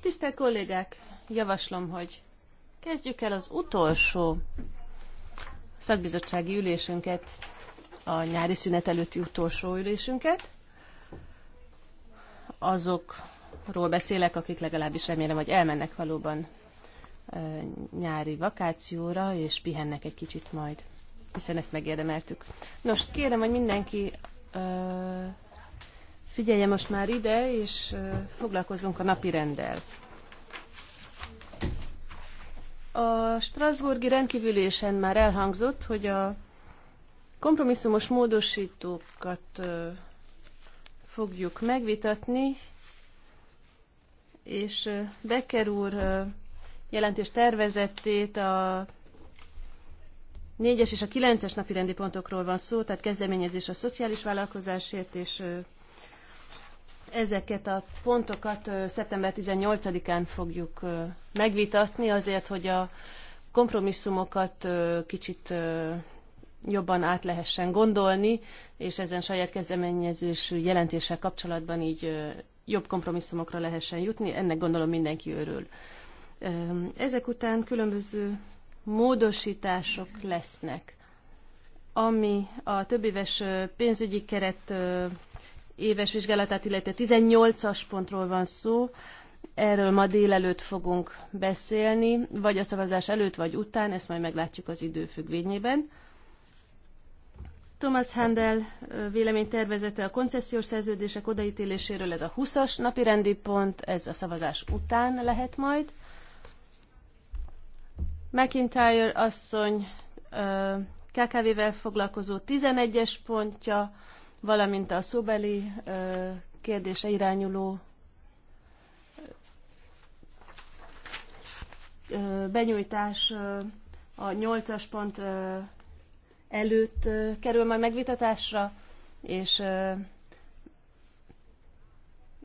Tisztelt kollégák, javaslom, hogy kezdjük el az utolsó szakbizottsági ülésünket, a nyári szünet előtti utolsó ülésünket. Azokról beszélek, akik legalábbis remélem, hogy elmennek valóban nyári vakációra, és pihennek egy kicsit majd, hiszen ezt megérdemeltük. Nos, kérem, hogy mindenki Figyelje most már ide, és foglalkozunk a napi rendel. A Strasburgi rendkívülésen már elhangzott, hogy a kompromisszumos módosítókat fogjuk megvitatni, és Becker úr jelentés tervezetét a 4-es és a 9-es napi rendi pontokról van szó, tehát kezdeményezés a szociális vállalkozásért és Ezeket a pontokat szeptember 18-án fogjuk megvitatni, azért, hogy a kompromisszumokat kicsit jobban át lehessen gondolni, és ezen saját kezdeményezősű jelentéssel kapcsolatban így jobb kompromisszumokra lehessen jutni, ennek gondolom mindenki örül. Ezek után különböző módosítások lesznek, ami a többéves pénzügyi keret éves vizsgálatát, illetve 18-as pontról van szó. Erről ma délelőtt fogunk beszélni, vagy a szavazás előtt, vagy után, ezt majd meglátjuk az idő függvényében. Thomas Handel véleménytervezete a koncesziós szerződések odaítéléséről, ez a 20-as napi rendi pont, ez a szavazás után lehet majd. McIntyre asszony KKV-vel foglalkozó 11-es pontja, valamint a szóbeli kérdése irányuló benyújtás a 8-as pont előtt kerül majd megvitatásra, és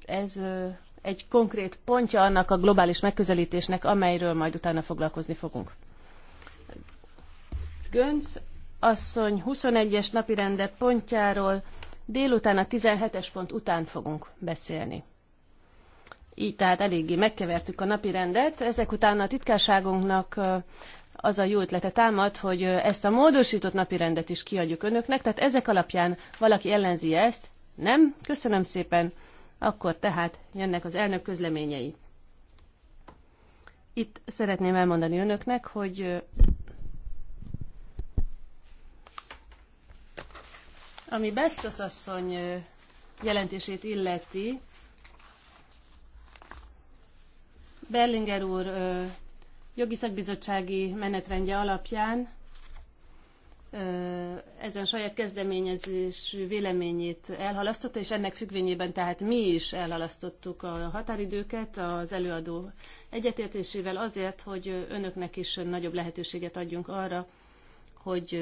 ez egy konkrét pontja annak a globális megközelítésnek, amelyről majd utána foglalkozni fogunk. Gönc asszony 21-es napirende pontjáról délután a 17-es pont után fogunk beszélni. Így tehát eléggé megkevertük a napi rendet. Ezek után a titkárságunknak az a jó ötlete támad, hogy ezt a módosított napi rendet is kiadjuk önöknek, tehát ezek alapján valaki ellenzi ezt. Nem? Köszönöm szépen. Akkor tehát jönnek az elnök közleményei. Itt szeretném elmondani önöknek, hogy Ami Bestos asszony jelentését illeti, Berlinger úr jogi szakbizottsági menetrendje alapján ezen saját kezdeményezés véleményét elhalasztotta, és ennek függvényében tehát mi is elhalasztottuk a határidőket az előadó egyetértésével azért, hogy önöknek is nagyobb lehetőséget adjunk arra, hogy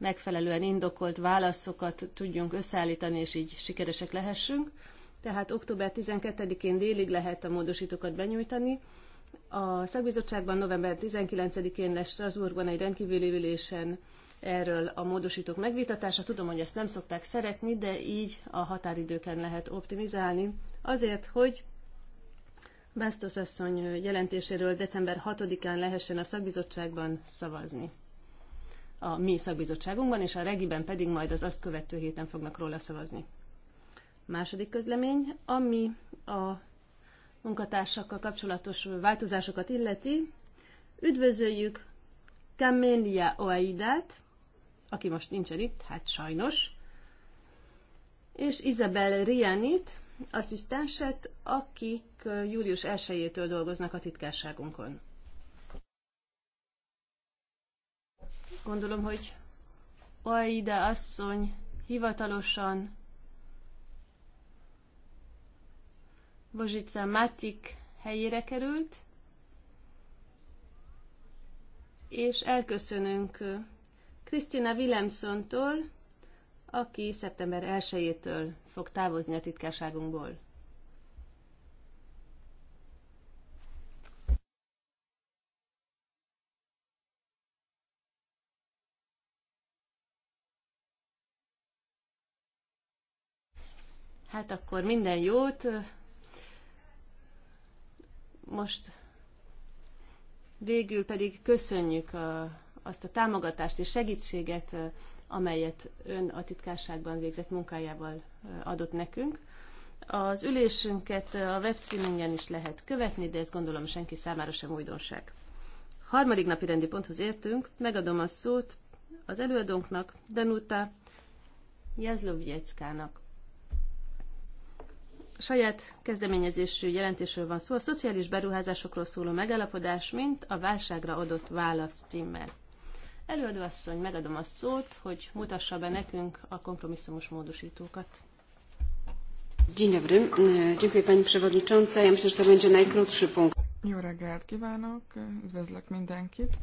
megfelelően indokolt válaszokat tudjunk összeállítani, és így sikeresek lehessünk. Tehát október 12-én délig lehet a módosítókat benyújtani. A szakbizottságban november 19-én lesz Strasbourgban egy rendkívüli ülésen erről a módosítók megvitatása. Tudom, hogy ezt nem szokták szeretni, de így a határidőken lehet optimizálni. Azért, hogy Bastos asszony jelentéséről december 6-án lehessen a szakbizottságban szavazni a mi szakbizottságunkban, és a regiben pedig majd az azt követő héten fognak róla szavazni. Második közlemény, ami a munkatársakkal kapcsolatos változásokat illeti, üdvözöljük Camélia Oaidát, aki most nincsen itt, hát sajnos, és Isabel Rianit, asszisztenset, akik július 1-től dolgoznak a titkárságunkon. gondolom, hogy Aida asszony hivatalosan Bozsica Matik helyére került, és elköszönünk Krisztina Willemsontól, aki szeptember 1-től fog távozni a titkárságunkból. Hát akkor minden jót. Most végül pedig köszönjük a, azt a támogatást és segítséget, amelyet ön a titkárságban végzett munkájával adott nekünk. Az ülésünket a webstreamingen is lehet követni, de ez gondolom senki számára sem újdonság. Harmadik napi rendi ponthoz értünk, megadom a szót az előadónknak, Danuta Jezlovjeckának saját kezdeményezésű jelentésről van szó, a szociális beruházásokról szóló megállapodás, mint a válságra adott válasz címmel. Előadó asszony, megadom a szót, hogy mutassa be nekünk a kompromisszumos módosítókat. Dzień dobry, dziękuję Pani Przewodnicząca. Ja myślę, że to będzie najkrótszy punkt. Jó reggelt kívánok, üdvözlök mindenkit.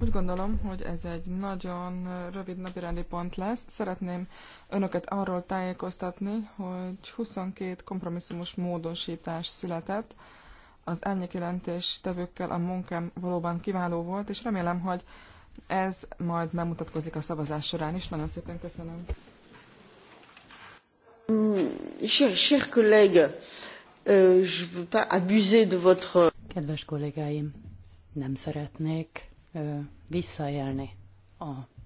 Úgy gondolom, hogy ez egy nagyon rövid napirendi pont lesz. Szeretném önöket arról tájékoztatni, hogy 22 kompromisszumos módosítás született. Az jelentés tevőkkel a munkám valóban kiváló volt, és remélem, hogy ez majd bemutatkozik a szavazás során is. Nagyon szépen köszönöm. Mm, euh, je de votre... Kedves kollégáim, nem szeretnék visszaélni a,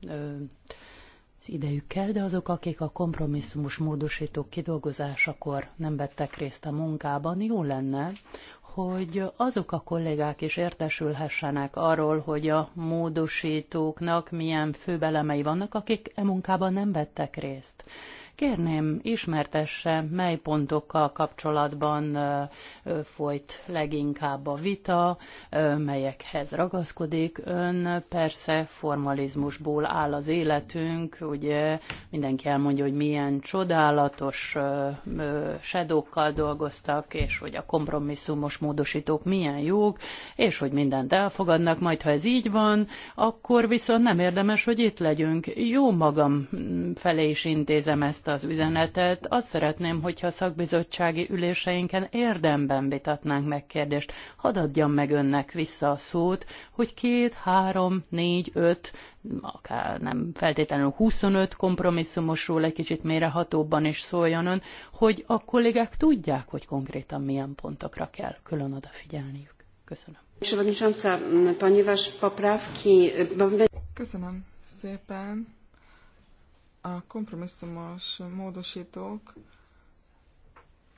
az idejükkel, de azok, akik a kompromisszumos módosítók kidolgozásakor nem vettek részt a munkában, jó lenne, hogy azok a kollégák is értesülhessenek arról, hogy a módosítóknak milyen főbelemei vannak, akik e munkában nem vettek részt. Kérném, ismertesse, mely pontokkal kapcsolatban folyt leginkább a vita, melyekhez ragaszkodik ön. Persze formalizmusból áll az életünk, ugye mindenki elmondja, hogy milyen csodálatos sedokkal dolgoztak, és hogy a kompromisszumos módosítók milyen jók, és hogy mindent elfogadnak, majd ha ez így van, akkor viszont nem érdemes, hogy itt legyünk. Jó magam mm, felé is intézem ezt ezt az üzenetet. Azt szeretném, hogyha a szakbizottsági üléseinken érdemben vitatnánk meg kérdést. Hadd adjam meg önnek vissza a szót, hogy két, három, négy, öt, akár nem feltétlenül 25 kompromisszumosról egy kicsit mérehatóbban is szóljon ön, hogy a kollégák tudják, hogy konkrétan milyen pontokra kell külön odafigyelniük. Köszönöm. Köszönöm szépen. A kompromisszumos módosítók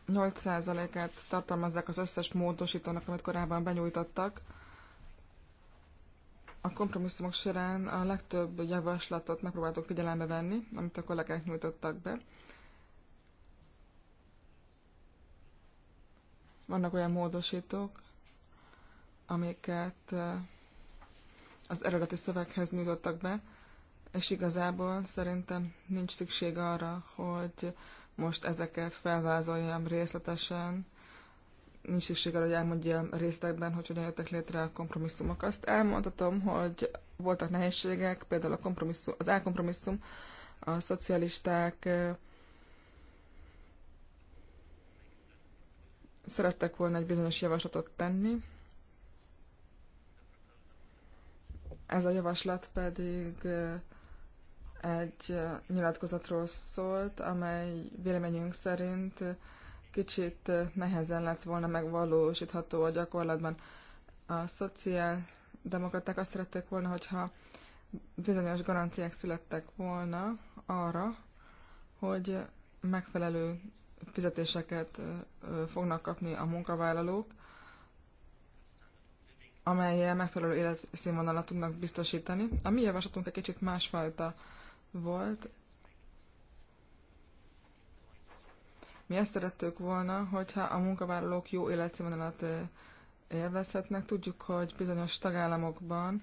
8%-át tartalmazzák az összes módosítónak, amit korábban benyújtottak. A kompromisszumok során a legtöbb javaslatot megpróbáltuk figyelembe venni, amit a kollégák nyújtottak be. Vannak olyan módosítók, amiket az eredeti szöveghez nyújtottak be, és igazából szerintem nincs szükség arra, hogy most ezeket felvázoljam részletesen, nincs szükség arra, hogy elmondjam részletekben, hogy hogyan jöttek létre a kompromisszumok. Azt elmondhatom, hogy voltak nehézségek, például a kompromisszum, az elkompromisszum, a szocialisták szerettek volna egy bizonyos javaslatot tenni. Ez a javaslat pedig egy nyilatkozatról szólt, amely véleményünk szerint kicsit nehezen lett volna megvalósítható a gyakorlatban. A szociáldemokraták azt szerették volna, hogyha bizonyos garanciák születtek volna arra, hogy megfelelő fizetéseket fognak kapni a munkavállalók, amelyel megfelelő életszínvonalat tudnak biztosítani. A mi javaslatunk egy kicsit másfajta volt. Mi ezt szerettük volna, hogyha a munkavállalók jó életszínvonalat élvezhetnek. Tudjuk, hogy bizonyos tagállamokban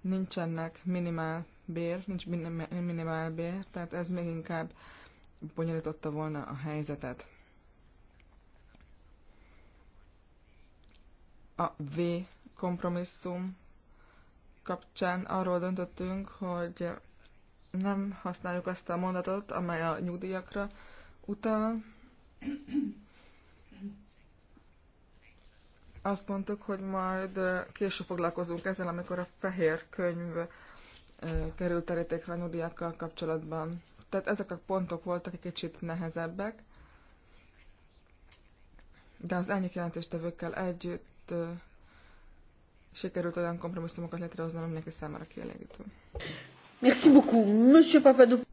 nincsenek minimál bér, nincs minimál bér, tehát ez még inkább bonyolította volna a helyzetet. A V kompromisszum kapcsán arról döntöttünk, hogy nem használjuk azt a mondatot, amely a nyugdíjakra utal. Azt mondtuk, hogy majd később foglalkozunk ezzel, amikor a fehér könyv került terítékre a nyugdíjakkal kapcsolatban. Tehát ezek a pontok voltak egy kicsit nehezebbek, de az ennyi jelentéstevőkkel együtt sikerült olyan kompromisszumokat létrehozni, ami mindenki számára kielégítő. Merci beaucoup, Monsieur Papadopoulos.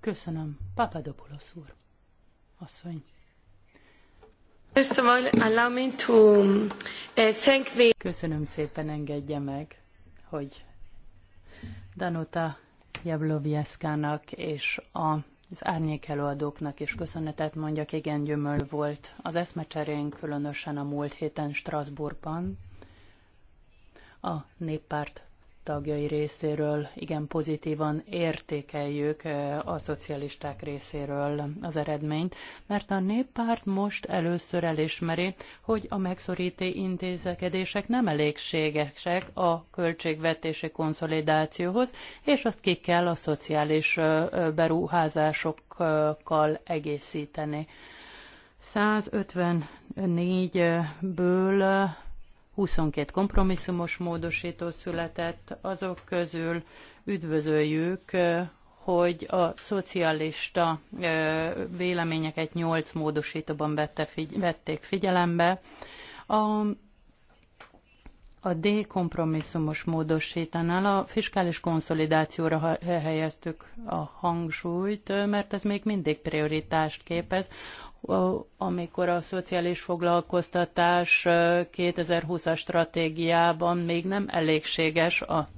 Köszönöm, Papadopoulos úr. Asszony. First of all, allow me to eh, thank the... Köszönöm szépen, engedje meg, hogy Danuta Jablovieszkának és a az árnyék előadóknak is köszönetet mondjak, igen gyömöl volt az eszmecserénk, különösen a múlt héten Strasbourgban. A néppárt tagjai részéről igen pozitívan értékeljük a szocialisták részéről az eredményt, mert a néppárt most először elismeri, hogy a megszorító intézkedések nem elégségesek a költségvetési konszolidációhoz, és azt ki kell a szociális beruházásokkal egészíteni. 154-ből 22 kompromisszumos módosító született, azok közül üdvözöljük, hogy a szocialista véleményeket 8 módosítóban vette, figy vették figyelembe. A a D kompromisszumos módosítanál a fiskális konszolidációra helyeztük a hangsúlyt, mert ez még mindig prioritást képez amikor a szociális foglalkoztatás 2020-as stratégiában még nem elégséges a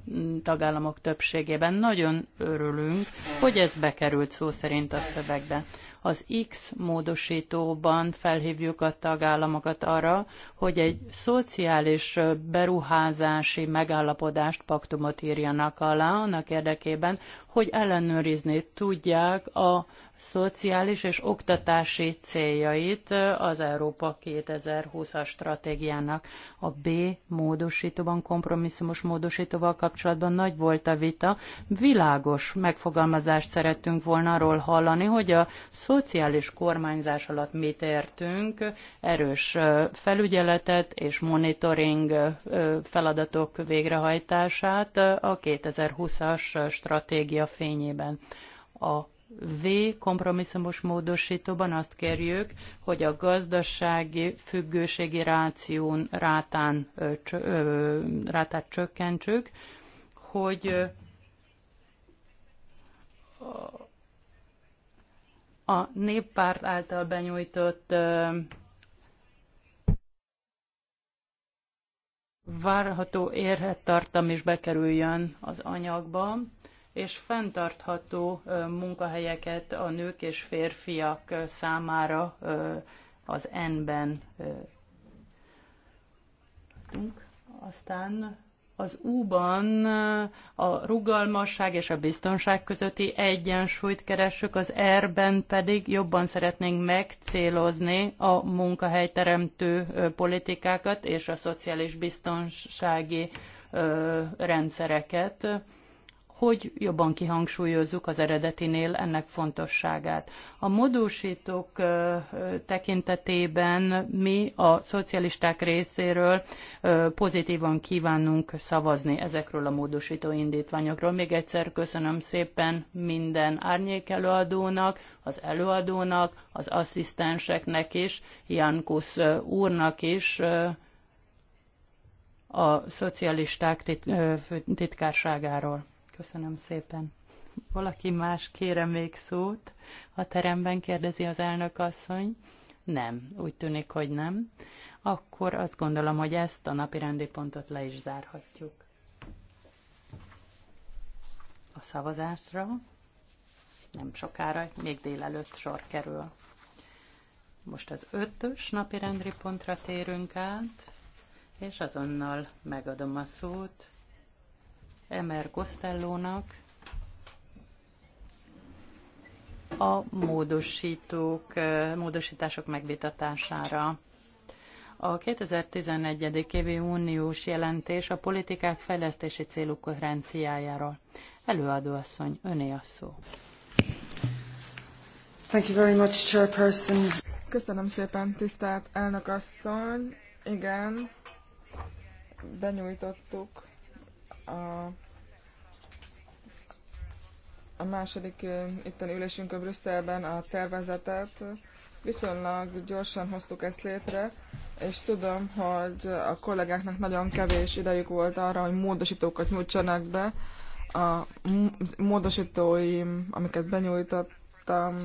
tagállamok többségében. Nagyon örülünk, hogy ez bekerült szó szerint a szövegbe. Az X módosítóban felhívjuk a tagállamokat arra, hogy egy szociális beruházási megállapodást, paktumot írjanak alá annak érdekében, hogy ellenőrizni tudják a szociális és oktatási céljait az Európa 2020-as stratégiának. A B módosítóban, kompromisszumos módosítóval kapcsolatban nagy volt a vita. Világos megfogalmazást szerettünk volna arról hallani, hogy a szociális kormányzás alatt mit értünk, erős felügyeletet és monitoring feladatok végrehajtását a 2020-as stratégia fényében. A V kompromisszumos módosítóban azt kérjük, hogy a gazdasági függőségi ráción rátán, ö, ö, rátát csökkentsük, hogy a néppárt által benyújtott ö, várható tartam is bekerüljön az anyagba és fenntartható munkahelyeket a nők és férfiak számára az N-ben. Aztán az U-ban a rugalmasság és a biztonság közötti egyensúlyt keressük, az R-ben pedig jobban szeretnénk megcélozni a munkahelyteremtő politikákat és a szociális biztonsági rendszereket hogy jobban kihangsúlyozzuk az eredetinél ennek fontosságát. A módosítók tekintetében mi a szocialisták részéről pozitívan kívánunk szavazni ezekről a módosító indítványokról. Még egyszer köszönöm szépen minden árnyék előadónak, az előadónak, az asszisztenseknek is, Jankusz úrnak is, a szocialisták titkárságáról. Köszönöm szépen. Valaki más kére még szót? A teremben kérdezi az elnök asszony. Nem, úgy tűnik, hogy nem. Akkor azt gondolom, hogy ezt a napi rendi pontot le is zárhatjuk. A szavazásra nem sokára, még délelőtt sor kerül. Most az ötös napi rendi pontra térünk át, és azonnal megadom a szót Emer Costellónak a módosítók, eh, módosítások megvitatására. A 2011. évi uniós jelentés a politikák fejlesztési célú koherenciájáról. asszony, öné a szó. Thank you very much, Chairperson. Köszönöm szépen, tisztelt elnök asszony. Igen, benyújtottuk a a második itteni a Brüsszelben a tervezetet. Viszonylag gyorsan hoztuk ezt létre, és tudom, hogy a kollégáknak nagyon kevés idejük volt arra, hogy módosítókat nyújtsanak be. A módosítóim, amiket benyújtottam,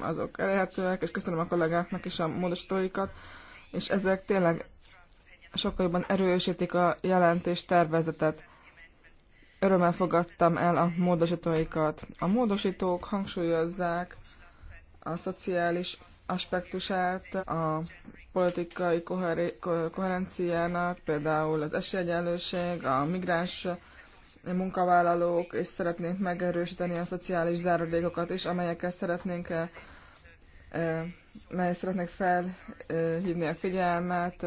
azok elérhetőek, és köszönöm a kollégáknak is a módosítóikat, és ezek tényleg sokkal jobban erősítik a jelentés tervezetet örömmel fogadtam el a módosítóikat. A módosítók hangsúlyozzák a szociális aspektusát a politikai koherenciának, például az esélyegyenlőség, a migráns munkavállalók, és szeretnénk megerősíteni a szociális záradékokat is, amelyeket szeretnénk eh, eh, mely szeretnék felhívni a figyelmet,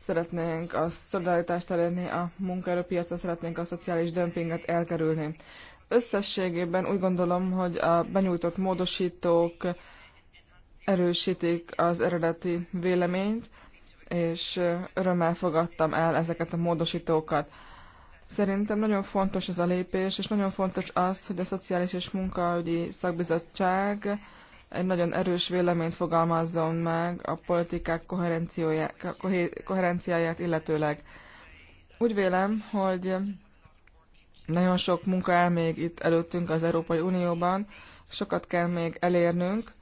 szeretnénk a szolidaritást elérni a munkaerőpiacon, szeretnénk a szociális dömpinget elkerülni. Összességében úgy gondolom, hogy a benyújtott módosítók erősítik az eredeti véleményt, és örömmel fogadtam el ezeket a módosítókat. Szerintem nagyon fontos ez a lépés, és nagyon fontos az, hogy a Szociális és Munkaügyi Szakbizottság egy nagyon erős véleményt fogalmazzon meg a politikák koherenciáját illetőleg. Úgy vélem, hogy nagyon sok munka el még itt előttünk az Európai Unióban, sokat kell még elérnünk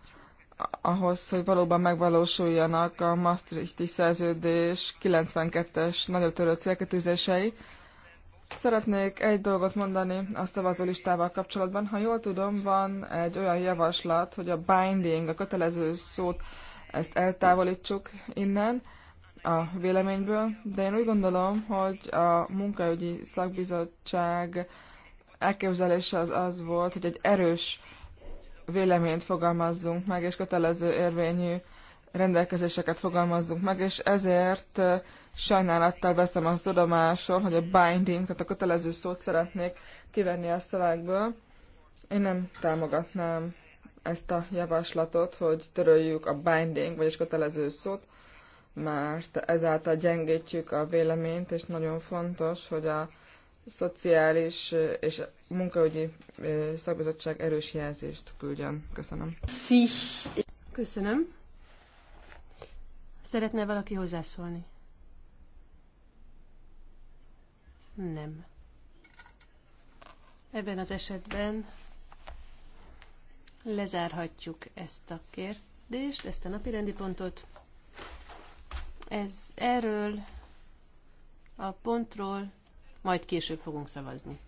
ahhoz, hogy valóban megvalósuljanak a Maastrichti szerződés 92-es nagyon törő célkötőzései, Szeretnék egy dolgot mondani a szavazólistával kapcsolatban. Ha jól tudom, van egy olyan javaslat, hogy a binding, a kötelező szót, ezt eltávolítsuk innen a véleményből, de én úgy gondolom, hogy a munkaügyi szakbizottság elképzelése az az volt, hogy egy erős véleményt fogalmazzunk meg, és kötelező érvényű rendelkezéseket fogalmazzunk meg, és ezért sajnálattal veszem azt tudomásról, hogy a binding, tehát a kötelező szót szeretnék kivenni a szövegből. Én nem támogatnám ezt a javaslatot, hogy töröljük a binding, vagyis kötelező szót, mert ezáltal gyengítjük a véleményt, és nagyon fontos, hogy a szociális és munkaügyi szakbizottság erős jelzést küldjön. Köszönöm. Köszönöm. Szeretne valaki hozzászólni? Nem. Ebben az esetben lezárhatjuk ezt a kérdést, ezt a napi rendi pontot. Ez erről a pontról majd később fogunk szavazni.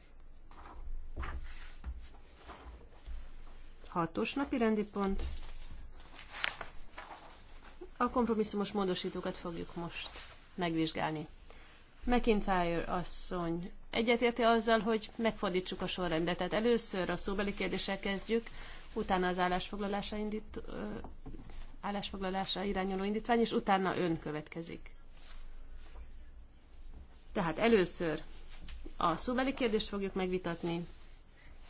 Hatos napi rendi pont. A kompromisszumos módosítókat fogjuk most megvizsgálni. McIntyre asszony egyetérti azzal, hogy megfordítsuk a sorrendet. Tehát először a szóbeli kérdéssel kezdjük, utána az állásfoglalásra, indít, állásfoglalásra irányuló indítvány, és utána ön következik. Tehát először a szóbeli kérdést fogjuk megvitatni.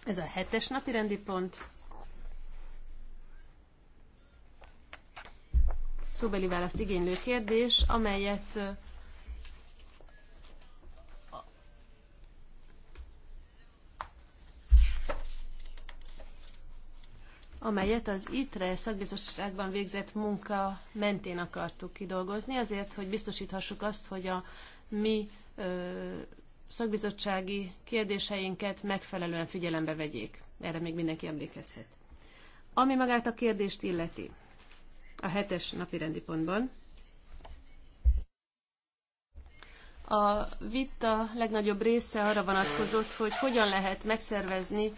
Ez a hetes napi rendi pont. szóbeli választ igénylő kérdés, amelyet amelyet az ITRE szakbizottságban végzett munka mentén akartuk kidolgozni, azért, hogy biztosíthassuk azt, hogy a mi ö, szakbizottsági kérdéseinket megfelelően figyelembe vegyék. Erre még mindenki emlékezhet. Ami magát a kérdést illeti, a hetes napi rendi pontban. A vita legnagyobb része arra vonatkozott, hogy hogyan lehet megszervezni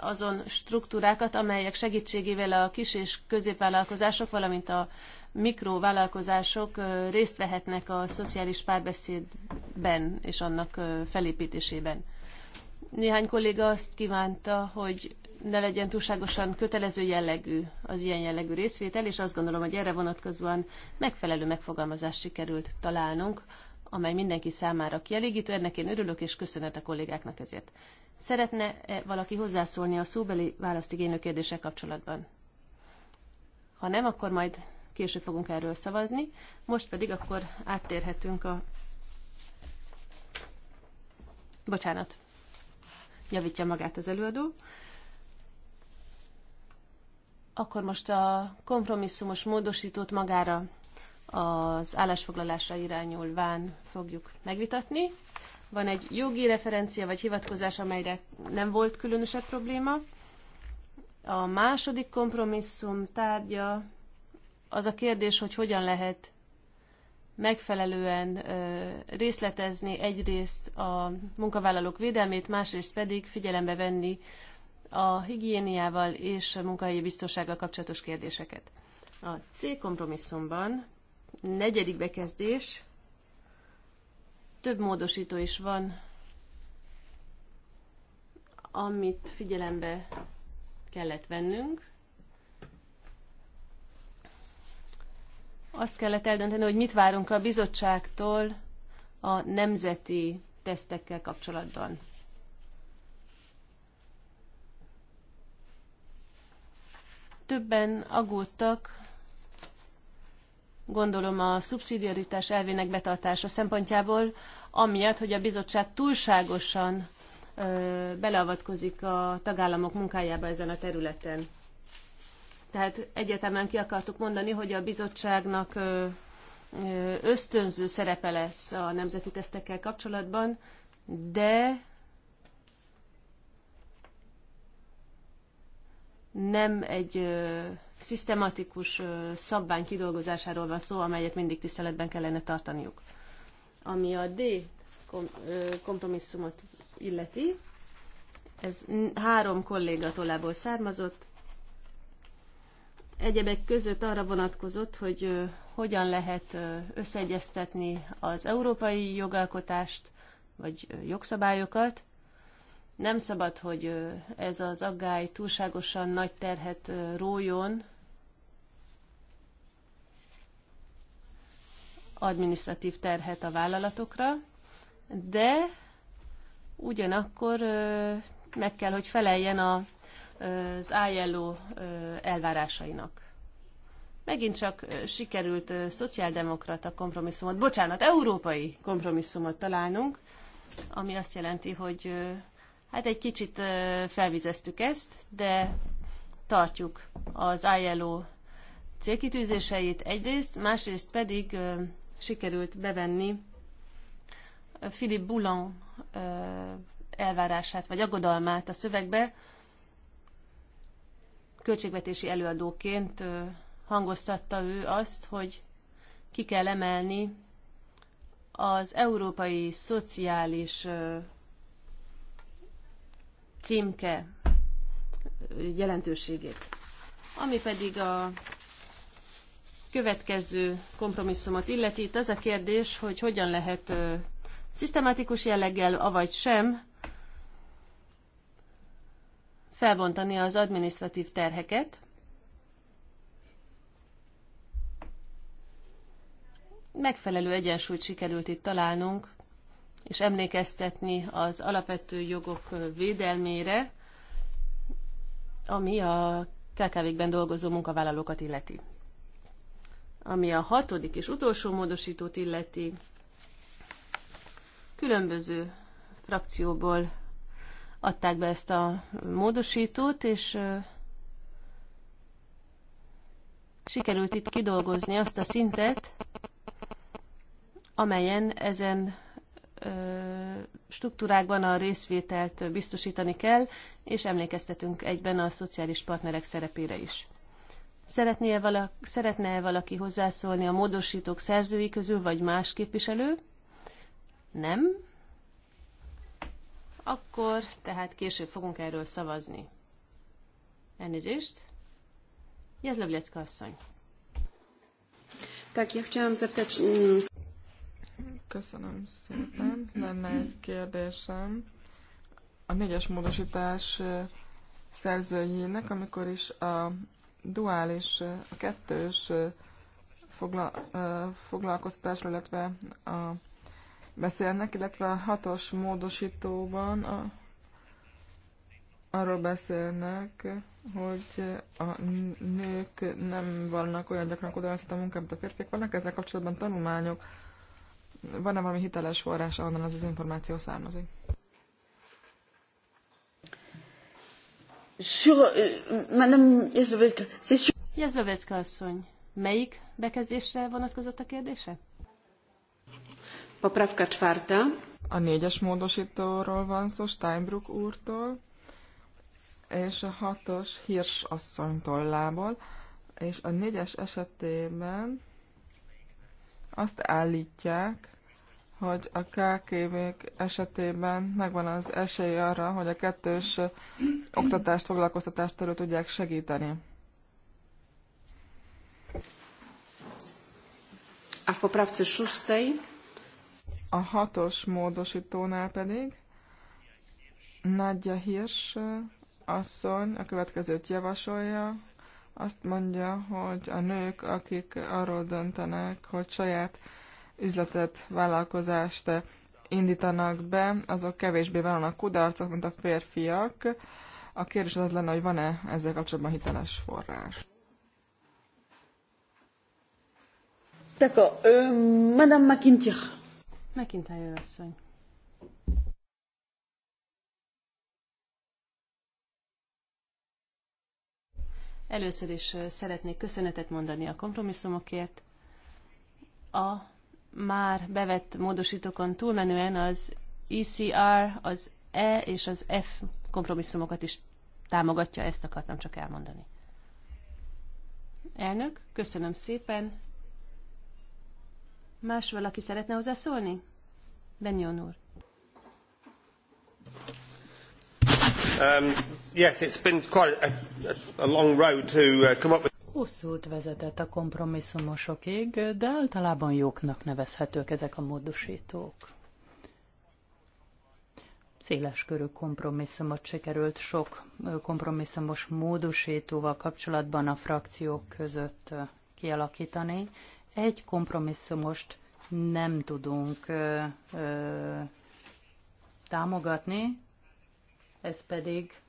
azon struktúrákat, amelyek segítségével a kis és középvállalkozások, valamint a mikrovállalkozások részt vehetnek a szociális párbeszédben és annak felépítésében. Néhány kolléga azt kívánta, hogy ne legyen túlságosan kötelező jellegű az ilyen jellegű részvétel, és azt gondolom, hogy erre vonatkozóan megfelelő megfogalmazást sikerült találnunk, amely mindenki számára kielégítő. Ennek én örülök, és köszönet a kollégáknak ezért. Szeretne -e valaki hozzászólni a szóbeli választigénő kérdése kapcsolatban? Ha nem, akkor majd később fogunk erről szavazni. Most pedig akkor áttérhetünk a... Bocsánat. Javítja magát az előadó. Akkor most a kompromisszumos módosítót magára az állásfoglalásra irányulván fogjuk megvitatni. Van egy jogi referencia vagy hivatkozás, amelyre nem volt különösebb probléma. A második kompromisszum tárgya az a kérdés, hogy hogyan lehet megfelelően ö, részletezni egyrészt a munkavállalók védelmét, másrészt pedig figyelembe venni a higiéniával és a munkahelyi biztonsággal kapcsolatos kérdéseket. A C kompromisszumban negyedik bekezdés, több módosító is van, amit figyelembe kellett vennünk. Azt kellett eldönteni, hogy mit várunk a bizottságtól a nemzeti tesztekkel kapcsolatban. Többen aggódtak, gondolom a szubszidiaritás elvének betartása szempontjából, amiatt, hogy a bizottság túlságosan ö, beleavatkozik a tagállamok munkájába ezen a területen. Tehát egyetemen ki akartuk mondani, hogy a bizottságnak ö, ösztönző szerepe lesz a nemzeti tesztekkel kapcsolatban, de nem egy ö, szisztematikus ö, szabvány kidolgozásáról van szó, amelyet mindig tiszteletben kellene tartaniuk. Ami a D kom, ö, kompromisszumot illeti, ez három kolléga tollából származott. Egyebek között arra vonatkozott, hogy ö, hogyan lehet ö, összeegyeztetni az európai jogalkotást, vagy jogszabályokat, nem szabad, hogy ez az aggály túlságosan nagy terhet rójon administratív terhet a vállalatokra, de ugyanakkor meg kell, hogy feleljen a, az ILO elvárásainak. Megint csak sikerült szociáldemokrata kompromisszumot, bocsánat, európai kompromisszumot találnunk, ami azt jelenti, hogy Hát egy kicsit felvizeztük ezt, de tartjuk az ILO célkitűzéseit egyrészt, másrészt pedig sikerült bevenni Philip Boulan elvárását vagy aggodalmát a szövegbe, költségvetési előadóként hangoztatta ő azt, hogy ki kell emelni az európai szociális címke jelentőségét. Ami pedig a következő kompromisszumot illeti, itt az a kérdés, hogy hogyan lehet szisztematikus jelleggel, avagy sem, felbontani az administratív terheket, megfelelő egyensúlyt sikerült itt találnunk és emlékeztetni az alapvető jogok védelmére, ami a KKV-kben dolgozó munkavállalókat illeti. Ami a hatodik és utolsó módosítót illeti, különböző frakcióból adták be ezt a módosítót, és sikerült itt kidolgozni azt a szintet, amelyen ezen struktúrákban a részvételt biztosítani kell, és emlékeztetünk egyben a szociális partnerek szerepére is. Szeretné-e valaki, szeretne -e valaki hozzászólni a módosítók szerzői közül, vagy más képviselő? Nem? Akkor tehát később fogunk erről szavazni. Elnézést. Jezlevlecka asszony. Tak, ja chciałam zapytać... Mm, Köszönöm szépen. Lenne egy kérdésem. A négyes módosítás szerzőjének, amikor is a duális, a kettős fogla, foglalkoztatásról, illetve a, beszélnek, illetve a hatos módosítóban a, arról beszélnek, hogy a nők nem vannak olyan gyakran oda a munkában, mint a férfiak vannak, ezzel kapcsolatban tanulmányok van-e valami hiteles forrás, ahonnan az az információ származik? Euh, Jezlovecka, asszony, melyik bekezdésre vonatkozott a kérdése? Papravka csvárta. A négyes módosítóról van szó, Steinbrück úrtól, és a hatos hírs asszony tollából, és a négyes esetében azt állítják, hogy a KKV-k esetében megvan az esély arra, hogy a kettős oktatást, foglalkoztatást elő tudják segíteni. A w poprawce szóstej. A hatos módosítónál pedig Nagyja Hirsch asszony a következőt javasolja. Azt mondja, hogy a nők, akik arról döntenek, hogy saját üzletet, vállalkozást indítanak be, azok kevésbé vannak kudarcok, mint a férfiak. A kérdés az lenne, hogy van-e ezzel kapcsolatban hiteles forrás. Tehát Euh, Madame McIntyre. McIntyre asszony. Először is szeretnék köszönetet mondani a kompromisszumokért. A már bevett módosítókon túlmenően az ECR, az E és az F kompromisszumokat is támogatja, ezt akartam csak elmondani. Elnök, köszönöm szépen. Más valaki szeretne hozzászólni? Benyon úr. Um, yes, it's been quite a, a long road to uh, come up with hosszú vezetett a kompromisszumosokig, de általában jóknak nevezhetők ezek a módosítók. Széles körű kompromisszumot sikerült sok kompromisszumos módosítóval kapcsolatban a frakciók között kialakítani. Egy kompromisszumost nem tudunk ö, ö, támogatni, ez pedig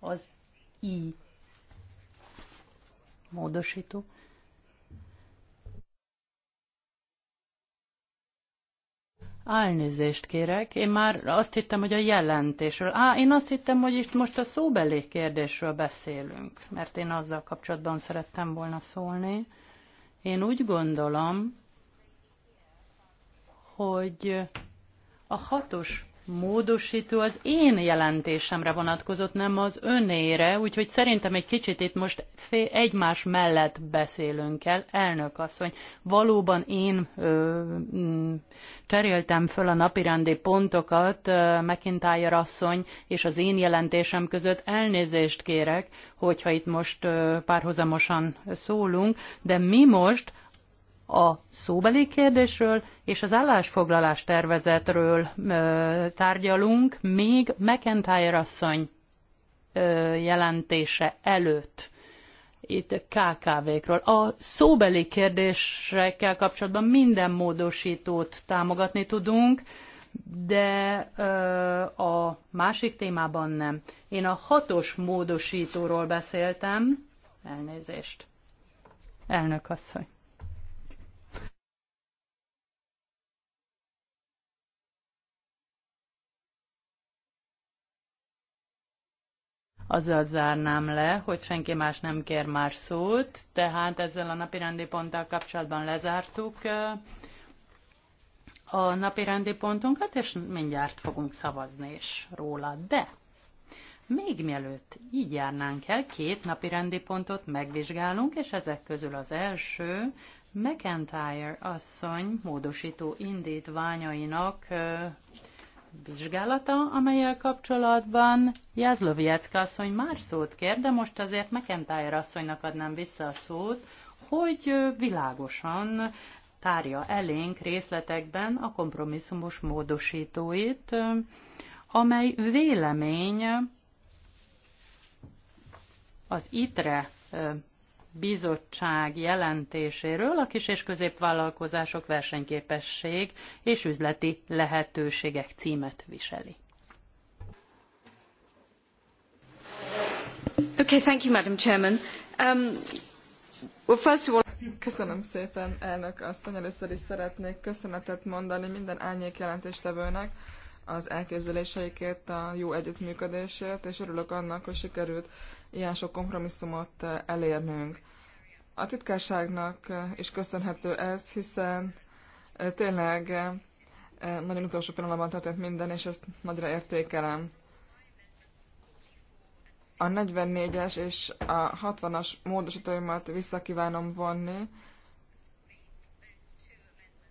az I módosító. Elnézést kérek, én már azt hittem, hogy a jelentésről. Á, én azt hittem, hogy itt most a szóbeli kérdésről beszélünk, mert én azzal kapcsolatban szerettem volna szólni. Én úgy gondolom, hogy a hatos módosító az én jelentésemre vonatkozott, nem az önére, úgyhogy szerintem egy kicsit itt most fél, egymás mellett beszélünk el, elnök asszony. Valóban én ö, mm, cseréltem föl a napirendi pontokat ö, McIntyre asszony és az én jelentésem között. Elnézést kérek, hogyha itt most ö, párhuzamosan szólunk, de mi most a szóbeli kérdésről és az állásfoglalás tervezetről ö, tárgyalunk, még McIntyre asszony ö, jelentése előtt itt KKV-król. A szóbeli kérdésekkel kapcsolatban minden módosítót támogatni tudunk, de ö, a másik témában nem. Én a hatos módosítóról beszéltem. Elnézést. Elnök asszony. azzal zárnám le, hogy senki más nem kér más szót, tehát ezzel a napirendi ponttal kapcsolatban lezártuk eh, a napirendi pontunkat, és mindjárt fogunk szavazni is róla. De még mielőtt így járnánk el, két napirendi pontot megvizsgálunk, és ezek közül az első McIntyre asszony módosító indítványainak eh, vizsgálata, amelyel kapcsolatban Jászlóviecka asszony már szót kér, de most azért McIntyre asszonynak adnám vissza a szót, hogy világosan tárja elénk részletekben a kompromisszumos módosítóit, amely vélemény az ITRE bizottság jelentéséről a kis- és középvállalkozások versenyképesség és üzleti lehetőségek címet viseli. Okay, thank you, Madam Chairman. Um, well, first of all... Köszönöm szépen, elnök asszony. Először is szeretnék köszönetet mondani minden árnyék jelentéstevőnek, az elképzeléseikért, a jó együttműködésért, és örülök annak, hogy sikerült ilyen sok kompromisszumot eh, elérnünk. A titkárságnak eh, is köszönhető ez, hiszen eh, tényleg nagyon utolsó pillanatban történt minden, és ezt nagyra értékelem. A 44-es és a 60-as módosítóimat visszakívánom vonni.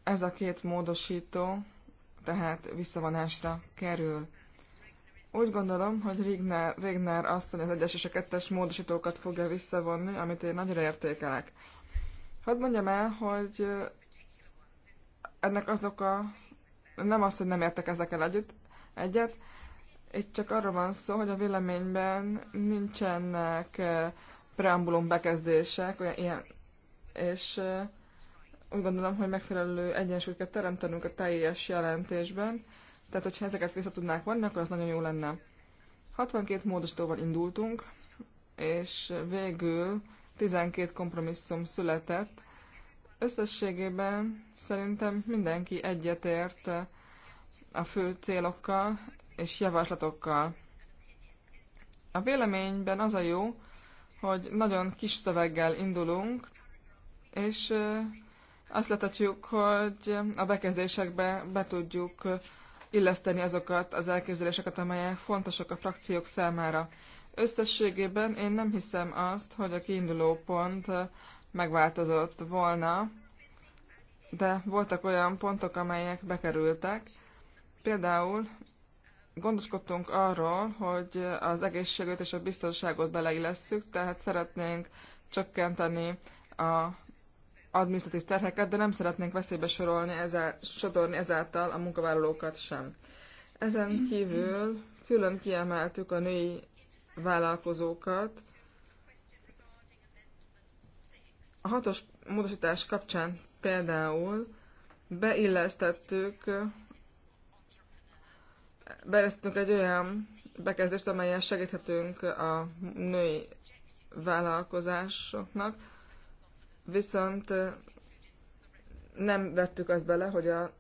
Ez a két módosító tehát visszavonásra kerül. Úgy gondolom, hogy Rignár, Rigner asszony az egyes és a kettes módosítókat fogja visszavonni, amit én nagyra értékelek. Hadd mondjam el, hogy ennek azok a... Nem az, hogy nem értek ezekkel együtt, egyet, itt csak arra van szó, hogy a véleményben nincsenek preambulum bekezdések, olyan ilyen, és úgy gondolom, hogy megfelelő egyensúlyt kell teremtenünk a teljes jelentésben, tehát hogyha ezeket vissza tudnák vonni, akkor az nagyon jó lenne. 62 módosítóval indultunk, és végül 12 kompromisszum született. Összességében szerintem mindenki egyetért a fő célokkal és javaslatokkal. A véleményben az a jó, hogy nagyon kis szöveggel indulunk, és azt láthatjuk, hogy a bekezdésekbe be tudjuk illeszteni azokat az elképzeléseket, amelyek fontosak a frakciók számára. Összességében én nem hiszem azt, hogy a kiinduló pont megváltozott volna, de voltak olyan pontok, amelyek bekerültek. Például gondoskodtunk arról, hogy az egészséget és a biztonságot beleillesszük, tehát szeretnénk csökkenteni a administratív terheket, de nem szeretnénk veszélybe sorolni ezzel, sodorni ezáltal a munkavállalókat sem. Ezen kívül külön kiemeltük a női vállalkozókat. A hatos módosítás kapcsán például beillesztettük beillesztettünk egy olyan bekezdést, amelyen segíthetünk a női vállalkozásoknak, viszont nem vettük azt bele, hogy a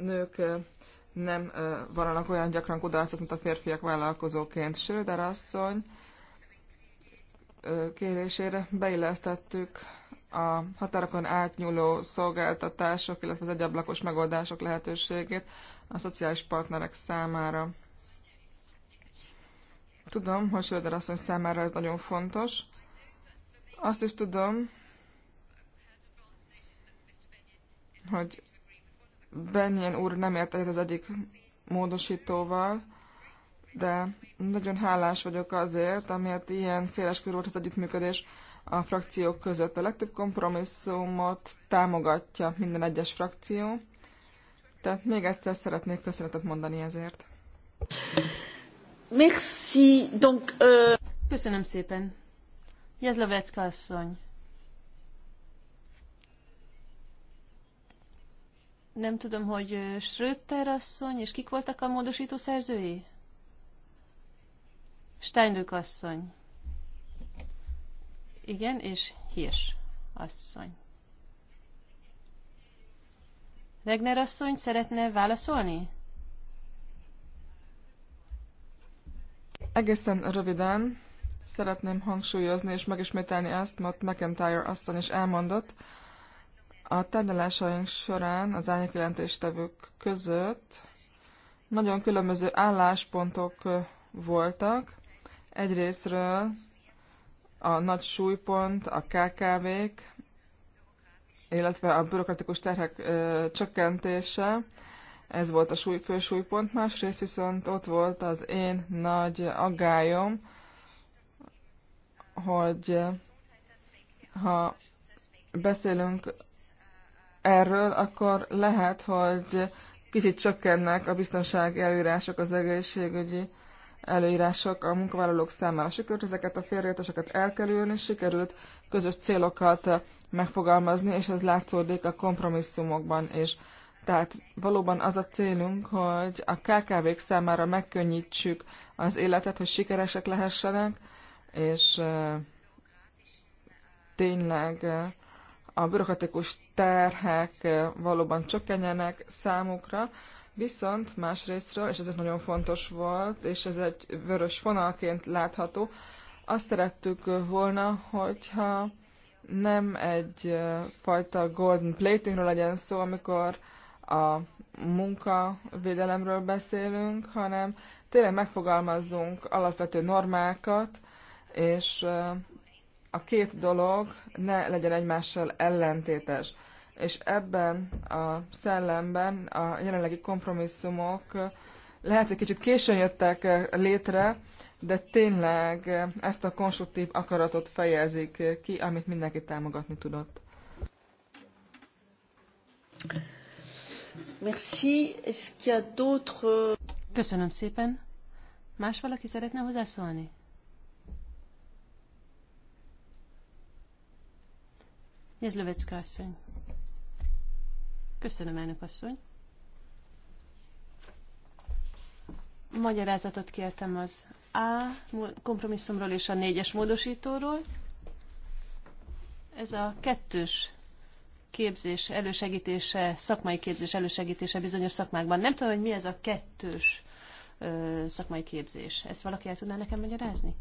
nők nem vallanak olyan gyakran kudarcot, mint a férfiak vállalkozóként. Schröder asszony kérésére beillesztettük a határokon átnyúló szolgáltatások, illetve az egyablakos megoldások lehetőségét a szociális partnerek számára. Tudom, hogy Söder asszony számára ez nagyon fontos. Azt is tudom, hogy Benjen úr nem ért egyet az egyik módosítóval, de nagyon hálás vagyok azért, amiért ilyen széles körül volt az együttműködés a frakciók között. A legtöbb kompromisszumot támogatja minden egyes frakció, tehát még egyszer szeretnék köszönetet mondani ezért. Merci. Donc, uh... Köszönöm szépen. Jezlovecka asszony. nem tudom, hogy Schröter asszony, és kik voltak a módosító szerzői? Steindők asszony. Igen, és Hirsch asszony. Regner asszony szeretne válaszolni? Egészen röviden szeretném hangsúlyozni és megismételni azt, mert McIntyre asszony is elmondott, a tárgyalásaink során az árnyékjelentéstevők között nagyon különböző álláspontok voltak. Egyrésztről a nagy súlypont, a KKV-k, illetve a bürokratikus terhek ö, csökkentése, ez volt a súly, fő súlypont. Másrészt viszont ott volt az én nagy aggályom, hogy ha beszélünk erről, akkor lehet, hogy kicsit csökkennek a biztonsági előírások, az egészségügyi előírások a munkavállalók számára. Sikerült ezeket a félreértéseket elkerülni, sikerült közös célokat megfogalmazni, és ez látszódik a kompromisszumokban is. Tehát valóban az a célunk, hogy a KKV-k számára megkönnyítsük az életet, hogy sikeresek lehessenek, és eh, tényleg eh, a bürokratikus terhek eh, valóban csökkenjenek számukra, viszont másrésztről, és ez nagyon fontos volt, és ez egy vörös fonalként látható, azt szerettük volna, hogyha nem egy eh, fajta golden platingről legyen szó, amikor a munkavédelemről beszélünk, hanem tényleg megfogalmazzunk alapvető normákat, és eh, a két dolog ne legyen egymással ellentétes. És ebben a szellemben a jelenlegi kompromisszumok lehet, hogy kicsit későn jöttek eh, létre, de tényleg eh, ezt a konstruktív akaratot fejezik ki, amit mindenki támogatni tudott. Merci. Est-ce qu'il y a d'autres... Köszönöm szépen. Más valaki szeretne hozzászólni? Jezlovecka asszony. Köszönöm, elnök asszony. Magyarázatot kértem az A kompromisszumról és a négyes módosítóról. Ez a kettős képzés elősegítése, szakmai képzés elősegítése bizonyos szakmákban. Nem tudom, hogy mi ez a kettős ö, szakmai képzés. Ezt valaki el tudná nekem magyarázni?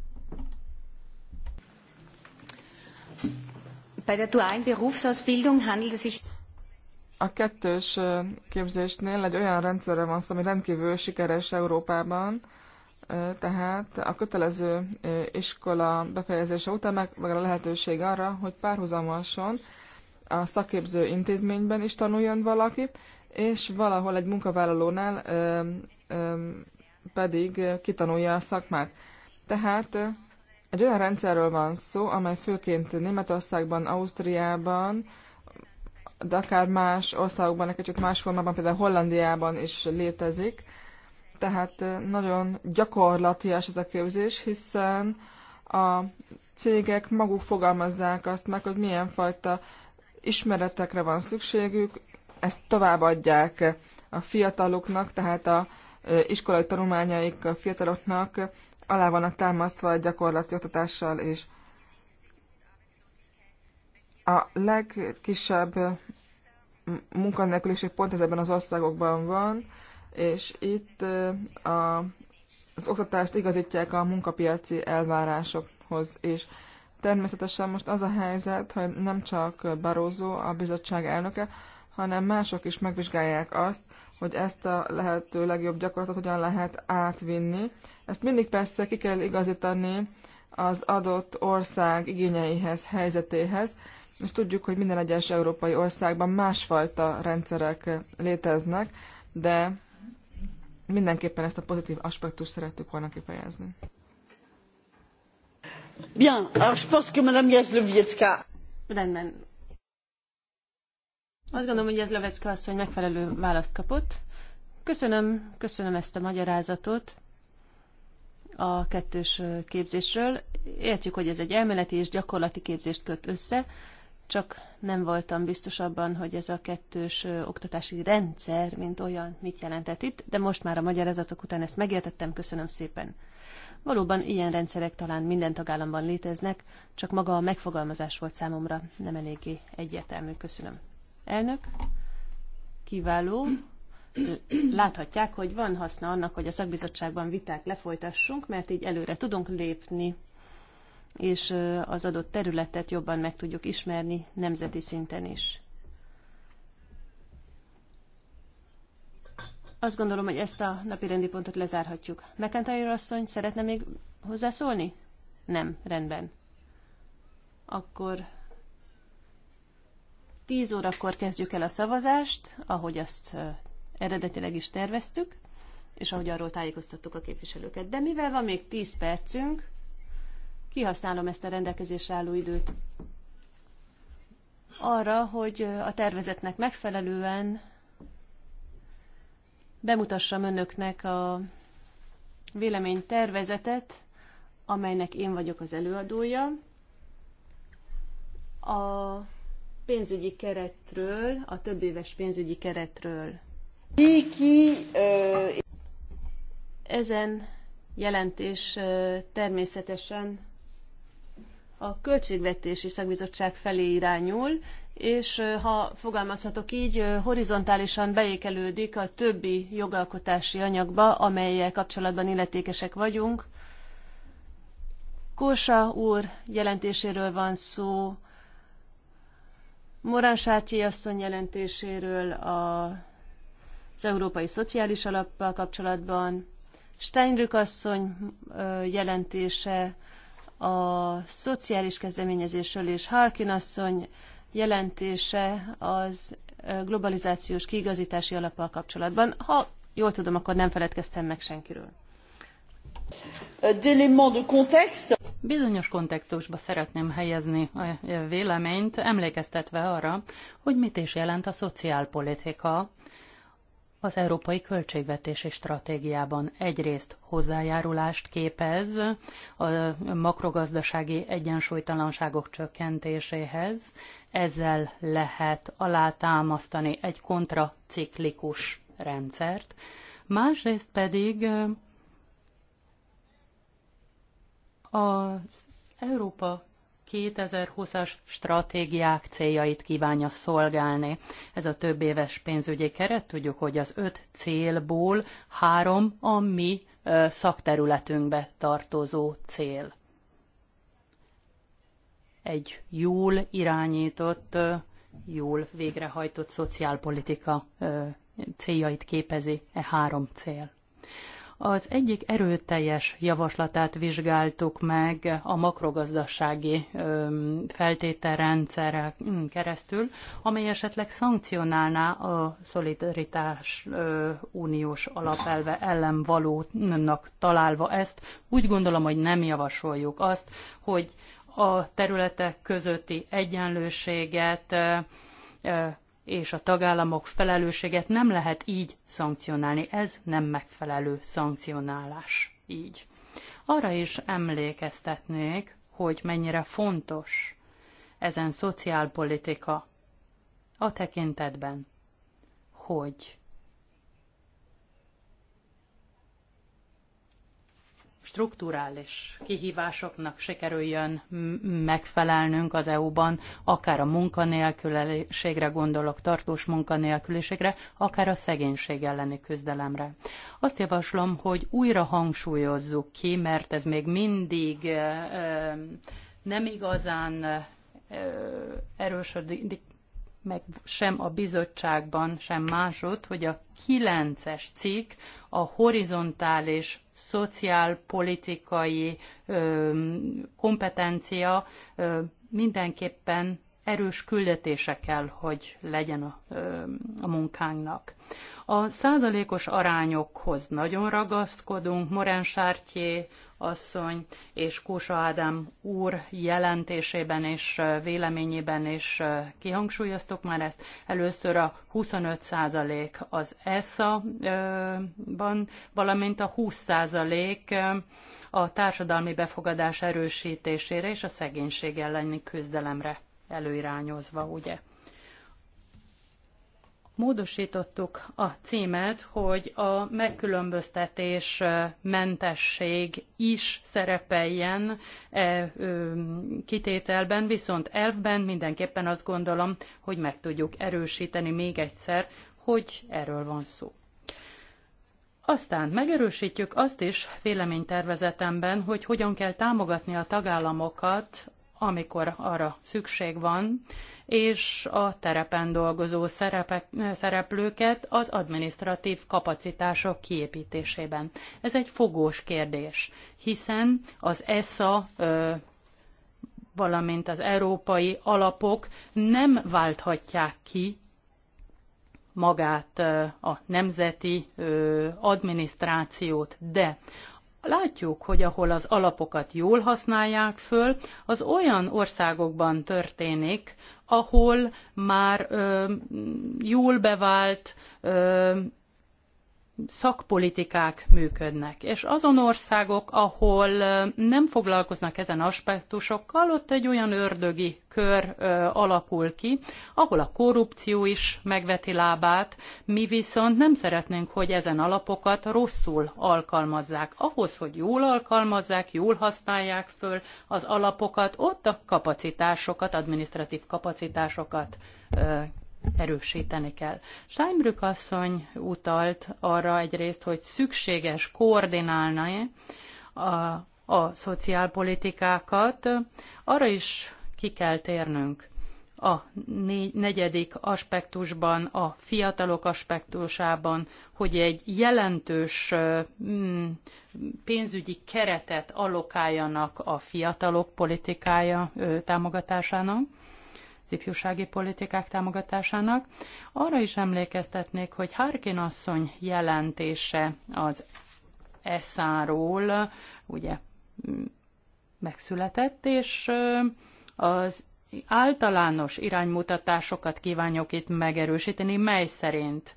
Bei der dualen Berufsausbildung handelt es sich a kettős képzésnél egy olyan rendszerre van szó, ami rendkívül sikeres Európában, tehát a kötelező iskola befejezése után meg, meg a lehetőség arra, hogy párhuzamosan a szakképző intézményben is tanuljon valaki, és valahol egy munkavállalónál pedig kitanulja a szakmát. Tehát egy olyan rendszerről van szó, amely főként Németországban, Ausztriában, de akár más országokban, egy kicsit más formában, például Hollandiában is létezik. Tehát eh, nagyon gyakorlatias ez a képzés, hiszen a cégek maguk fogalmazzák azt meg, hogy milyen fajta ismeretekre van szükségük, ezt továbbadják a fiataloknak, tehát a eh, iskolai tanulmányaik a fiataloknak alá vannak támasztva a gyakorlati oktatással és A legkisebb munkanélküliség pont ezekben az országokban van, és itt a, az oktatást igazítják a munkapiaci elvárásokhoz is. Természetesen most az a helyzet, hogy nem csak Barózó a bizottság elnöke, hanem mások is megvizsgálják azt, hogy ezt a lehető legjobb gyakorlatot hogyan lehet átvinni ezt mindig persze ki kell igazítani az adott ország igényeihez, helyzetéhez, és tudjuk, hogy minden egyes európai országban másfajta rendszerek léteznek, de mindenképpen ezt a pozitív aspektust szerettük volna kifejezni. Bien, alors je pense que Madame Jazlowiecka... Rendben. Azt gondolom, hogy Jazlowiecka hogy megfelelő választ kapott. Köszönöm, köszönöm ezt a magyarázatot a kettős képzésről. Értjük, hogy ez egy elméleti és gyakorlati képzést köt össze, csak nem voltam biztos abban, hogy ez a kettős oktatási rendszer, mint olyan, mit jelentett itt, de most már a magyarázatok után ezt megértettem, köszönöm szépen. Valóban ilyen rendszerek talán minden tagállamban léteznek, csak maga a megfogalmazás volt számomra nem eléggé egyértelmű. Köszönöm. Elnök, kiváló, láthatják, hogy van haszna annak, hogy a szakbizottságban viták lefolytassunk, mert így előre tudunk lépni, és az adott területet jobban meg tudjuk ismerni nemzeti szinten is. Azt gondolom, hogy ezt a napi rendi pontot lezárhatjuk. McIntyre asszony szeretne még hozzászólni? Nem, rendben. Akkor 10 órakor kezdjük el a szavazást, ahogy azt eredetileg is terveztük, és ahogy arról tájékoztattuk a képviselőket. De mivel van még 10 percünk, kihasználom ezt a rendelkezésre álló időt arra, hogy a tervezetnek megfelelően bemutassam önöknek a vélemény tervezetet, amelynek én vagyok az előadója. A pénzügyi keretről, a több éves pénzügyi keretről ezen jelentés természetesen a Költségvetési Szakbizottság felé irányul, és ha fogalmazhatok így, horizontálisan beékelődik a többi jogalkotási anyagba, amelyel kapcsolatban illetékesek vagyunk. Kósa úr jelentéséről van szó, Morán Sártyi asszony jelentéséről, a az Európai Szociális Alappal kapcsolatban. Steinrück asszony jelentése a szociális kezdeményezésről és Harkin asszony jelentése az globalizációs kiigazítási alappal kapcsolatban. Ha jól tudom, akkor nem feledkeztem meg senkiről. Bizonyos kontextusba szeretném helyezni a véleményt, emlékeztetve arra, hogy mit is jelent a szociálpolitika az európai költségvetési stratégiában egyrészt hozzájárulást képez a makrogazdasági egyensúlytalanságok csökkentéséhez, ezzel lehet alátámasztani egy kontraciklikus rendszert, másrészt pedig az Európa 2020-as stratégiák céljait kívánja szolgálni. Ez a több éves pénzügyi keret, tudjuk, hogy az öt célból három a mi szakterületünkbe tartozó cél. Egy jól irányított, jól végrehajtott szociálpolitika céljait képezi e három cél. Az egyik erőteljes javaslatát vizsgáltuk meg a makrogazdasági feltételrendszerrel hm, keresztül, amely esetleg szankcionálná a szolidaritás uniós alapelve ellen valónak találva ezt. Úgy gondolom, hogy nem javasoljuk azt, hogy a területek közötti egyenlőséget és a tagállamok felelősséget nem lehet így szankcionálni. Ez nem megfelelő szankcionálás. Így. Arra is emlékeztetnék, hogy mennyire fontos ezen szociálpolitika a tekintetben, hogy strukturális kihívásoknak sikerüljön megfelelnünk az EU-ban, akár a munkanélküliségre gondolok, tartós munkanélküliségre, akár a szegénység elleni küzdelemre. Azt javaslom, hogy újra hangsúlyozzuk ki, mert ez még mindig nem igazán erősödik meg sem a bizottságban, sem másod, hogy a kilences cikk a horizontális szociálpolitikai ö, kompetencia ö, mindenképpen erős küldetése kell, hogy legyen a, ö, a munkánknak. A százalékos arányokhoz nagyon ragaszkodunk, Morán Sártyé asszony és Kósa Ádám úr jelentésében és véleményében is kihangsúlyoztuk már ezt. Először a 25% az ESZA-ban, valamint a 20% a társadalmi befogadás erősítésére és a szegénység elleni küzdelemre előirányozva, ugye? módosítottuk a címet, hogy a megkülönböztetés mentesség is szerepeljen e, ö, kitételben, viszont elfben mindenképpen azt gondolom, hogy meg tudjuk erősíteni még egyszer, hogy erről van szó. Aztán megerősítjük azt is véleménytervezetemben, hogy hogyan kell támogatni a tagállamokat amikor arra szükség van, és a terepen dolgozó szerepek, szereplőket az administratív kapacitások kiépítésében. Ez egy fogós kérdés, hiszen az ESA valamint az európai alapok nem válthatják ki magát a nemzeti adminisztrációt, de Látjuk, hogy ahol az alapokat jól használják föl, az olyan országokban történik, ahol már ö, jól bevált ö, szakpolitikák működnek, és azon országok, ahol nem foglalkoznak ezen aspektusokkal, ott egy olyan ördögi kör alakul ki, ahol a korrupció is megveti lábát, mi viszont nem szeretnénk, hogy ezen alapokat rosszul alkalmazzák. Ahhoz, hogy jól alkalmazzák, jól használják föl az alapokat, ott a kapacitásokat, administratív kapacitásokat erősíteni kell. Steinbrück asszony utalt arra egyrészt, hogy szükséges koordinálni a, a szociálpolitikákat, arra is ki kell térnünk a negyedik aspektusban, a fiatalok aspektusában, hogy egy jelentős mm, pénzügyi keretet alokáljanak a fiatalok politikája támogatásának ifjúsági politikák támogatásának. Arra is emlékeztetnék, hogy Harkin asszony jelentése az ESZÁ-ról ugye megszületett, és az általános iránymutatásokat kívánok itt megerősíteni, mely szerint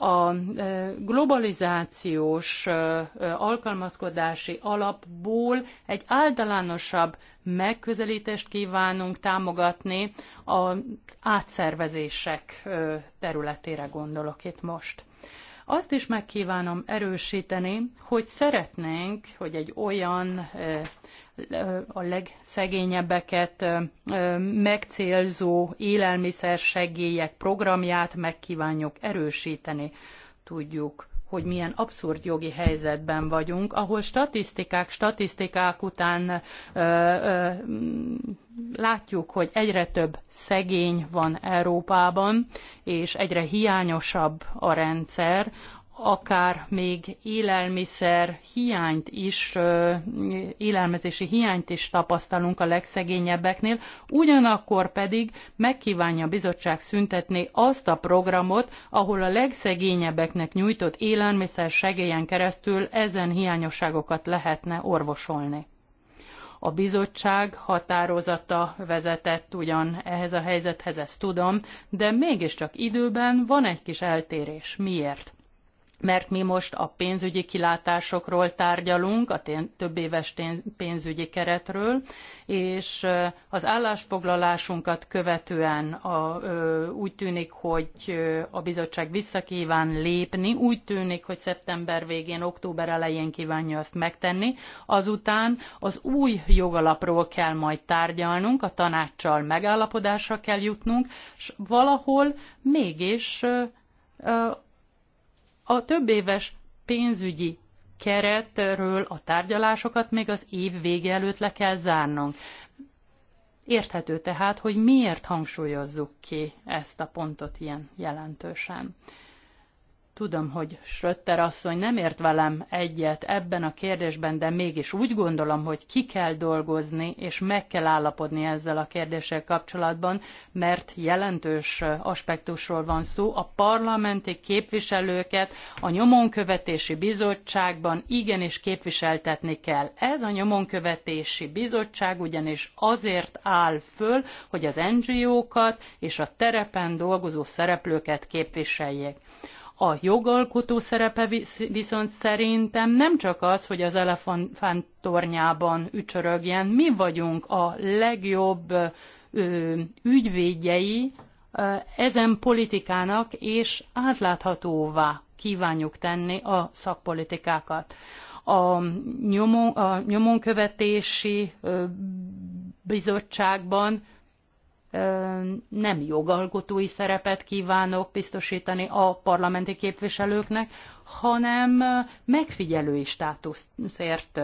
a e, globalizációs e, e, alkalmazkodási alapból egy általánosabb megközelítést kívánunk támogatni az átszervezések területére gondolok itt most. Azt is megkívánom erősíteni, hogy szeretnénk, hogy egy olyan a legszegényebbeket megcélzó élelmiszersegélyek programját megkívánjuk erősíteni. Tudjuk, hogy milyen abszurd jogi helyzetben vagyunk, ahol statisztikák, statisztikák után ö, ö, látjuk, hogy egyre több szegény van Európában, és egyre hiányosabb a rendszer, akár még élelmiszer hiányt is, élelmezési hiányt is tapasztalunk a legszegényebbeknél, ugyanakkor pedig megkívánja a bizottság szüntetni azt a programot, ahol a legszegényebbeknek nyújtott élelmiszer segélyen keresztül ezen hiányosságokat lehetne orvosolni. A bizottság határozata vezetett ugyan ehhez a helyzethez, ezt tudom, de mégiscsak időben van egy kis eltérés. Miért? mert mi most a pénzügyi kilátásokról tárgyalunk, a több éves pénzügyi keretről, és az állásfoglalásunkat követően a, úgy tűnik, hogy a bizottság visszakíván lépni, úgy tűnik, hogy szeptember végén, október elején kívánja azt megtenni, azután az új jogalapról kell majd tárgyalnunk, a tanácssal megállapodásra kell jutnunk, és valahol mégis a több éves pénzügyi keretről a tárgyalásokat még az év vége előtt le kell zárnunk. Érthető tehát, hogy miért hangsúlyozzuk ki ezt a pontot ilyen jelentősen. Tudom, hogy Schröter asszony nem ért velem egyet ebben a kérdésben, de mégis úgy gondolom, hogy ki kell dolgozni, és meg kell állapodni ezzel a kérdéssel kapcsolatban, mert jelentős aspektusról van szó. A parlamenti képviselőket a nyomonkövetési bizottságban igenis képviseltetni kell. Ez a nyomonkövetési bizottság ugyanis azért áll föl, hogy az NGO-kat és a terepen dolgozó szereplőket képviseljék. A jogalkotó szerepe viszont szerintem nem csak az, hogy az elefánt tornyában ücsörögjen, mi vagyunk a legjobb ö, ügyvédjei ö, ezen politikának, és átláthatóvá kívánjuk tenni a szakpolitikákat. A, nyomon, a nyomonkövetési ö, bizottságban nem jogalkotói szerepet kívánok biztosítani a parlamenti képviselőknek, hanem megfigyelői státuszért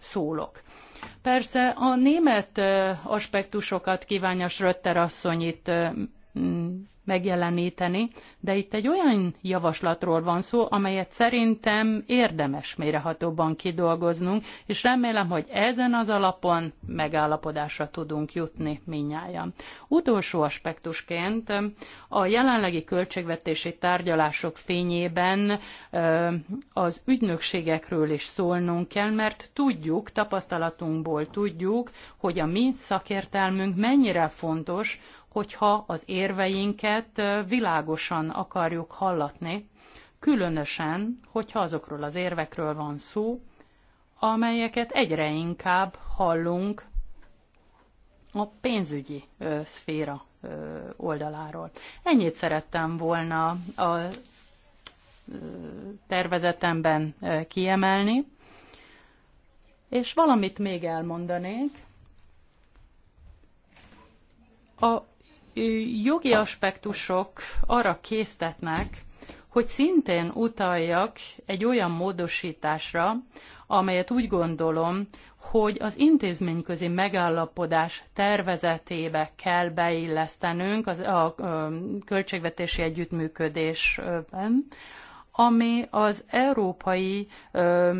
szólok. Persze a német aspektusokat kívánja Schröter asszony itt megjeleníteni, de itt egy olyan javaslatról van szó, amelyet szerintem érdemes mérehatóban kidolgoznunk, és remélem, hogy ezen az alapon megállapodásra tudunk jutni minnyáján. Utolsó aspektusként a jelenlegi költségvetési tárgyalások fényében az ügynökségekről is szólnunk kell, mert tudjuk, tapasztalatunkból tudjuk, hogy a mi szakértelmünk mennyire fontos, hogyha az érveinket világosan akarjuk hallatni, különösen, hogyha azokról az érvekről van szó, amelyeket egyre inkább hallunk a pénzügyi ö, szféra ö, oldaláról. Ennyit szerettem volna a ö, tervezetemben ö, kiemelni, és valamit még elmondanék. A jogi aspektusok arra késztetnek, hogy szintén utaljak egy olyan módosításra, amelyet úgy gondolom, hogy az intézményközi megállapodás tervezetébe kell beillesztenünk az, a, a költségvetési együttműködésben, ami az európai ö,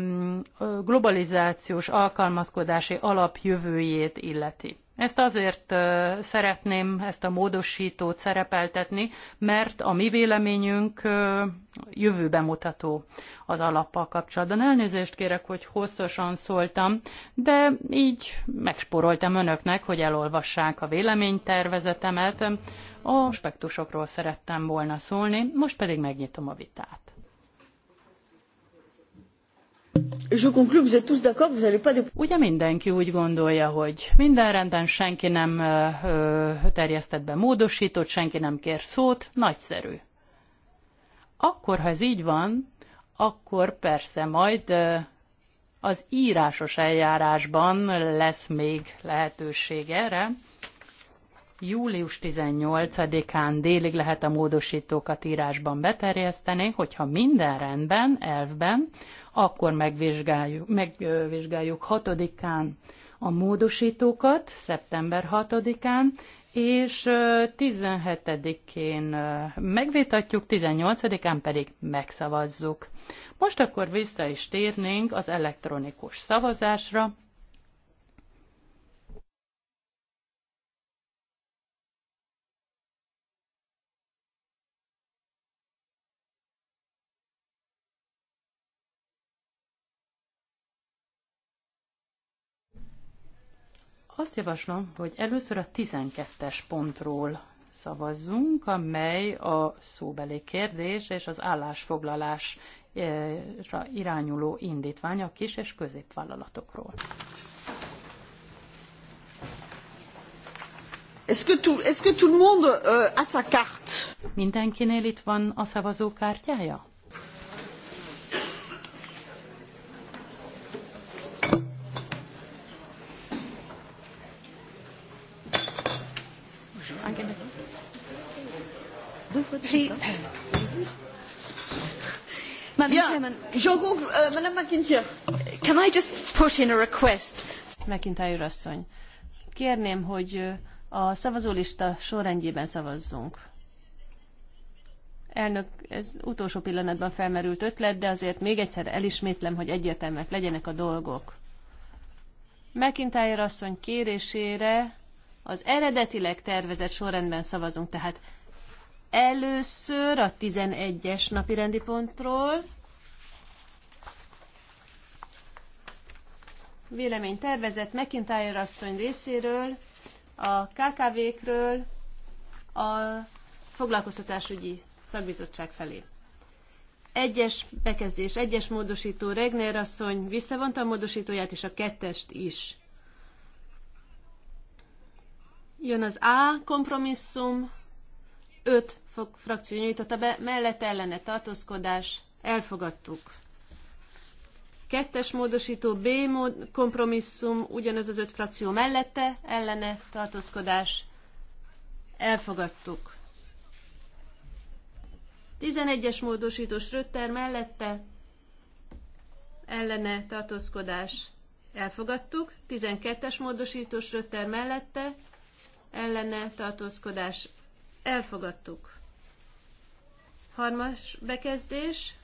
globalizációs alkalmazkodási alapjövőjét illeti. Ezt azért szeretném ezt a módosítót szerepeltetni, mert a mi véleményünk jövőbe mutató az alappal kapcsolatban. Elnézést kérek, hogy hosszasan szóltam, de így megsporoltam önöknek, hogy elolvassák a véleménytervezetemet. A aspektusokról szerettem volna szólni, most pedig megnyitom a vitát. Ugye mindenki úgy gondolja, hogy minden rendben, senki nem ö, terjesztett be módosítót, senki nem kér szót, nagyszerű. Akkor, ha ez így van, akkor persze majd ö, az írásos eljárásban lesz még lehetőség erre, július 18-án délig lehet a módosítókat írásban beterjeszteni, hogyha minden rendben, elvben, akkor megvizsgáljuk, megvizsgáljuk 6-án a módosítókat, szeptember 6-án, és 17-én megvitatjuk, 18-án pedig megszavazzuk. Most akkor vissza is térnénk az elektronikus szavazásra, javaslom, hogy először a 12-es pontról szavazzunk, amely a szóbeli kérdés és az állásfoglalásra eh, irányuló indítvány a kis és középvállalatokról. Est-ce que, tout, est-ce que tout le monde euh, a sa carte Mindenkinél itt van a szavazókártyája? Madam Chairman, uh, eh, Madam McIntyre, can I just put in a request? McIntyre asszony, kérném, hogy eh, a szavazólista sorrendjében szavazzunk. Elnök, ez utolsó pillanatban felmerült ötlet, de azért még egyszer elismétlem, hogy egyértelműek legyenek a dolgok. McIntyre asszony kérésére az eredetileg tervezett sorrendben szavazunk, tehát Először a 11-es napi rendi pontról. Vélemény tervezett McIntyre asszony részéről, a KKV-kről, a foglalkoztatásügyi szakbizottság felé. Egyes bekezdés, egyes módosító, Regner asszony visszavonta a módosítóját és a kettest is. Jön az A kompromisszum, 5 frakció nyújtotta be, mellett ellene tartózkodás, elfogadtuk. Kettes módosító B mód, kompromisszum, ugyanaz az öt frakció mellette, ellene tartózkodás, elfogadtuk. 11-es módosító Schröter mellette, ellene tartózkodás, elfogadtuk. 12-es módosító Schröter mellette, ellene tartózkodás, elfogadtuk. Harmas bekezdés,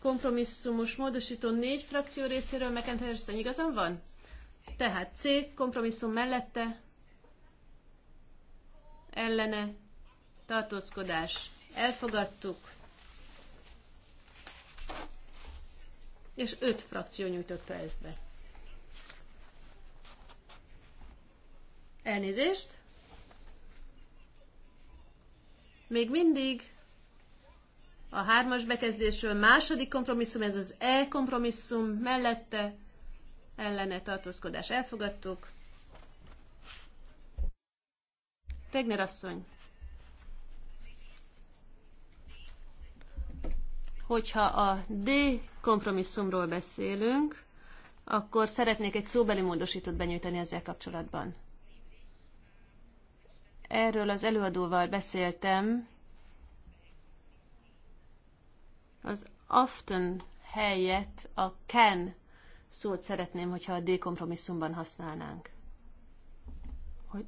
kompromisszumos módosító négy frakció részéről McIntyre igazam van? Tehát C kompromisszum mellette ellene tartózkodás. Elfogadtuk. És öt frakció nyújtotta ezt be. Elnézést! Még mindig a hármas bekezdésről második kompromisszum, ez az E kompromisszum mellette ellene tartózkodás elfogadtuk. Tegner asszony. Hogyha a D kompromisszumról beszélünk, akkor szeretnék egy szóbeli módosítót benyújtani ezzel kapcsolatban. Erről az előadóval beszéltem. Az often helyett a can szót szeretném, hogyha a dékompromisszumban használnánk. Hogy...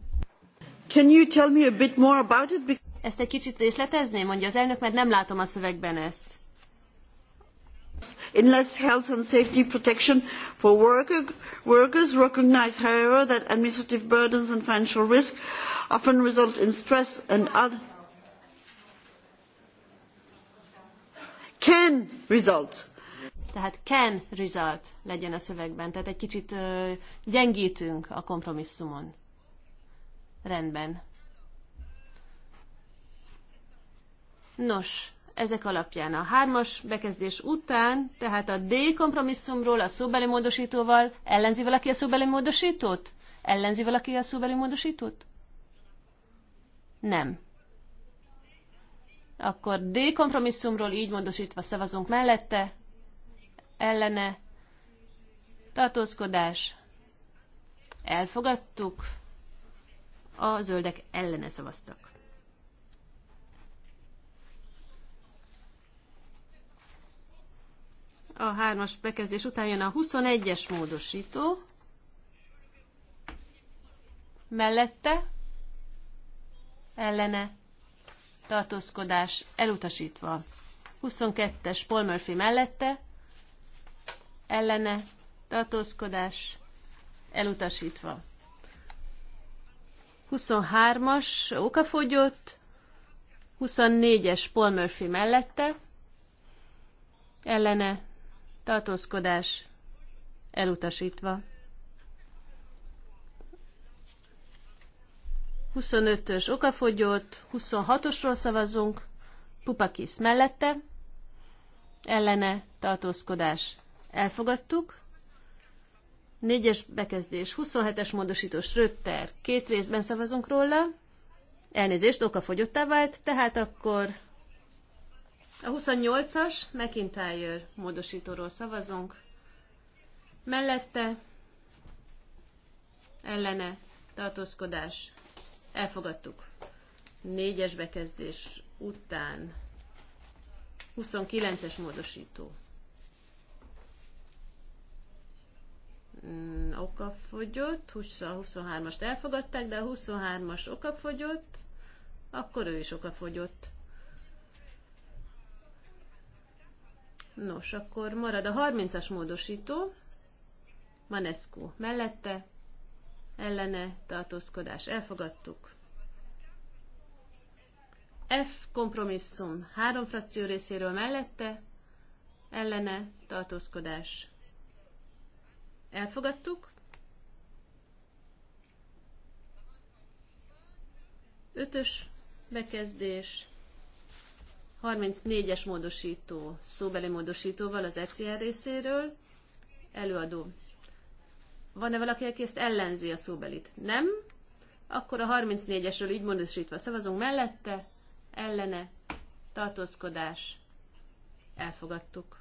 Can you tell me a bit more about it? Ezt egy kicsit részletezném, mondja az elnök, mert nem látom a szövegben ezt. Unless health and safety protection for worker, workers recognize, however, that administrative burdens and financial risk often result in stress and other can result. Tehát can result legyen a szövegben. Tehát egy kicsit ö, gyengítünk a kompromisszumon. Rendben. Nos, ezek alapján a hármas bekezdés után, tehát a D kompromisszumról a szóbeli módosítóval ellenzi valaki a szóbeli módosítót? Ellenzi valaki a szóbeli módosítót? Nem. Akkor D kompromisszumról így módosítva szavazunk mellette, ellene, tartózkodás, elfogadtuk, a zöldek ellene szavaztak. a hármas bekezdés után jön a 21-es módosító, mellette ellene tartózkodás elutasítva. 22-es Paul Murphy mellette ellene tartózkodás elutasítva. 23-as okafogyott, 24-es Paul Murphy mellette ellene tartózkodás elutasítva. 25-ös okafogyott, 26-osról szavazunk, Pupakis mellette, ellene tartózkodás elfogadtuk, 4-es bekezdés, 27-es módosító Schröter, két részben szavazunk róla, elnézést, okafogyottá vált, tehát akkor a 28-as McIntyre módosítóról szavazunk. Mellette ellene tartózkodás. Elfogadtuk. Négyes bekezdés után 29-es módosító. Mm, okafogyott. 23-ast elfogadták, de a 23-as okafogyott, akkor ő is okafogyott. Nos, akkor marad a 30-as módosító, Manescu mellette, ellene tartózkodás elfogadtuk. F kompromisszum három frakció részéről mellette, ellene tartózkodás elfogadtuk. Ötös bekezdés 34-es módosító, szóbeli módosítóval az ECR részéről. Előadó. Van-e valaki, aki ezt ellenzi a szóbelit? Nem? Akkor a 34-esről így módosítva szavazunk mellette, ellene, tartózkodás, elfogadtuk.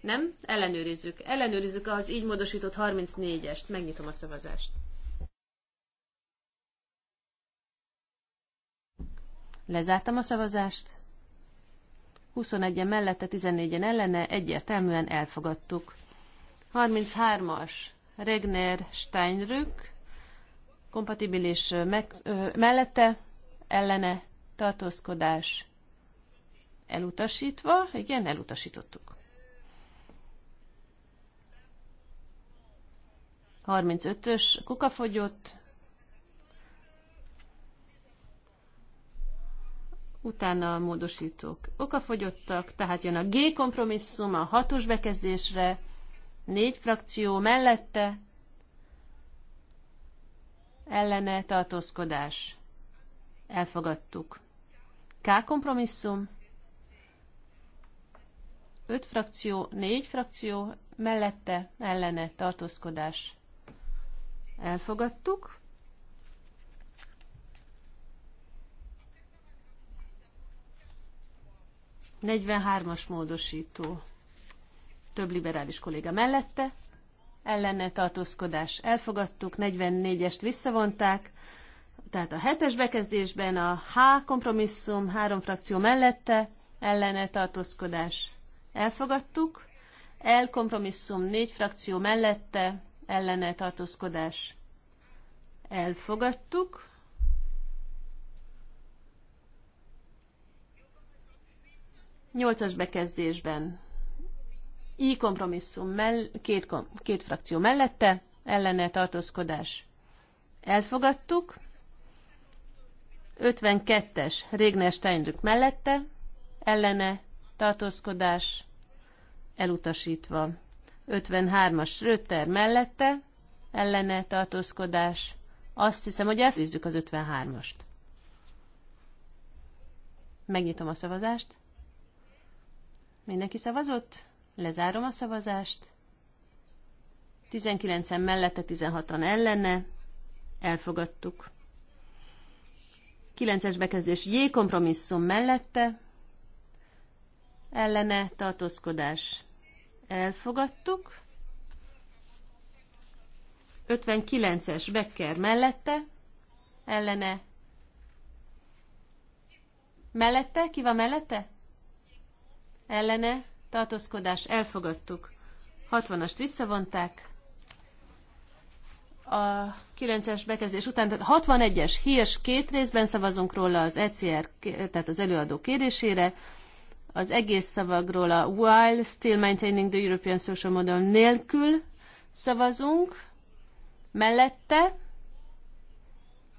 Nem? Ellenőrizzük. Ellenőrizzük az így módosított 34-est. Megnyitom a szavazást. Lezártam a szavazást. 21-en mellette, 14-en ellene, egyértelműen elfogadtuk. 33-as Regner Steinrück, kompatibilis meg, ö, mellette, ellene, tartózkodás elutasítva, igen, elutasítottuk. 35-ös kukafogyott, utána a módosítók okafogyottak, tehát jön a G kompromisszum a hatos bekezdésre, négy frakció mellette, ellene tartózkodás. Elfogadtuk. K kompromisszum, öt frakció, négy frakció mellette, ellene tartózkodás. Elfogadtuk. 43-as módosító. Több liberális kolléga mellette. Ellene tartózkodás elfogadtuk. 44-est visszavonták. Tehát a hetes bekezdésben a H kompromisszum három frakció mellette ellene tartózkodás elfogadtuk. L kompromisszum négy frakció mellette ellene tartózkodás elfogadtuk. Nyolcas bekezdésben i kompromisszum mell- két, kom- két frakció mellette, ellene tartózkodás. Elfogadtuk. 52-es Régner Steinrück mellette, ellene tartózkodás elutasítva. 53-as Rötter mellette, ellene tartózkodás. Azt hiszem, hogy elfűzzük az 53-ast. Megnyitom a szavazást. Mindenki szavazott? Lezárom a szavazást. 19-en mellette, 16-an ellene. Elfogadtuk. 9-es bekezdés J kompromisszum mellette. Ellene tartózkodás. Elfogadtuk. 59-es Becker mellette. Ellene. Mellette? Ki van mellette? ellene, tartózkodás elfogadtuk. 60-ast visszavonták. A 9-es bekezdés után, tehát 61-es hírs két részben szavazunk róla az ECR, tehát az előadó kérésére. Az egész szavagról a while still maintaining the European social model nélkül szavazunk. Mellette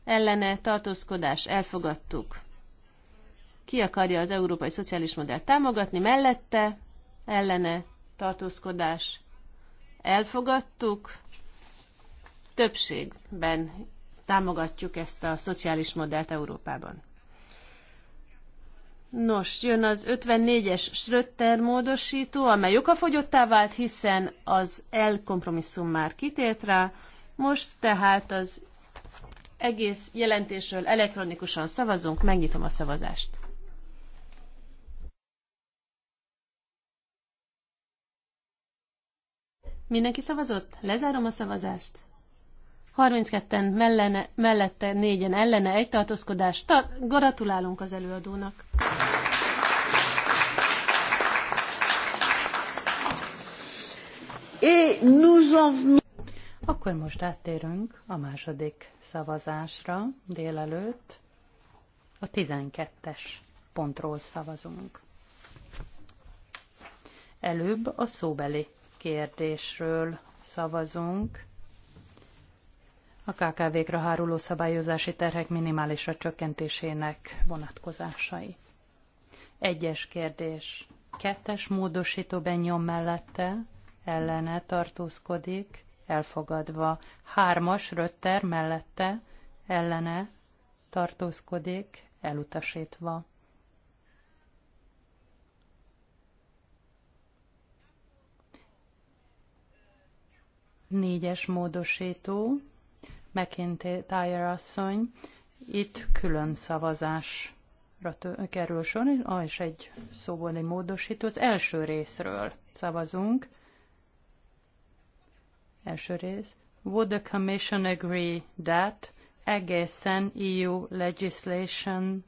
ellene tartózkodás elfogadtuk ki akarja az európai szociális modellt támogatni, mellette, ellene, tartózkodás. Elfogadtuk, többségben támogatjuk ezt a szociális modellt Európában. Nos, jön az 54-es Schröter módosító, amely okafogyottá vált, hiszen az elkompromisszum már kitért rá. Most tehát az egész jelentésről elektronikusan szavazunk, megnyitom a szavazást. Mindenki szavazott? Lezárom a szavazást. 32-en mellene, mellette, négyen ellene, egy tartózkodás. Ta- gratulálunk az előadónak. Et Akkor most áttérünk a második szavazásra délelőtt. A 12-es pontról szavazunk. Előbb a szóbeli kérdésről szavazunk. A KKV-kra háruló szabályozási terhek minimálisra csökkentésének vonatkozásai. Egyes kérdés. Kettes módosító benyom mellette ellene tartózkodik, elfogadva. Hármas rötter mellette ellene tartózkodik, elutasítva. Négyes módosító, McIntyre asszony, itt külön szavazásra kerül sor, ah, és egy szóból egy módosító. Az első részről szavazunk. Első rész. Would the Commission agree that egészen EU legislation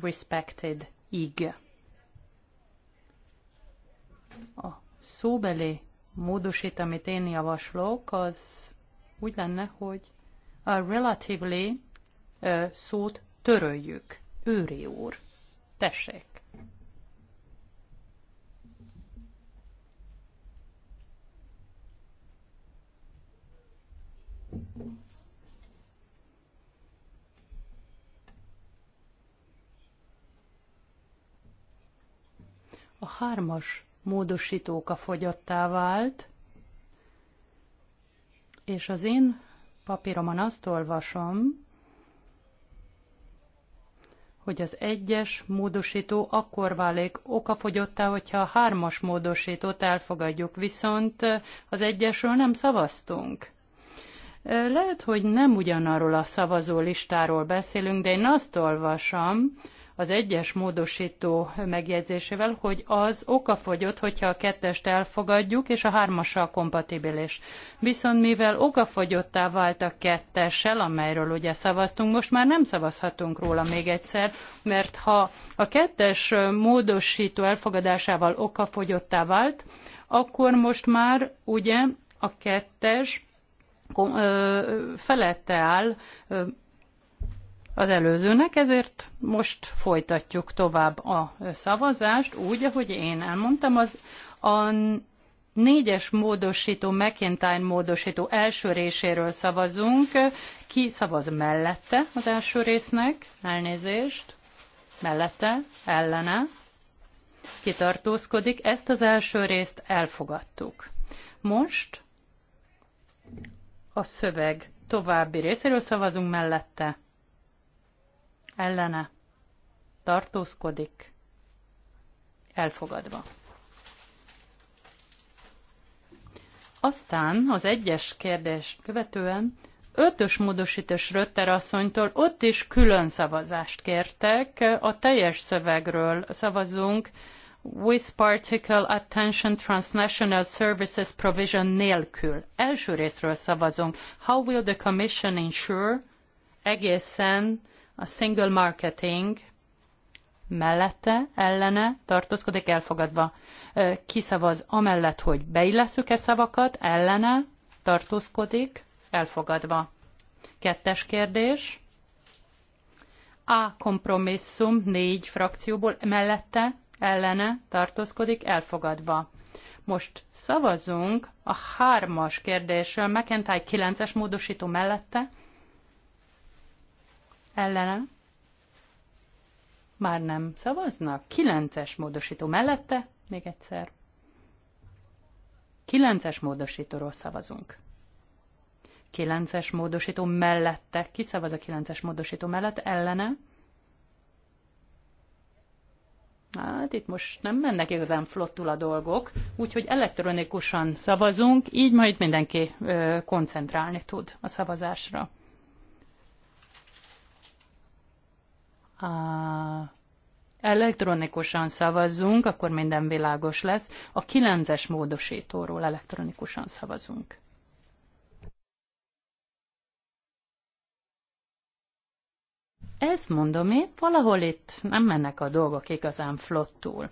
respected ig? A szóbeli módosít, amit én javaslok, az úgy lenne, hogy a relatively szót töröljük. Őri úr, tessék. A hármas módosítóka fogyottá vált, és az én papíromon azt olvasom, hogy az egyes módosító akkor válik okafogyottá, hogyha a hármas módosítót elfogadjuk, viszont az egyesről nem szavaztunk. Lehet, hogy nem ugyanarról a szavazó listáról beszélünk, de én azt olvasom, az egyes módosító megjegyzésével, hogy az okafogyott, hogyha a kettest elfogadjuk, és a hármassal kompatibilis. Viszont mivel okafogyottá vált a kettessel, amelyről ugye szavaztunk, most már nem szavazhatunk róla még egyszer, mert ha a kettes módosító elfogadásával okafogyottá vált, akkor most már ugye a kettes felette áll az előzőnek, ezért most folytatjuk tovább a szavazást, úgy, ahogy én elmondtam, az a négyes módosító, McIntyre módosító első részéről szavazunk. Ki szavaz mellette az első résznek? Elnézést. Mellette? Ellene? Kitartózkodik. Ezt az első részt elfogadtuk. Most a szöveg további részéről szavazunk mellette ellene tartózkodik, elfogadva. Aztán az egyes kérdést követően ötös módosítás Rötter asszonytól ott is külön szavazást kértek. A teljes szövegről szavazunk with particle attention transnational services provision nélkül. Első részről szavazunk. How will the Commission ensure egészen a single marketing mellette, ellene tartózkodik elfogadva. Kiszavaz amellett, hogy beillesszük-e szavakat, ellene tartózkodik elfogadva. Kettes kérdés. A kompromisszum négy frakcióból mellette, ellene tartózkodik elfogadva. Most szavazunk a hármas kérdésről, McIntyre 9-es módosító mellette, ellenem, már nem szavaznak? Kilences módosító mellette, még egyszer. Kilences módosítóról szavazunk. Kilences módosító mellette. Ki szavaz a kilences módosító mellett? Ellene? Hát itt most nem mennek igazán flottul a dolgok, úgyhogy elektronikusan szavazunk, így majd mindenki ö, koncentrálni tud a szavazásra. a elektronikusan szavazzunk, akkor minden világos lesz. A kilences módosítóról elektronikusan szavazunk. Ezt mondom én, valahol itt nem mennek a dolgok igazán flottul.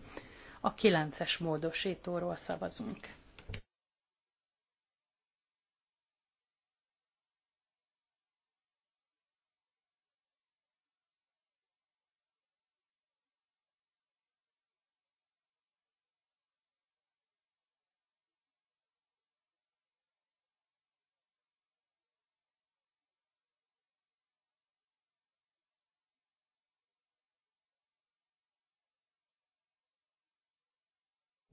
A kilences módosítóról szavazunk.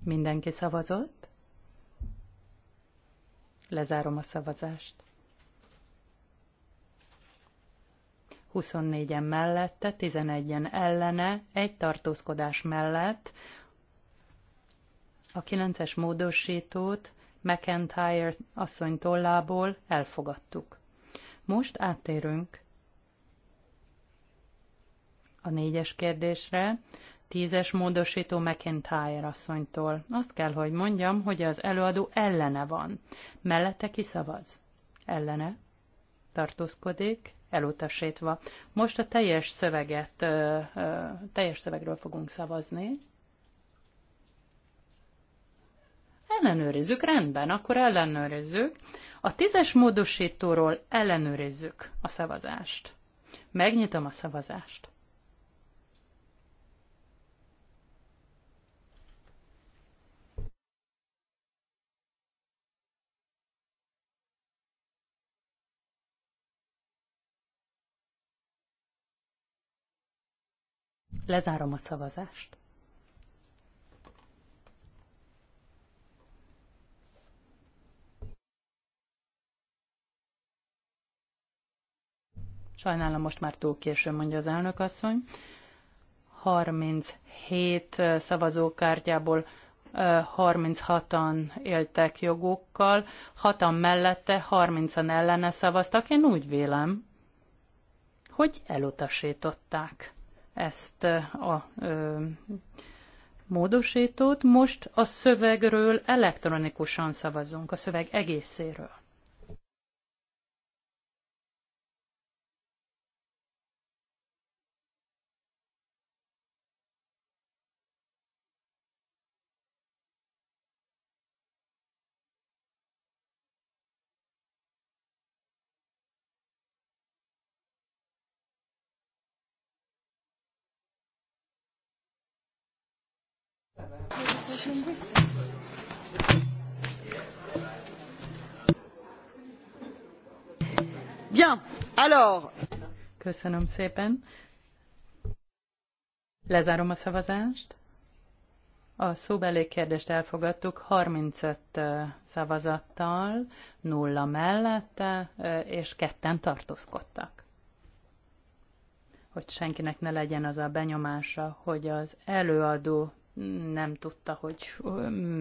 Mindenki szavazott? Lezárom a szavazást. 24-en mellette, 11-en ellene, egy tartózkodás mellett a 9-es módosítót McIntyre asszony tollából elfogadtuk. Most áttérünk a négyes kérdésre, Tízes módosító McIntyre asszonytól. Azt kell, hogy mondjam, hogy az előadó ellene van. Mellette kiszavaz. Ellene. Tartózkodik. Elutasítva. Most a teljes szöveget, ö, ö, teljes szövegről fogunk szavazni. Ellenőrizzük, rendben, akkor ellenőrizzük. A tízes módosítóról ellenőrizzük a szavazást. Megnyitom a szavazást. Lezárom a szavazást. Sajnálom, most már túl későn, mondja az elnök 37 szavazókártyából 36-an éltek jogokkal, 6-an mellette, 30-an ellene szavaztak. Én úgy vélem, hogy elutasították ezt a ö, módosítót. Most a szövegről elektronikusan szavazunk, a szöveg egészéről. Bien, alors. Köszönöm szépen. Lezárom a szavazást. A szóbeli kérdést elfogadtuk 35 szavazattal, nulla mellette, és ketten tartózkodtak. Hogy senkinek ne legyen az a benyomása, hogy az előadó nem tudta, hogy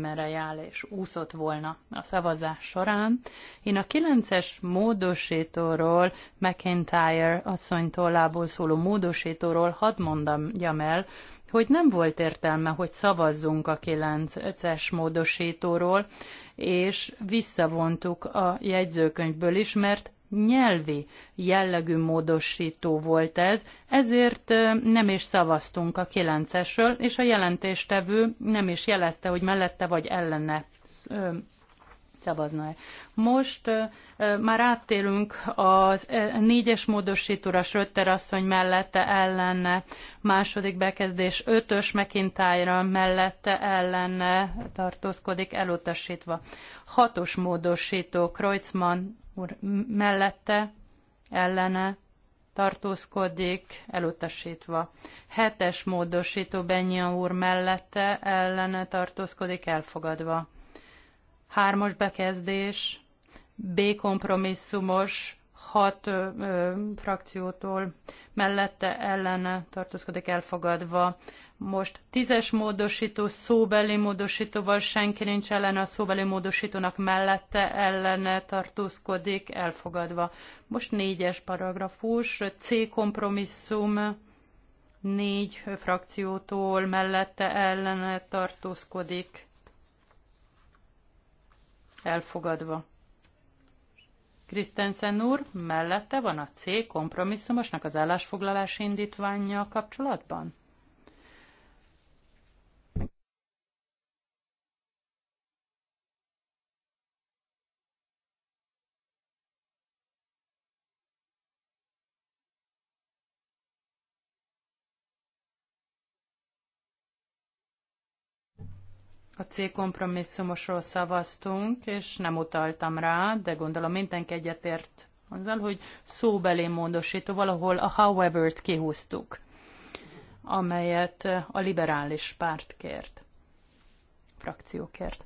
merre jár, és úszott volna a szavazás során. Én a 9-es módosítóról, McIntyre asszony tollából szóló módosítóról hadd mondjam el, hogy nem volt értelme, hogy szavazzunk a 9-es módosítóról, és visszavontuk a jegyzőkönyvből is, mert nyelvi jellegű módosító volt ez, ezért nem is szavaztunk a kilencesről, és a jelentéstevő nem is jelezte, hogy mellette vagy ellene szavazna-e. Most már áttérünk az négyes módosítóra Sötter asszony mellette ellenne, második bekezdés ötös mekintájra mellette ellenne tartózkodik elutasítva. Hatos módosító Kreuzmann úr mellette, ellene tartózkodik, elutasítva. Hetes módosító Benya úr mellette, ellene tartózkodik, elfogadva. Hármas bekezdés, B kompromisszumos, hat ö, ö, frakciótól mellette ellene tartózkodik elfogadva. Most tízes módosító, szóbeli módosítóval senki nincs ellene, a szóbeli módosítónak mellette ellene tartózkodik, elfogadva. Most négyes paragrafus, C kompromisszum, négy frakciótól mellette ellene tartózkodik, elfogadva. Krisztensen úr, mellette van a C kompromisszumosnak az állásfoglalási indítványja kapcsolatban? A C kompromisszumosról szavaztunk, és nem utaltam rá, de gondolom mindenki egyetért azzal, hogy szóbeli módosító, valahol a however-t kihúztuk, amelyet a liberális párt kért, frakció kért.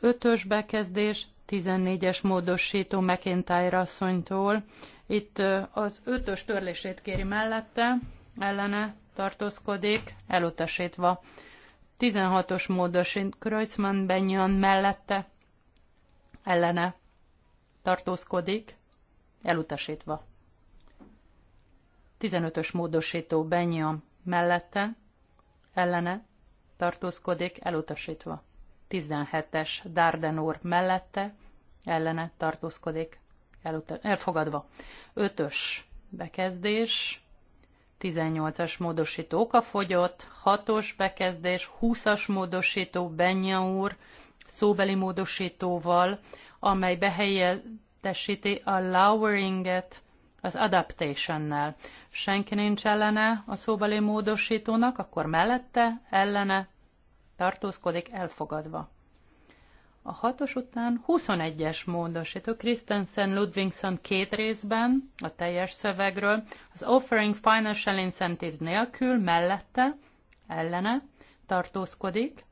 Ötös bekezdés, 14-es módosító McIntyre asszonytól. Itt az ötös törlését kéri mellette, ellene tartózkodik, elutasítva. 16-os módosin Kreuzmann Benyon mellette ellene tartózkodik, elutasítva. 15-ös módosító Benyon mellette ellene tartózkodik, elutasítva. 17-es Dardenor mellette ellene tartózkodik, elutas- elfogadva. 5-ös bekezdés 18-as módosító okafogyott, 6-os bekezdés, 20-as módosító Benya úr szóbeli módosítóval, amely behelyettesíti a loweringet az adaptationnel. Senki nincs ellene a szóbeli módosítónak, akkor mellette ellene tartózkodik elfogadva. A hatos után 21-es módosító Christensen Ludvigson két részben a teljes szövegről, az offering financial incentives nélkül mellette, ellene tartózkodik,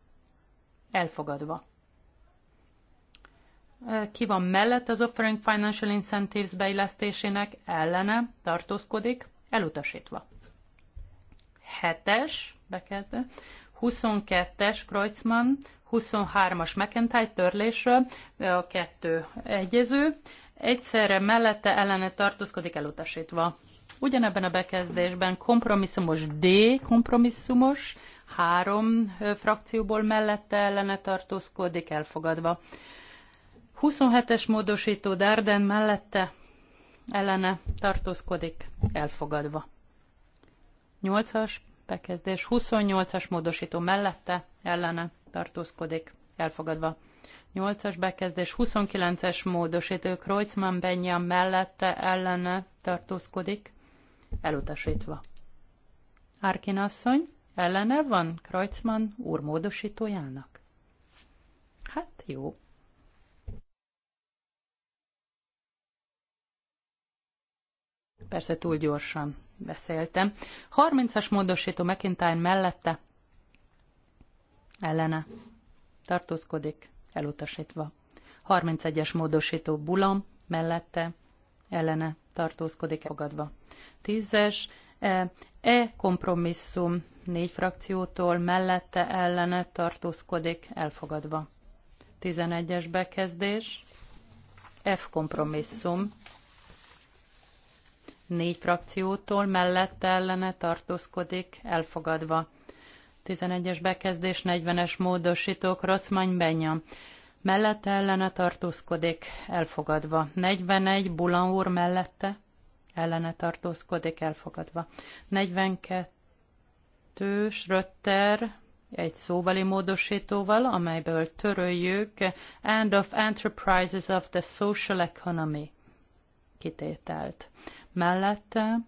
elfogadva. Ki van mellett az offering financial incentives beillesztésének, ellene tartózkodik, elutasítva. Hetes, bekezdő, 22-es Kreuzmann, 23-as McIntyre törlésről, a kettő egyező, egyszerre mellette ellene tartózkodik elutasítva. Ugyanebben a bekezdésben kompromisszumos D, kompromisszumos, három frakcióból mellette ellene tartózkodik elfogadva. 27-es módosító Darden mellette ellene tartózkodik elfogadva. 8-as bekezdés 28-as módosító mellette ellene tartózkodik, elfogadva. 8-as bekezdés 29-es módosító Kreuzmann Benja mellette ellene tartózkodik, elutasítva. Árkin asszony, ellene van Kreuzmann úr módosítójának? Hát jó. Persze túl gyorsan beszéltem. 30-as módosító McIntyre mellette ellene tartózkodik, elutasítva. 31-es módosító Bulam mellette ellene tartózkodik, fogadva. 10-es E, e kompromisszum négy frakciótól mellette ellene tartózkodik, elfogadva. 11-es bekezdés. F kompromisszum négy frakciótól mellette ellene tartózkodik elfogadva. 11-es bekezdés 40-es módosítók Rocmany Benya. Mellette ellene tartózkodik elfogadva. 41 Bulan úr mellette ellene tartózkodik elfogadva. 42-s Rötter egy szóbeli módosítóval, amelyből töröljük End of Enterprises of the Social Economy kitételt mellette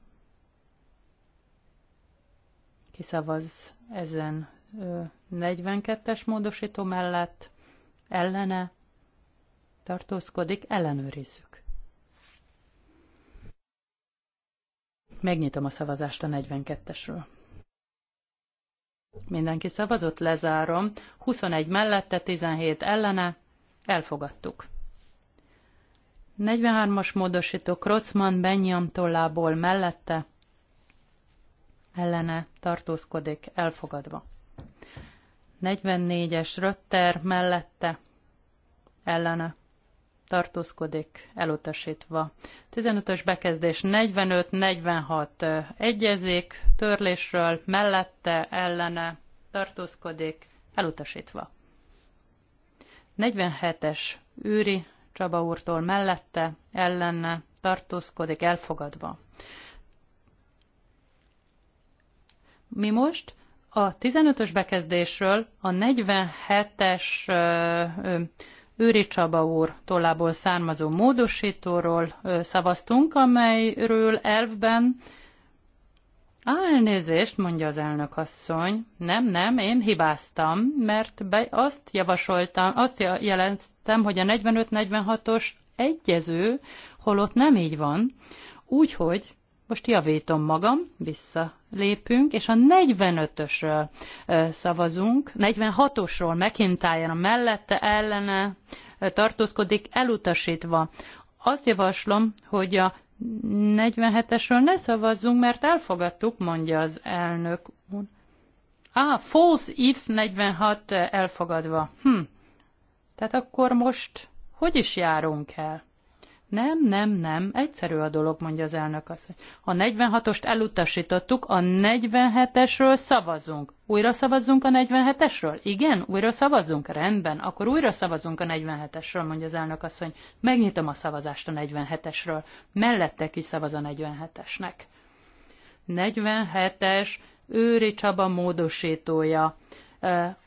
kiszavaz ezen 42-es módosító mellett, ellene tartózkodik, ellenőrizzük. Megnyitom a szavazást a 42-esről. Mindenki szavazott, lezárom. 21 mellette, 17 ellene, elfogadtuk. 43-as módosító Krocman Benyam tollából mellette ellene tartózkodik elfogadva. 44-es Rötter mellette ellene tartózkodik elutasítva. 15-ös bekezdés 45-46 egyezik, törlésről mellette ellene tartózkodik elutasítva. 47-es űri Csaba úrtól mellette, ellenne, tartózkodik, elfogadva. Mi most a 15-ös bekezdésről a 47-es Őri Csaba úr tollából származó módosítóról szavaztunk, amelyről elvben Álnézést, mondja az elnök asszony. Nem, nem, én hibáztam, mert be azt javasoltam, azt jeleztem, hogy a 45-46-os egyező, holott nem így van. Úgyhogy most javítom magam, visszalépünk, és a 45-ösről szavazunk, 46-osról a mellette ellene tartózkodik elutasítva. Azt javaslom, hogy a 47-esről ne szavazzunk, mert elfogadtuk, mondja az elnök úr. Ah, false if 46 elfogadva. Hm. Tehát akkor most hogy is járunk el? Nem, nem, nem, egyszerű a dolog, mondja az elnök asszony. A 46-ost elutasítottuk, a 47-esről szavazunk. Újra szavazzunk a 47-esről? Igen, újra szavazzunk? Rendben, akkor újra szavazunk a 47-esről, mondja az elnök asszony. Megnyitom a szavazást a 47-esről. Mellette ki szavaz a 47-esnek. 47-es Őri Csaba módosítója.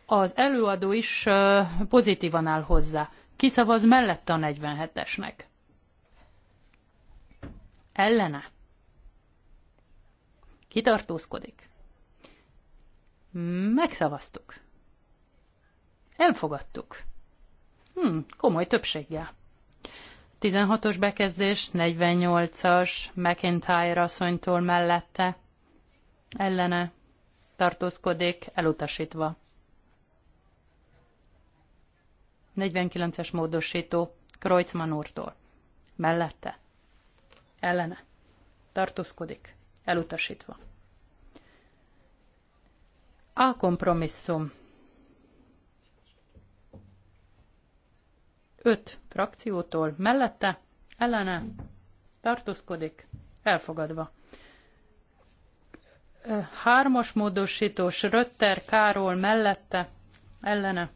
Az előadó is pozitívan áll hozzá. Kiszavaz mellette a 47-esnek ellene kitartózkodik. Megszavaztuk. Elfogadtuk. Hm, komoly többséggel. 16-os bekezdés, 48-as, McIntyre asszonytól mellette, ellene, tartózkodik, elutasítva. 49-es módosító, Kreuzmann úrtól, mellette, ellene tartózkodik, elutasítva. A kompromisszum. Öt frakciótól mellette, ellene tartózkodik, elfogadva. Hármas módosítós Rötter Károl mellette, ellene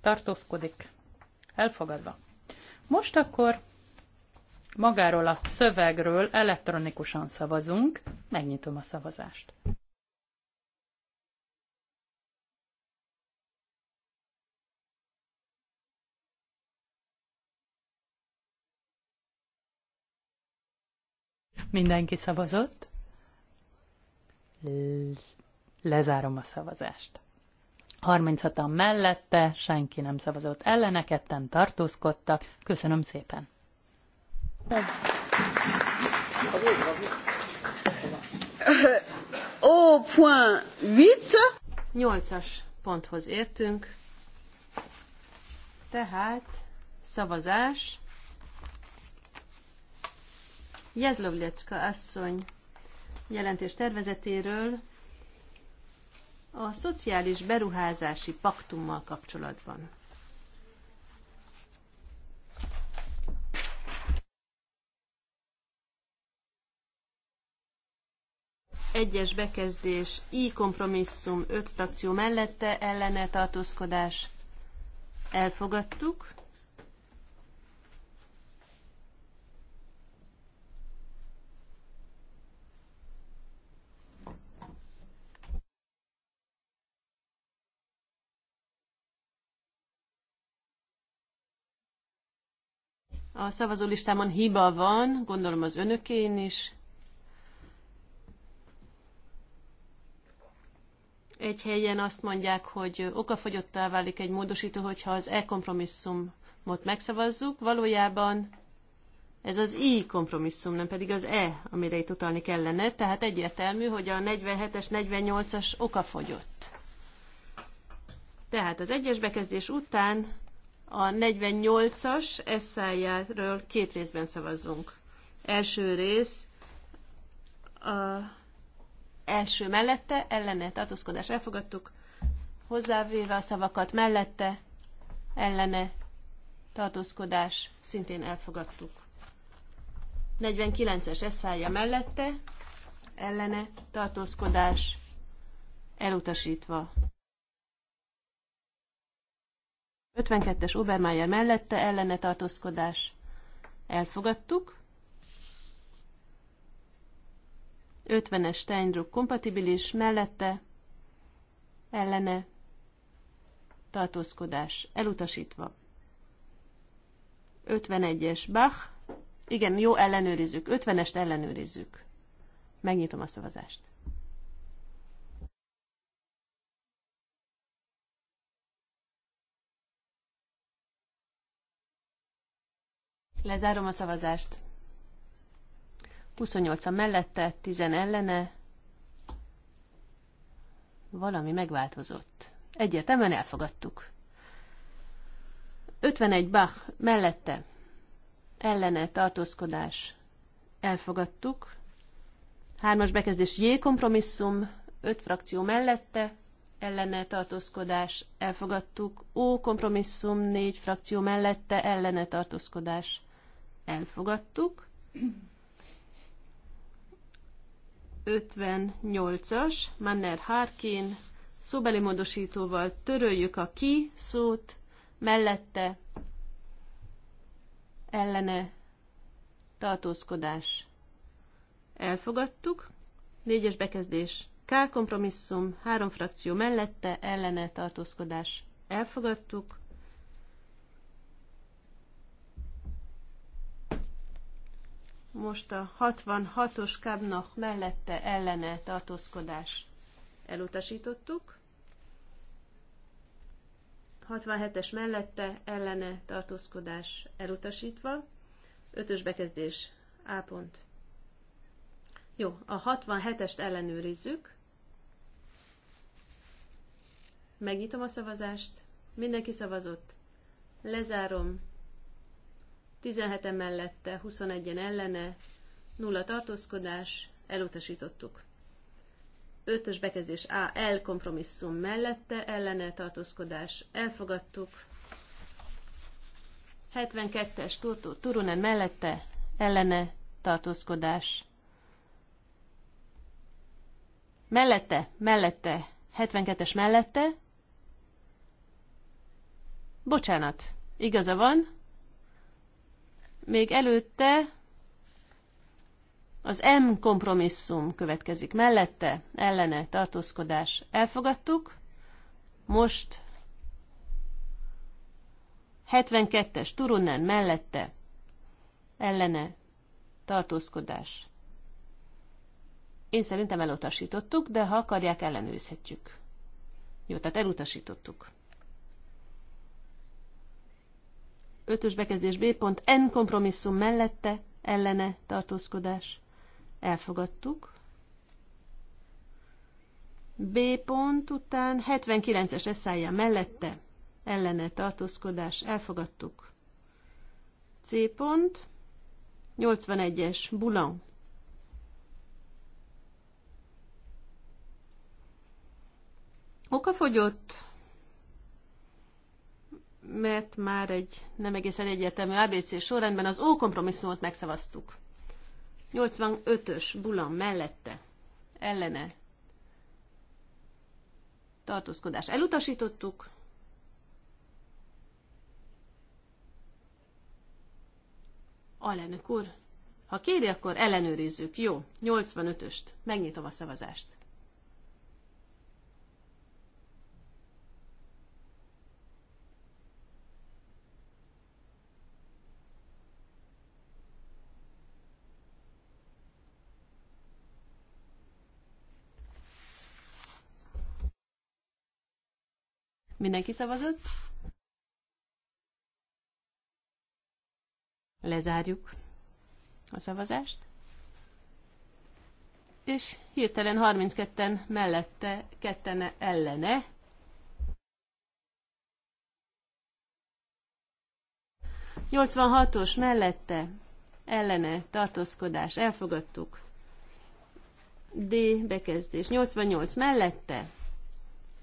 tartózkodik, elfogadva. Most akkor magáról a szövegről elektronikusan szavazunk. Megnyitom a szavazást. Mindenki szavazott? Lezárom a szavazást. 36-an mellette, senki nem szavazott ellene, ketten tartózkodtak. Köszönöm szépen! Ó, point 8. Nyolcas ponthoz értünk. Tehát szavazás. Jezlovlecka asszony jelentés tervezetéről a szociális beruházási paktummal kapcsolatban. egyes bekezdés, i kompromisszum, öt frakció mellette, ellene tartózkodás. Elfogadtuk. A szavazólistámon hiba van, gondolom az önökén is. Egy helyen azt mondják, hogy okafogyottá válik egy módosító, hogyha az e-kompromisszumot megszavazzuk. Valójában ez az i kompromisszum, nem pedig az e, amire itt utalni kellene. Tehát egyértelmű, hogy a 47-es, 48-as okafogyott. Tehát az egyes bekezdés után a 48-as eszájáról két részben szavazzunk. Első rész a első mellette, ellene tartózkodás elfogadtuk, hozzávéve a szavakat mellette, ellene tartózkodás szintén elfogadtuk. 49-es eszája mellette, ellene tartózkodás elutasítva. 52-es Obermeier mellette ellene tartózkodás elfogadtuk. 50-es Steindruck kompatibilis, mellette ellene tartózkodás elutasítva. 51-es Bach, igen, jó, ellenőrizzük. 50-est ellenőrizzük. Megnyitom a szavazást. Lezárom a szavazást. 28 a mellette, 10 ellene. Valami megváltozott. Egyértelműen elfogadtuk. 51 Bach mellette, ellene tartózkodás. Elfogadtuk. Hármas bekezdés J kompromisszum, öt frakció mellette, ellene tartózkodás, elfogadtuk. O kompromisszum, négy frakció mellette, ellene tartózkodás, elfogadtuk. 58-as, Manner Harkin, szóbeli módosítóval töröljük a ki szót, mellette ellene tartózkodás. Elfogadtuk. Négyes bekezdés. K kompromisszum, három frakció mellette, ellene tartózkodás. Elfogadtuk. Most a 66-os kábnak mellette ellene tartózkodás elutasítottuk. 67-es mellette ellene tartózkodás elutasítva. 5-ös bekezdés A pont. Jó, a 67-est ellenőrizzük. Megnyitom a szavazást. Mindenki szavazott. Lezárom. 17 mellette, 21-en ellene, nulla tartózkodás, elutasítottuk. 5-ös bekezdés A, L kompromisszum mellette, ellene tartózkodás, elfogadtuk. 72-es Turunen mellette, ellene tartózkodás. Mellette, mellette, 72-es mellette. Bocsánat, igaza van, még előtte az M kompromisszum következik mellette, ellene tartózkodás elfogadtuk. Most 72-es Turunen mellette, ellene tartózkodás. Én szerintem elutasítottuk, de ha akarják, ellenőrizhetjük. Jó, tehát elutasítottuk. ötös bekezdés B pont, N kompromisszum mellette, ellene tartózkodás. Elfogadtuk. B pont után 79-es eszája mellette, ellene tartózkodás. Elfogadtuk. C pont, 81-es Bulan. Okafogyott mert már egy nem egészen egyértelmű ABC sorrendben az ó kompromisszumot megszavaztuk. 85-ös bulan mellette, ellene tartózkodás elutasítottuk. Alelnök úr, ha kéri, akkor ellenőrizzük. Jó, 85-öst. Megnyitom a szavazást. Mindenki szavazott? Lezárjuk a szavazást. És hirtelen 32-en mellette, ketten ellene. Nyolcvanhatos mellette, ellene, tartózkodás, elfogadtuk. D. Bekezdés. 88 mellette,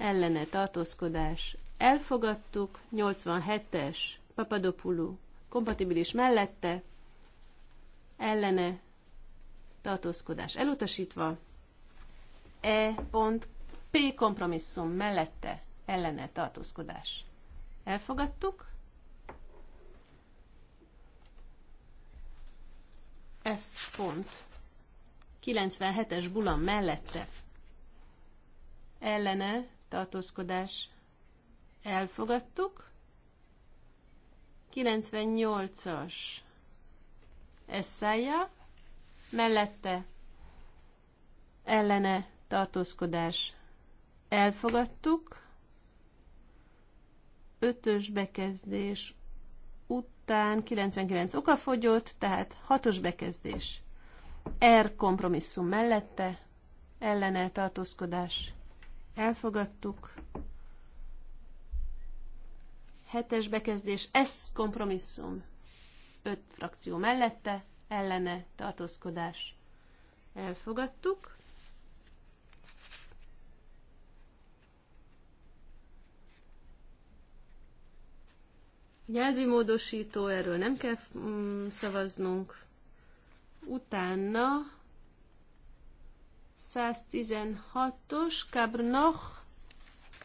ellene tartózkodás elfogadtuk, 87-es papadopulu kompatibilis mellette, ellene tartózkodás elutasítva, e p kompromisszum mellette, ellene tartózkodás elfogadtuk, F. pont 97-es bulan mellette, ellene tartózkodás elfogadtuk. 98-as eszája, mellette ellene tartózkodás elfogadtuk. Ötös bekezdés után 99 okafogyott, tehát hatos bekezdés. R kompromisszum mellette ellene tartózkodás elfogadtuk. Hetes bekezdés, ez kompromisszum. Öt frakció mellette, ellene tartózkodás. Elfogadtuk. Nyelvi módosító, erről nem kell mm, szavaznunk. Utána 116-os Kabrnoch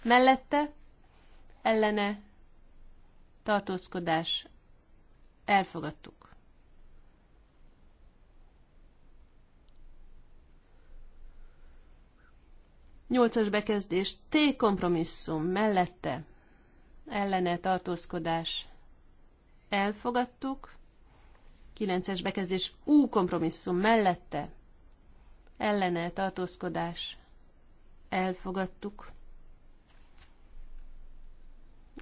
mellette ellene tartózkodás elfogadtuk. Nyolcas bekezdés T kompromisszum mellette ellene tartózkodás elfogadtuk. Kilences bekezdés U kompromisszum mellette ellene tartózkodás elfogadtuk.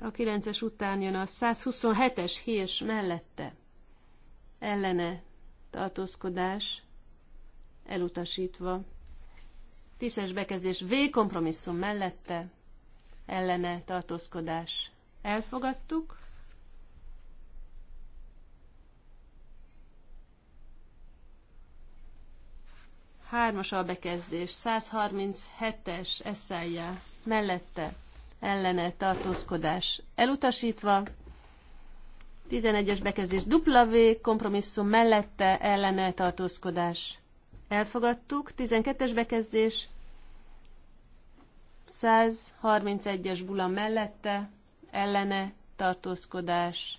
A 9-es után jön a 127-es hírs mellette ellene tartózkodás elutasítva. 10-es bekezdés V kompromisszum mellette ellene tartózkodás elfogadtuk. Hármas albekezdés, 137-es eszájá, mellette, ellene, tartózkodás elutasítva. 11-es bekezdés, V kompromisszum mellette, ellene, tartózkodás elfogadtuk. 12-es bekezdés, 131-es bula mellette, ellene, tartózkodás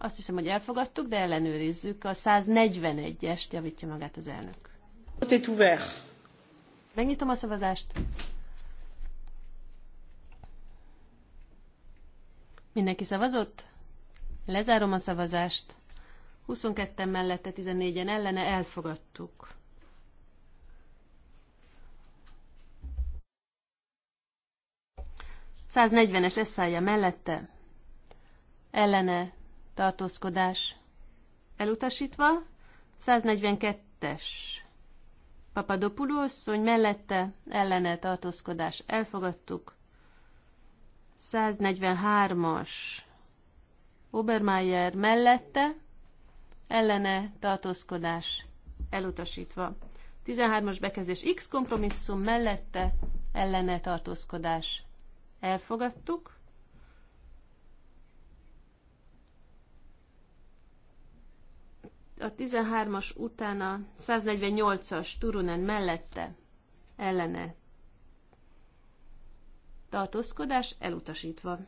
azt hiszem, hogy elfogadtuk, de ellenőrizzük. A 141-est javítja magát az elnök. Megnyitom a szavazást. Mindenki szavazott? Lezárom a szavazást. 22 mellette, 14-en ellene elfogadtuk. Száznegyvenes eszállja mellette, ellene tartózkodás elutasítva, 142-es Papadopoulos, hogy mellette ellene tartózkodás elfogadtuk, 143-as Obermeier mellette ellene tartózkodás elutasítva. 13-as bekezdés X kompromisszum mellette ellene tartózkodás elfogadtuk. a 13-as után a 148-as Turunen mellette ellene tartózkodás elutasítva.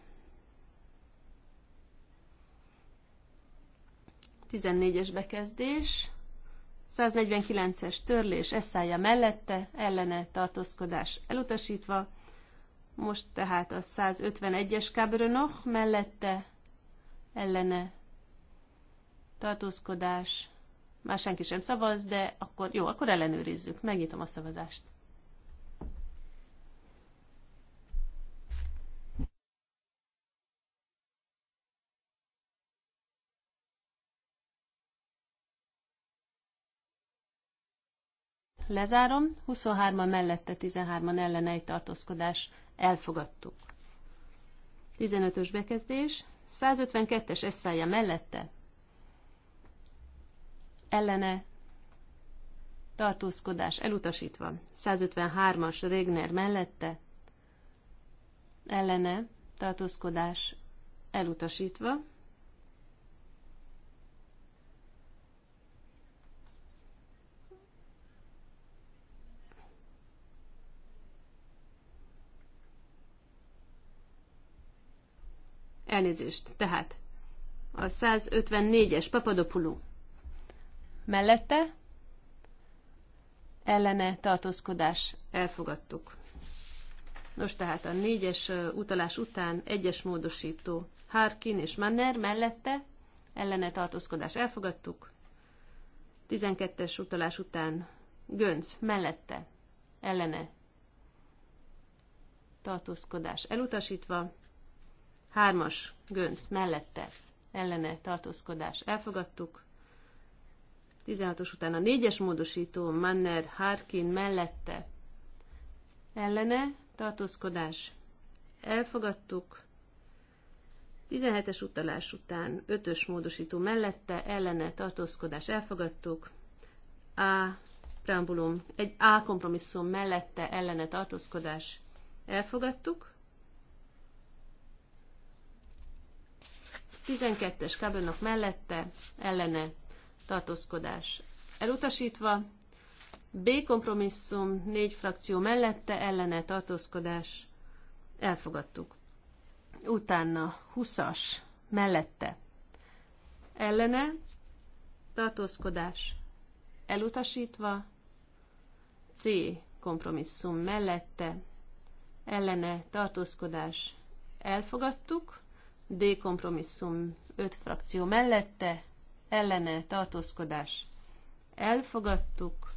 14-es bekezdés, 149-es törlés eszája mellette, ellene tartózkodás elutasítva, most tehát a 151-es Cabrenoch mellette, ellene tartózkodás, már senki sem szavaz, de akkor jó, akkor ellenőrizzük. Megnyitom a szavazást. lezárom, 23-an mellette, 13-an ellen egy tartózkodás elfogadtuk. 15-ös bekezdés, 152-es esszája mellette, ellene tartózkodás elutasítva. 153-as Regner mellette ellene tartózkodás elutasítva. Elnézést, tehát a 154-es Papadopoulou mellette, ellene tartózkodás elfogadtuk. Nos, tehát a négyes utalás után egyes módosító Harkin és Manner mellette ellene tartózkodás elfogadtuk. 12-es utalás után Gönc mellette ellene tartózkodás elutasítva. Hármas Gönc mellette ellene tartózkodás elfogadtuk. 16-os után a 4-es módosító Manner Harkin mellette ellene tartózkodás elfogadtuk. 17-es utalás után 5-ös módosító mellette ellene tartózkodás elfogadtuk. A preambulum, egy A kompromisszum mellette ellene tartózkodás elfogadtuk. 12-es kábelnak mellette ellene tartózkodás elutasítva, B kompromisszum négy frakció mellette ellene tartózkodás elfogadtuk. Utána 20-as mellette ellene tartózkodás elutasítva, C kompromisszum mellette ellene tartózkodás elfogadtuk, D kompromisszum öt frakció mellette ellene tartózkodás elfogadtuk.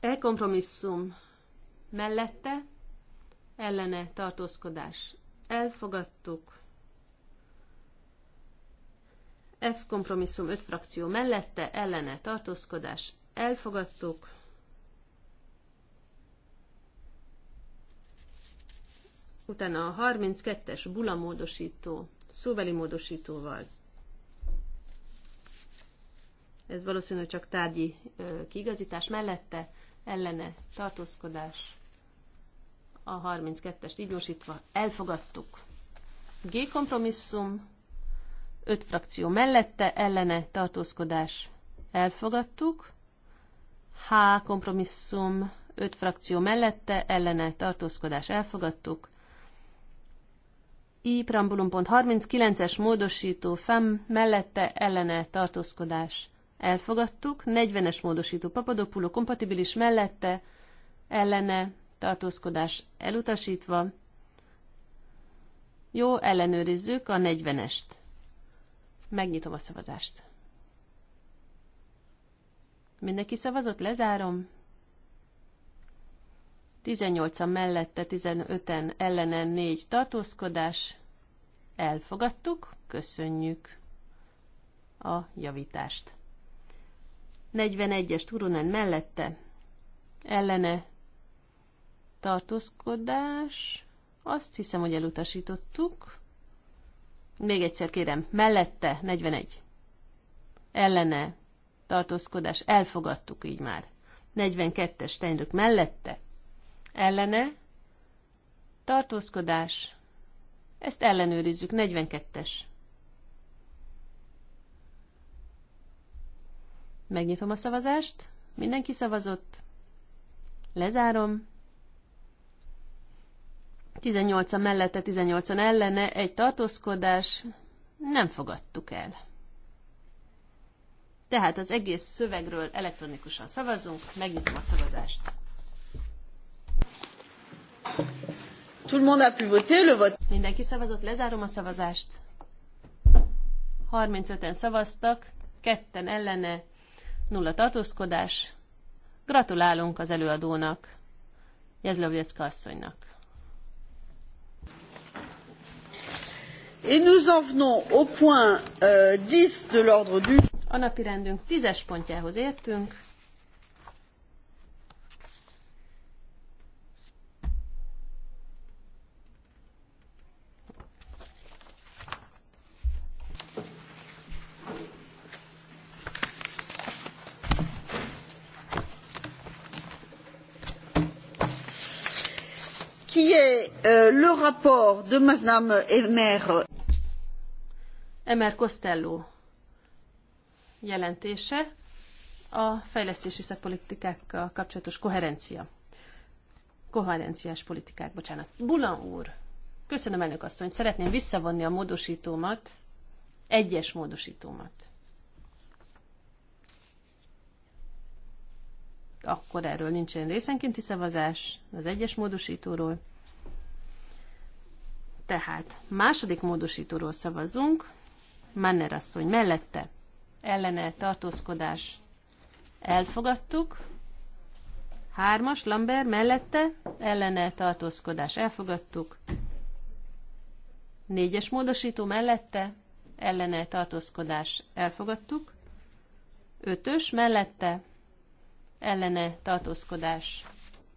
Elkompromisszum mellette ellene tartózkodás elfogadtuk. F kompromisszum öt frakció mellette ellene tartózkodás elfogadtuk. Utána a 32-es bulamódosító szóbeli módosítóval ez valószínűleg csak tárgyi kiigazítás mellette, ellene tartózkodás a 32-est igyorsítva elfogadtuk. G kompromisszum, 5 frakció mellette, ellene tartózkodás elfogadtuk. H kompromisszum, 5 frakció mellette, ellene tartózkodás elfogadtuk. I preambulum pont 39-es módosító fem mellette ellene tartózkodás elfogadtuk, 40-es módosító papadopuló kompatibilis mellette, ellene, tartózkodás elutasítva. Jó, ellenőrizzük a 40-est. Megnyitom a szavazást. Mindenki szavazott, lezárom. 18-an mellette, 15-en ellenen 4 tartózkodás. Elfogadtuk, köszönjük a javítást. 41-es Turunen mellette ellene tartózkodás. Azt hiszem, hogy elutasítottuk. Még egyszer kérem, mellette 41. Ellene tartózkodás, elfogadtuk így már. 42-es Steinrück mellette. Ellene tartózkodás. Ezt ellenőrizzük, 42-es. Megnyitom a szavazást. Mindenki szavazott. Lezárom. 18 mellette, 18 ellene, egy tartózkodás. Nem fogadtuk el. Tehát az egész szövegről elektronikusan szavazunk, megnyitom a szavazást. Tout le monde a pu voter, le vote. Mindenki szavazott, lezárom a szavazást. 35-en szavaztak, ketten ellene, nulla tartózkodás. Gratulálunk az előadónak, Jezlovjecka asszonynak. Et nous en venons au point euh, 10 de l'ordre du... A napirendünk tízes pontjához értünk. rapport de Madame Emer. Emer Costello jelentése a fejlesztési szakpolitikákkal kapcsolatos koherencia. Koherenciás politikák, bocsánat. Bulan úr, köszönöm elnök asszony, szeretném visszavonni a módosítómat, egyes módosítómat. Akkor erről nincsen részenkénti szavazás az egyes módosítóról. Tehát második módosítóról szavazunk, Manner asszony mellette, ellene tartózkodás elfogadtuk, hármas Lambert mellette, ellene tartózkodás elfogadtuk, négyes módosító mellette, ellene tartózkodás elfogadtuk, ötös mellette, ellene tartózkodás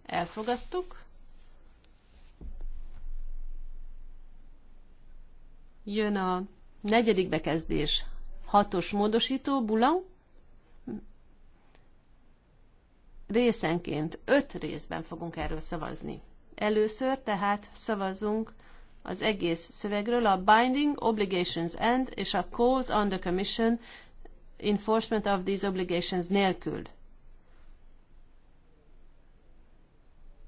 elfogadtuk, Jön a negyedik bekezdés. Hatos módosító, bula, Részenként, öt részben fogunk erről szavazni. Először tehát szavazunk az egész szövegről, a Binding Obligations End és a Calls on the Commission Enforcement of these Obligations nélkül.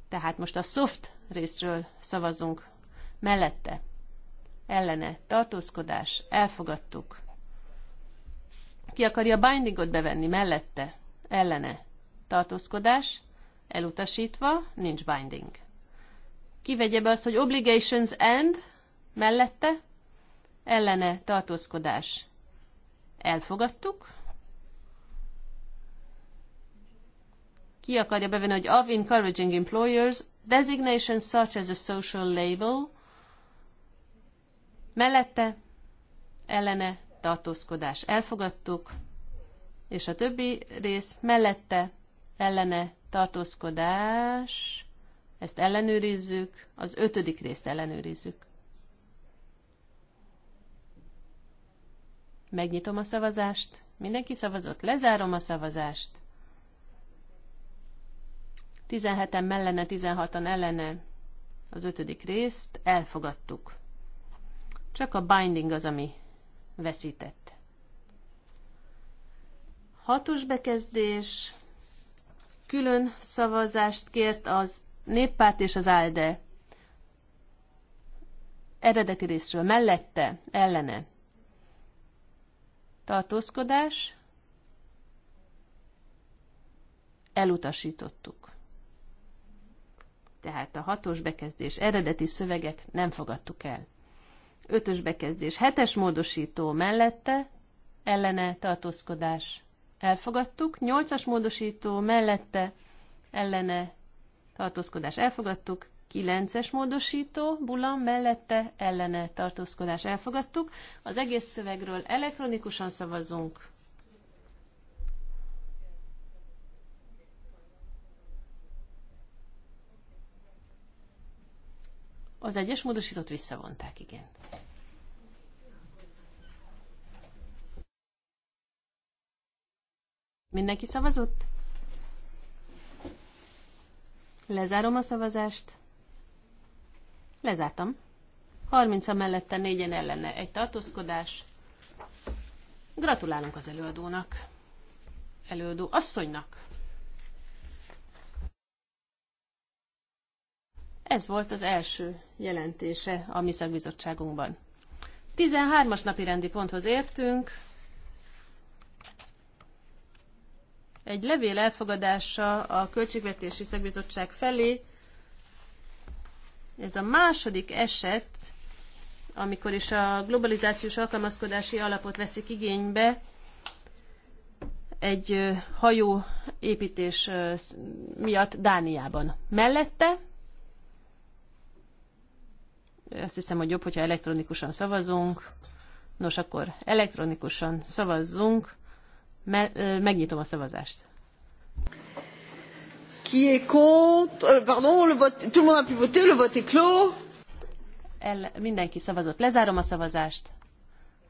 Tehát most a soft részről szavazunk mellette ellene tartózkodás, elfogadtuk. Ki akarja bindingot bevenni mellette, ellene tartózkodás, elutasítva, nincs binding. Kivegye be azt, hogy obligations end, mellette, ellene tartózkodás. Elfogadtuk. Ki akarja bevenni, hogy of encouraging employers, designation such as a social label, mellette, ellene, tartózkodás elfogadtuk, és a többi rész mellette, ellene, tartózkodás, ezt ellenőrizzük, az ötödik részt ellenőrizzük. Megnyitom a szavazást, mindenki szavazott, lezárom a szavazást. 17-en mellene, 16-an ellene az ötödik részt elfogadtuk. Csak a binding az, ami veszített. Hatos bekezdés külön szavazást kért az néppárt és az ALDE eredeti részről, mellette, ellene. Tartózkodás. Elutasítottuk. Tehát a hatos bekezdés eredeti szöveget nem fogadtuk el. Ötös bekezdés. Hetes módosító mellette, ellene tartózkodás. Elfogadtuk. Nyolcas módosító mellette, ellene tartózkodás. Elfogadtuk. Kilences módosító, bulam mellette, ellene tartózkodás. Elfogadtuk. Az egész szövegről elektronikusan szavazunk. Az egyes módosított visszavonták, igen. Mindenki szavazott? Lezárom a szavazást. Lezártam. 30 a mellette, négyen ellene egy tartózkodás. Gratulálunk az előadónak. Előadó asszonynak. Ez volt az első jelentése a mi szakbizottságunkban. 13-as napi rendi ponthoz értünk. Egy levél elfogadása a Költségvetési Szakbizottság felé. Ez a második eset, amikor is a globalizációs alkalmazkodási alapot veszik igénybe, egy hajó építés miatt Dániában. Mellette azt hiszem, hogy jobb, hogyha elektronikusan szavazunk. Nos, akkor elektronikusan szavazzunk. Me- megnyitom a szavazást. Ki est contre? Euh, pardon, le vote, tout le monde a pu voter, le vote est clos. El, mindenki szavazott. Lezárom a szavazást.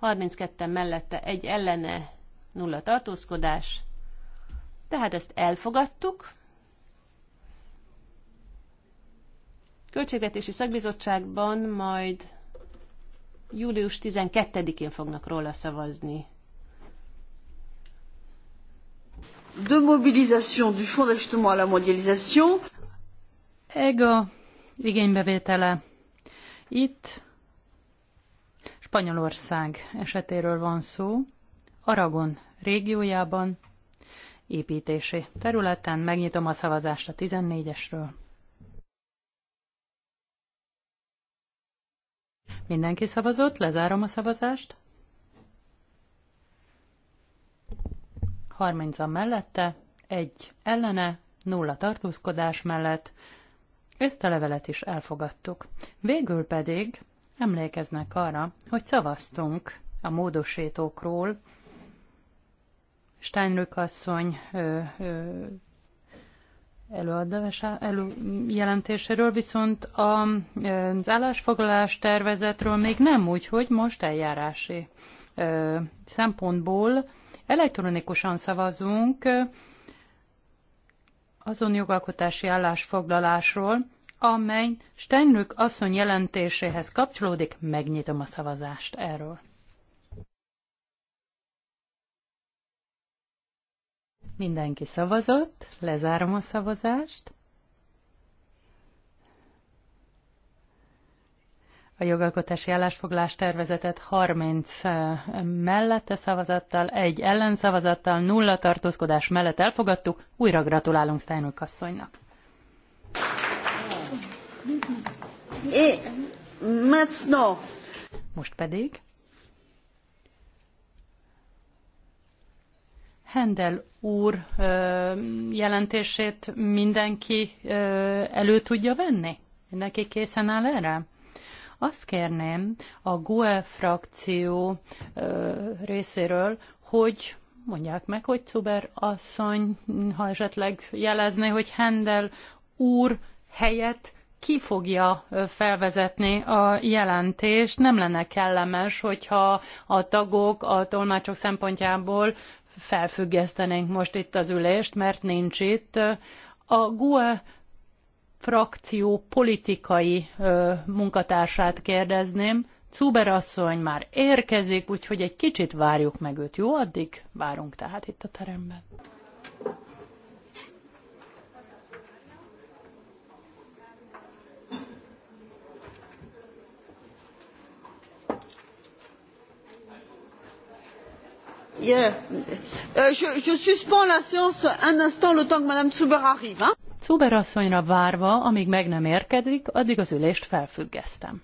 32-en mellette egy ellene, nulla tartózkodás. Tehát ezt elfogadtuk. Költségvetési szakbizottságban majd július 12-én fognak róla szavazni. De mobilisation du Fonds d'ajustement à la mondialisation. Ego igénybevétele. Itt Spanyolország esetéről van szó. Aragon régiójában építési területen megnyitom a szavazást a 14-esről. Mindenki szavazott, lezárom a szavazást. 30 a mellette, egy ellene, nulla tartózkodás mellett. Ezt a levelet is elfogadtuk. Végül pedig emlékeznek arra, hogy szavaztunk a módosítókról. Steinrück asszony ö, ö, előadása, elő, jelentéséről, viszont a, az állásfoglalás tervezetről még nem úgy, hogy most eljárási ö, szempontból elektronikusan szavazunk azon jogalkotási állásfoglalásról, amely Steinrück asszony jelentéséhez kapcsolódik. Megnyitom a szavazást erről. Mindenki szavazott, lezárom a szavazást. A jogalkotási állásfoglás tervezetet 30 eh, mellette szavazattal, egy ellenszavazattal, nulla tartózkodás mellett elfogadtuk. Újra gratulálunk Steinuk asszonynak. É, eh, Most pedig Hendel úr jelentését mindenki elő tudja venni? Mindenki készen áll erre? Azt kérném a GUE frakció részéről, hogy mondják meg, hogy Cuber asszony, ha esetleg jelezné, hogy Hendel úr helyett ki fogja felvezetni a jelentést. Nem lenne kellemes, hogyha a tagok a tolmácsok szempontjából felfüggesztenénk most itt az ülést, mert nincs itt. A GUE frakció politikai ö, munkatársát kérdezném. Cuber asszony már érkezik, úgyhogy egy kicsit várjuk meg őt. Jó, addig várunk tehát itt a teremben. zuber asszonyra várva amg meg nem érkezik addig az ülést felfüggesztem.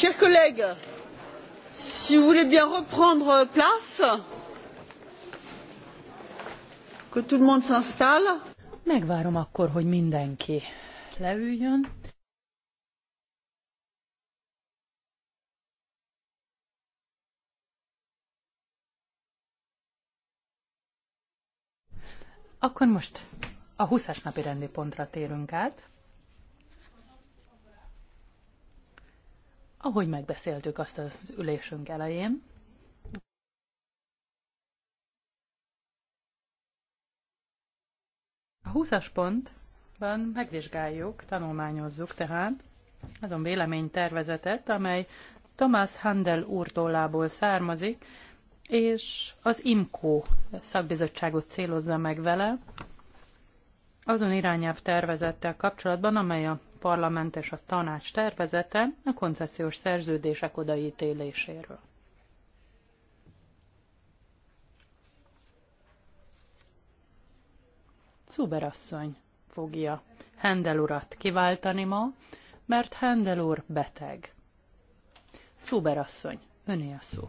chers collègues si vous voulez bien reprendre place que tout le monde s'installe megvárom akkor hogy mindenki leüljön Akkor most a 20-as napi rendi pontra térünk át. Ahogy megbeszéltük azt az ülésünk elején, a 20-as pontban megvizsgáljuk, tanulmányozzuk tehát azon véleménytervezetet, amely Thomas Handel úrtollából származik, és az IMCO szakbizottságot célozza meg vele, azon irányelv tervezettel kapcsolatban, amely a Parlament és a Tanács tervezete a koncesziós szerződések odaítéléséről. Szuberasszony fogja Hendel urat kiváltani ma, mert Hendel úr beteg. Szuberasszony, öné a szó.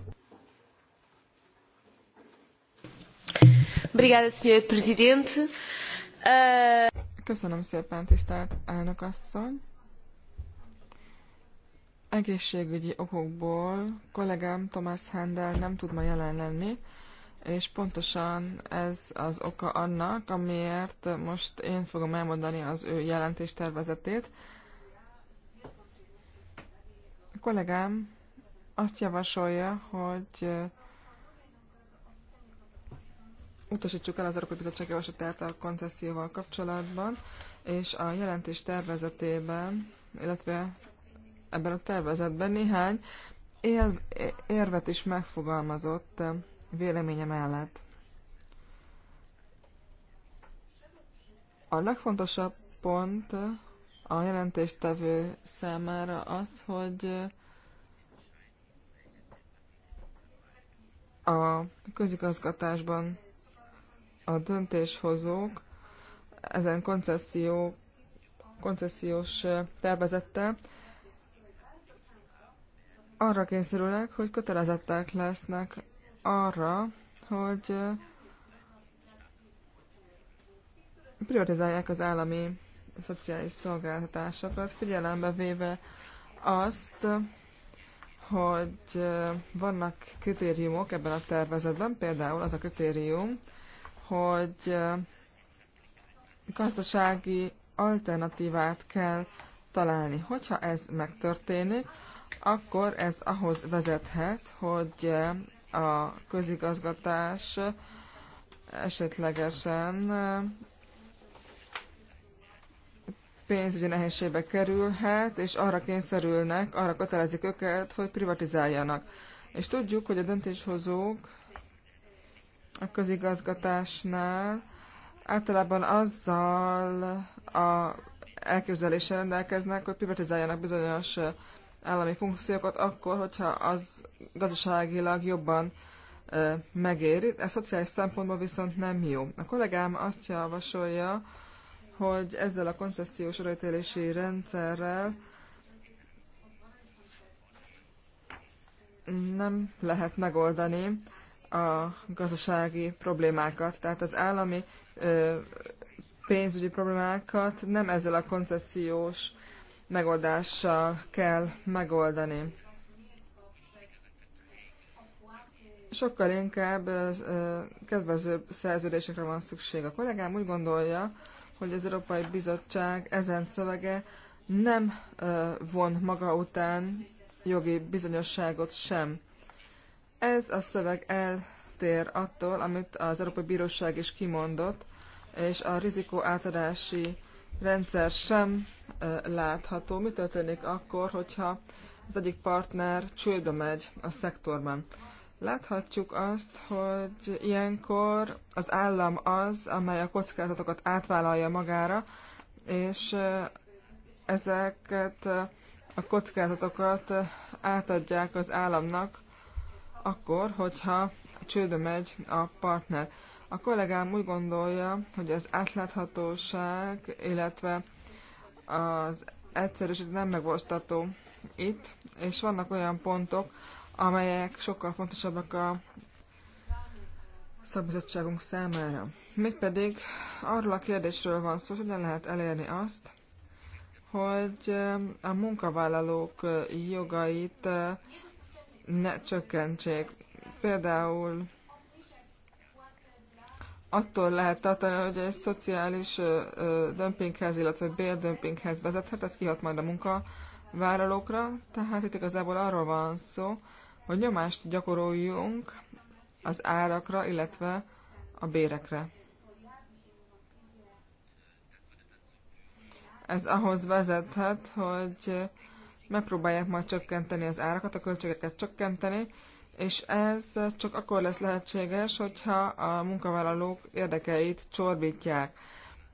Obrigada, Sr. Presidente. Uh... Köszönöm szépen, tisztelt elnök asszony. Egészségügyi okokból kollégám Thomas Handel nem tud ma jelen lenni, és pontosan ez az oka annak, amiért most én fogom elmondani az ő tervezetét. A kollégám azt javasolja, hogy utasítsuk el az Európai Bizottság javaslatát a koncesszióval kapcsolatban, és a jelentés tervezetében, illetve ebben a tervezetben néhány él, érvet is megfogalmazott véleménye mellett. A legfontosabb pont a jelentéstevő számára az, hogy a közigazgatásban a döntéshozók ezen koncesszió, koncesziós tervezettel arra kényszerülnek, hogy kötelezettek lesznek arra, hogy prioritizálják az állami szociális szolgáltatásokat, figyelembe véve azt, hogy vannak kritériumok ebben a tervezetben, például az a kritérium, hogy gazdasági alternatívát kell találni. Hogyha ez megtörténik, akkor ez ahhoz vezethet, hogy a közigazgatás esetlegesen pénzügyi nehézségbe kerülhet, és arra kényszerülnek, arra kötelezik őket, hogy privatizáljanak. És tudjuk, hogy a döntéshozók a közigazgatásnál általában azzal a elképzeléssel rendelkeznek, hogy privatizáljanak bizonyos állami funkciókat akkor, hogyha az gazdaságilag jobban megéri. Ez szociális szempontból viszont nem jó. A kollégám azt javasolja, hogy ezzel a koncesziós örökítélési rendszerrel nem lehet megoldani a gazdasági problémákat. Tehát az állami pénzügyi problémákat nem ezzel a koncesziós megoldással kell megoldani. Sokkal inkább kedvezőbb szerződésekre van szükség. A kollégám úgy gondolja, hogy az Európai Bizottság ezen szövege nem von maga után jogi bizonyosságot sem. Ez a szöveg eltér attól, amit az Európai Bíróság is kimondott, és a rizikó átadási rendszer sem látható. Mi történik akkor, hogyha az egyik partner csődbe megy a szektorban? Láthatjuk azt, hogy ilyenkor az állam az, amely a kockázatokat átvállalja magára, és ezeket a kockázatokat átadják az államnak akkor, hogyha csődbe megy a partner. A kollégám úgy gondolja, hogy az átláthatóság, illetve az egyszerűség nem megvostató itt, és vannak olyan pontok, amelyek sokkal fontosabbak a szabizottságunk számára. Mégpedig arról a kérdésről van szó, hogy hogyan lehet elérni azt, hogy a munkavállalók jogait ne csökkentsék. Például attól lehet tartani, hogy egy szociális dömpinghez, illetve bérdömpinghez vezethet, ez kihat majd a munkavállalókra, tehát itt igazából arról van szó, hogy nyomást gyakoroljunk az árakra, illetve a bérekre. Ez ahhoz vezethet, hogy megpróbálják majd csökkenteni az árakat, a költségeket csökkenteni, és ez csak akkor lesz lehetséges, hogyha a munkavállalók érdekeit csorbítják.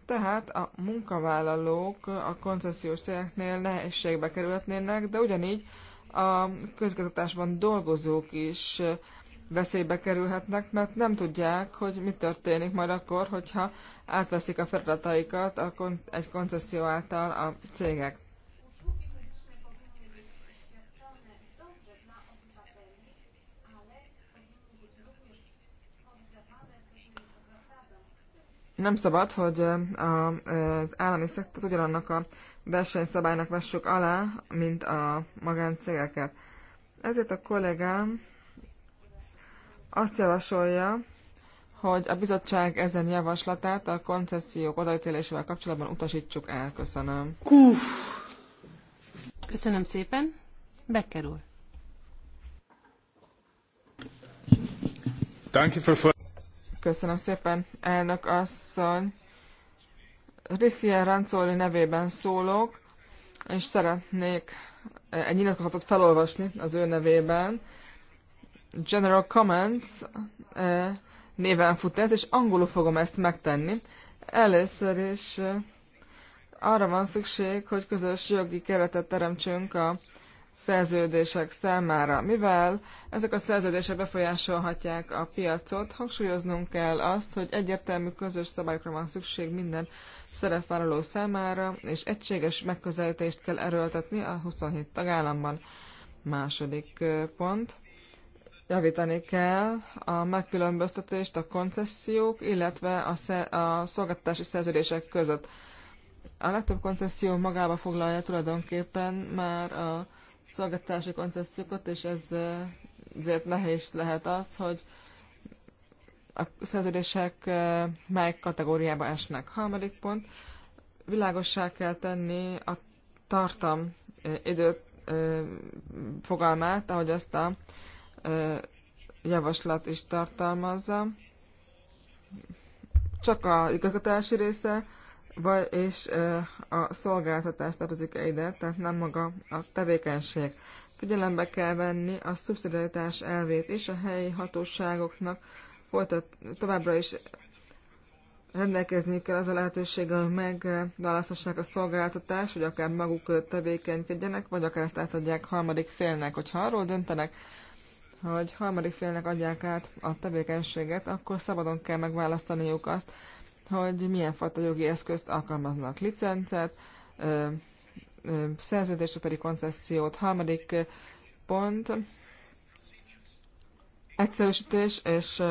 Tehát a munkavállalók a koncesziós cégeknél nehézségbe kerülhetnének, de ugyanígy a közgazdatásban dolgozók is veszélybe kerülhetnek, mert nem tudják, hogy mi történik majd akkor, hogyha átveszik a feladataikat egy koncesszió által a cégek. Nem szabad, hogy az állami szektort ugyanannak a versenyszabálynak vessük alá, mint a magáncégeket. Ezért a kollégám azt javasolja, hogy a bizottság ezen javaslatát a koncesziók odaítélésével kapcsolatban utasítsuk el. Köszönöm. Kúf. Köszönöm szépen. Becker úr. Köszönöm szépen, elnök asszony. Rissier Rancoli nevében szólok, és szeretnék egy nyilatkozatot felolvasni az ő nevében. General Comments eh, néven fut ez, és angolul fogom ezt megtenni. Először is eh, arra van szükség, hogy közös jogi keretet teremtsünk a szerződések számára. Mivel ezek a szerződések befolyásolhatják a piacot, hangsúlyoznunk kell azt, hogy egyértelmű közös szabályokra van szükség minden szerepvállaló számára, és egységes megközelítést kell erőltetni a 27 tagállamban. Második pont. Javítani kell a megkülönböztetést a koncesziók, illetve a, szolgáltatási szerződések között. A legtöbb koncesszió magába foglalja tulajdonképpen már a szolgáltatási koncesziókat, és ez ezért nehéz lehet az, hogy a szerződések mely kategóriába esnek. Harmadik pont, világossá kell tenni a tartam idő fogalmát, ahogy azt a javaslat is tartalmazza. Csak a igazgatási része vagy, és a szolgáltatás tartozik-e ide, tehát nem maga a tevékenység. Figyelembe kell venni a szubszidiaritás elvét és a helyi hatóságoknak folytat, továbbra is rendelkezni kell az a lehetőséggel, hogy megválasztassák a szolgáltatást, hogy akár maguk tevékenykedjenek, vagy akár ezt átadják harmadik félnek. Hogyha arról döntenek, hogy harmadik félnek adják át a tevékenységet, akkor szabadon kell megválasztaniuk azt, hogy milyen fajta jogi eszközt alkalmaznak, licencet, szerződést, pedig koncesziót. Harmadik pont, egyszerűsítés és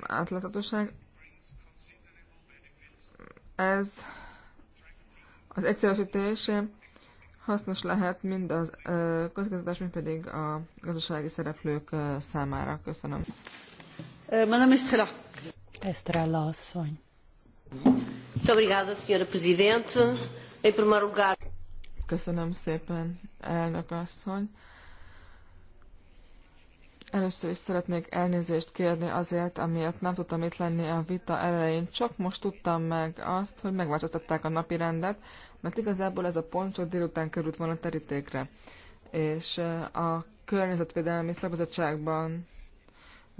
átláthatóság. Ez az egyszerűsítés hasznos lehet mind az közigazgatás, mind pedig a gazdasági szereplők számára. Köszönöm. Eh, Köszönöm szépen, elnök asszony. Először is szeretnék elnézést kérni azért, amiért nem tudtam itt lenni a vita elején. Csak most tudtam meg azt, hogy megváltoztatták a napi rendet, mert igazából ez a pont csak délután került volna terítékre. És eh, a környezetvédelmi szakbizottságban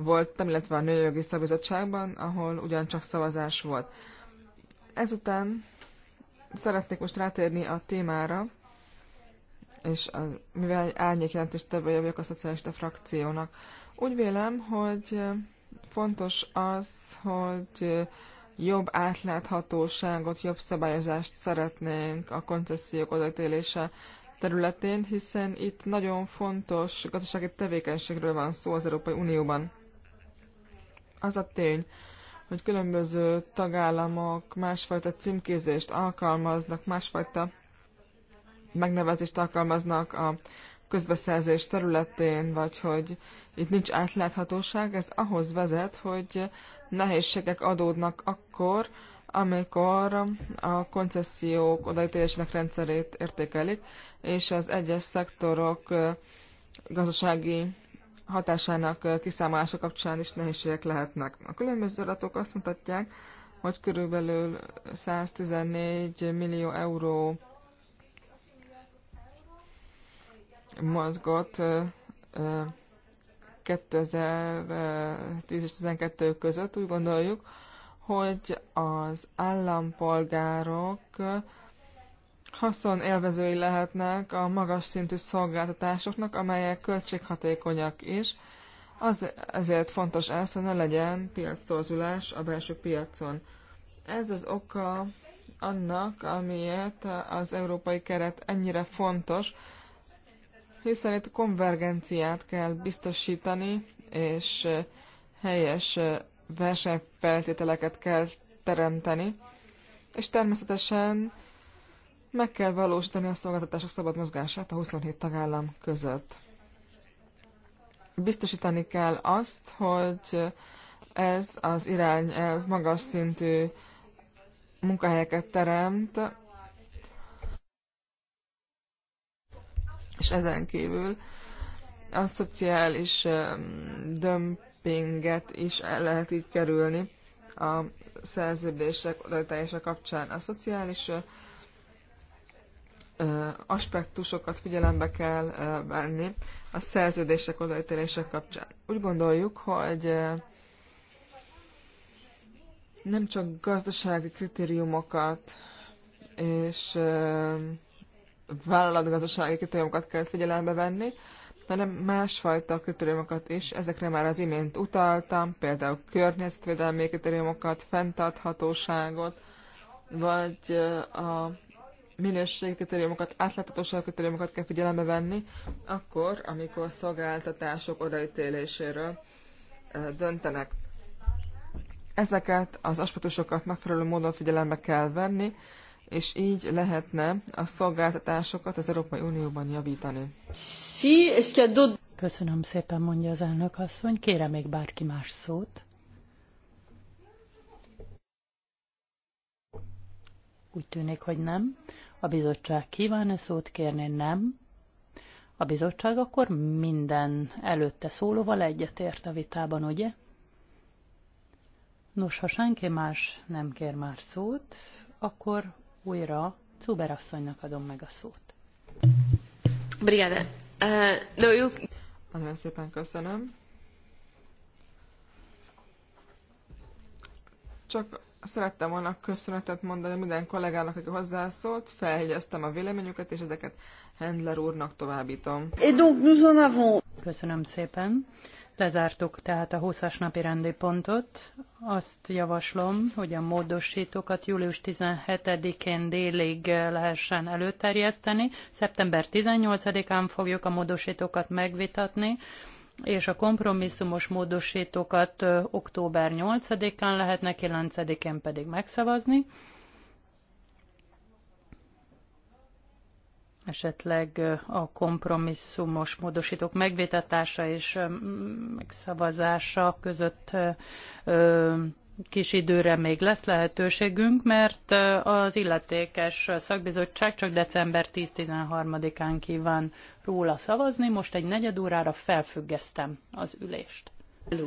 voltam, illetve a Nőjogi Szabizottságban, ahol ugyancsak szavazás volt. Ezután szeretnék most rátérni a témára, és a, mivel jelentést tevője vagyok a szocialista frakciónak, úgy vélem, hogy fontos az, hogy jobb átláthatóságot, jobb szabályozást szeretnénk a koncesziók odatélése területén, hiszen itt nagyon fontos gazdasági tevékenységről van szó az Európai Unióban. Az a tény, hogy különböző tagállamok másfajta címkézést alkalmaznak, másfajta megnevezést alkalmaznak a közbeszerzés területén, vagy hogy itt nincs átláthatóság, ez ahhoz vezet, hogy nehézségek adódnak akkor, amikor a koncesziók odaítélésének rendszerét értékelik, és az egyes szektorok gazdasági hatásának kiszámolása kapcsán is nehézségek lehetnek. A különböző adatok azt mutatják, hogy körülbelül 114 millió euró mozgott 2010 és 2012 között. Úgy gondoljuk, hogy az állampolgárok haszonélvezői lehetnek a magas szintű szolgáltatásoknak, amelyek költséghatékonyak is. Az, ezért fontos ez, hogy ne legyen piactorzulás a belső piacon. Ez az oka annak, amiért az európai keret ennyire fontos, hiszen itt konvergenciát kell biztosítani, és helyes versenyfeltételeket kell teremteni. És természetesen meg kell valósítani a szolgáltatások szabad mozgását a 27 tagállam között. Biztosítani kell azt, hogy ez az irányelv magas szintű munkahelyeket teremt, és ezen kívül a szociális dömpinget is el lehet így kerülni a szerződések odaítása kapcsán. A szociális aspektusokat figyelembe kell venni a szerződések odaítélések kapcsán. Úgy gondoljuk, hogy nem csak gazdasági kritériumokat és vállalatgazdasági kritériumokat kell figyelembe venni, hanem másfajta kritériumokat is. Ezekre már az imént utaltam, például környezetvédelmi kritériumokat, fenntarthatóságot, vagy a minőségi kritériumokat, átláthatósági kritériumokat kell figyelembe venni, akkor, amikor szolgáltatások odaítéléséről döntenek. Ezeket az aspektusokat megfelelő módon figyelembe kell venni, és így lehetne a szolgáltatásokat az Európai Unióban javítani. Köszönöm szépen, mondja az elnök asszony. Kére még bárki más szót? Úgy tűnik, hogy nem. A bizottság kíván-e szót kérni? Nem. A bizottság akkor minden előtte szólóval egyetért a vitában, ugye? Nos, ha senki más nem kér már szót, akkor újra Cuber asszonynak adom meg a szót. Brigade, Uh, no, you... Nagyon szépen köszönöm. Csak szerettem volna köszönetet mondani minden kollégának, aki hozzászólt, felhegyeztem a véleményüket, és ezeket Hendler úrnak továbbítom. Köszönöm szépen. Lezártuk tehát a 20-as napi rendi pontot. Azt javaslom, hogy a módosítókat július 17-én délig lehessen előterjeszteni. Szeptember 18-án fogjuk a módosítókat megvitatni és a kompromisszumos módosítókat október 8-án lehetne, 9-én pedig megszavazni. esetleg a kompromisszumos módosítók megvitatása és megszavazása között kis időre még lesz lehetőségünk, mert az illetékes szakbizottság csak december 10-13-án kíván róla szavazni. Most egy negyed órára felfüggesztem az ülést. Hello.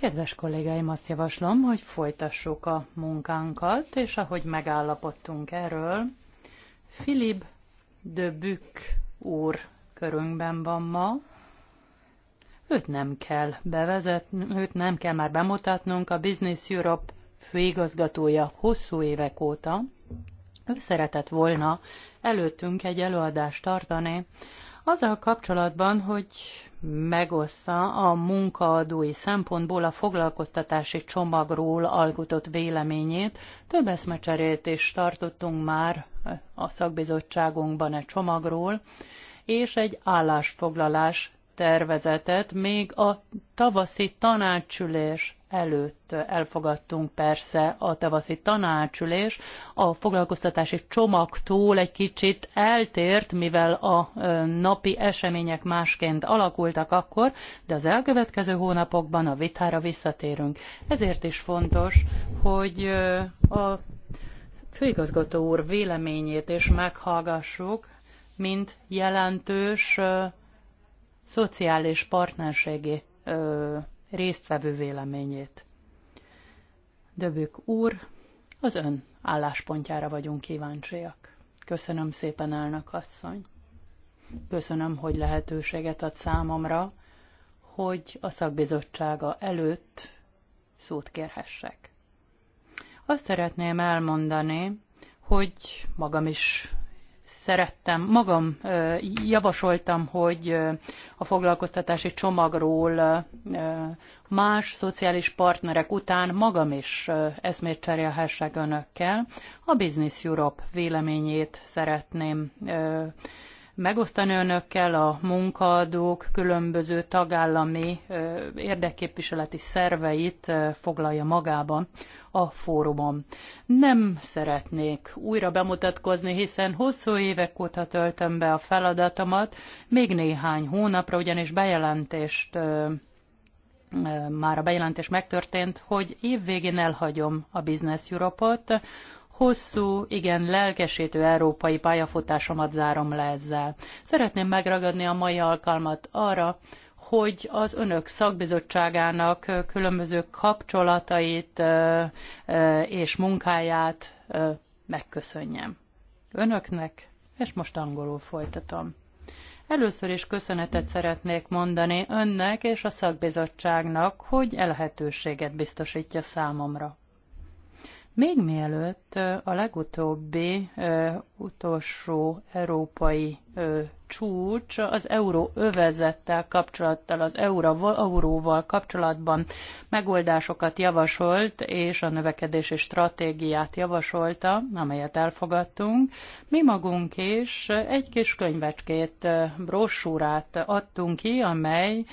Kedves kollégáim, azt javaslom, hogy folytassuk a munkánkat, és ahogy megállapodtunk erről, Filip de Bük úr körünkben van ma. Őt nem kell bevezetni, őt nem kell már bemutatnunk, a Business Europe főigazgatója hosszú évek óta. Ő szeretett volna előttünk egy előadást tartani azzal kapcsolatban, hogy megossza a munkaadói szempontból a foglalkoztatási csomagról alkotott véleményét. Több eszmecserét is tartottunk már a szakbizottságunkban egy csomagról, és egy állásfoglalás tervezetet még a tavaszi tanácsülés előtt elfogadtunk persze a tavaszi tanácsülés. A foglalkoztatási csomagtól egy kicsit eltért, mivel a napi események másként alakultak akkor, de az elkövetkező hónapokban a vitára visszatérünk. Ezért is fontos, hogy a főigazgató úr véleményét is meghallgassuk, mint jelentős szociális partnerségi résztvevő véleményét. Döbük úr, az ön álláspontjára vagyunk kíváncsiak. Köszönöm szépen, elnök asszony. Köszönöm, hogy lehetőséget ad számomra, hogy a szakbizottsága előtt szót kérhessek. Azt szeretném elmondani, hogy magam is szerettem, magam javasoltam, hogy a foglalkoztatási csomagról más szociális partnerek után magam is eszmét cserélhessek önökkel. A Business Europe véleményét szeretném megosztani önökkel a munkaadók különböző tagállami érdekképviseleti szerveit foglalja magában a fórumon. Nem szeretnék újra bemutatkozni, hiszen hosszú évek óta töltöm be a feladatomat, még néhány hónapra ugyanis bejelentést már a bejelentés megtörtént, hogy évvégén elhagyom a Business Europe-ot, hosszú, igen lelkesítő európai pályafutásomat zárom le ezzel. Szeretném megragadni a mai alkalmat arra, hogy az önök szakbizottságának különböző kapcsolatait és munkáját megköszönjem. Önöknek, és most angolul folytatom. Először is köszönetet szeretnék mondani önnek és a szakbizottságnak, hogy elhetőséget biztosítja számomra. Még mielőtt a legutóbbi utolsó európai csúcs az euróövezettel kapcsolattal, az euró, euróval kapcsolatban megoldásokat javasolt, és a növekedési stratégiát javasolta, amelyet elfogadtunk. Mi magunk is egy kis könyvecskét, brossúrát adtunk ki, amely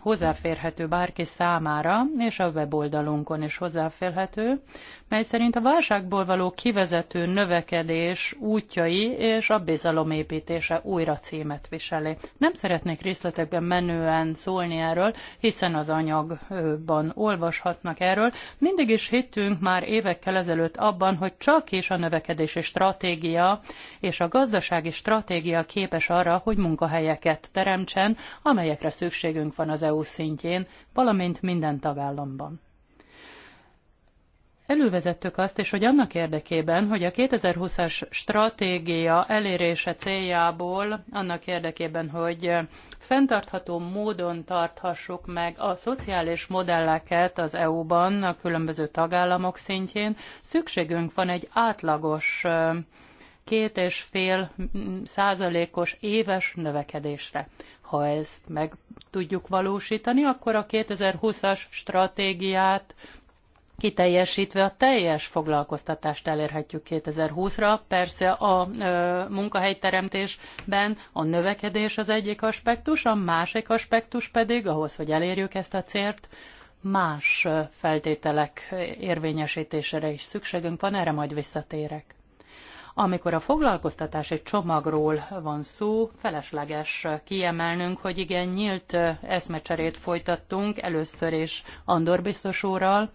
hozzáférhető bárki számára, és a weboldalunkon is hozzáférhető, mely szerint a válságból való kivezető növekedés útjai és a bizalomépítése újra újra címet viseli. Nem szeretnék részletekben menően szólni erről, hiszen az anyagban olvashatnak erről. Mindig is hittünk már évekkel ezelőtt abban, hogy csak és a növekedési stratégia és a gazdasági stratégia képes arra, hogy munkahelyeket teremtsen, amelyekre szükségünk van az EU szintjén, valamint minden tagállamban elővezettük azt is, hogy annak érdekében, hogy a 2020-as stratégia elérése céljából, annak érdekében, hogy fenntartható módon tarthassuk meg a szociális modelleket az EU-ban, a különböző tagállamok szintjén, szükségünk van egy átlagos két és fél százalékos éves növekedésre. Ha ezt meg tudjuk valósítani, akkor a 2020-as stratégiát kiteljesítve a teljes foglalkoztatást elérhetjük 2020-ra. Persze a ö, munkahelyteremtésben a növekedés az egyik aspektus, a másik aspektus pedig ahhoz, hogy elérjük ezt a célt, más feltételek érvényesítésére is szükségünk van, erre majd visszatérek. Amikor a foglalkoztatási csomagról van szó, felesleges kiemelnünk, hogy igen, nyílt eszmecserét folytattunk először is Andor biztos úrral,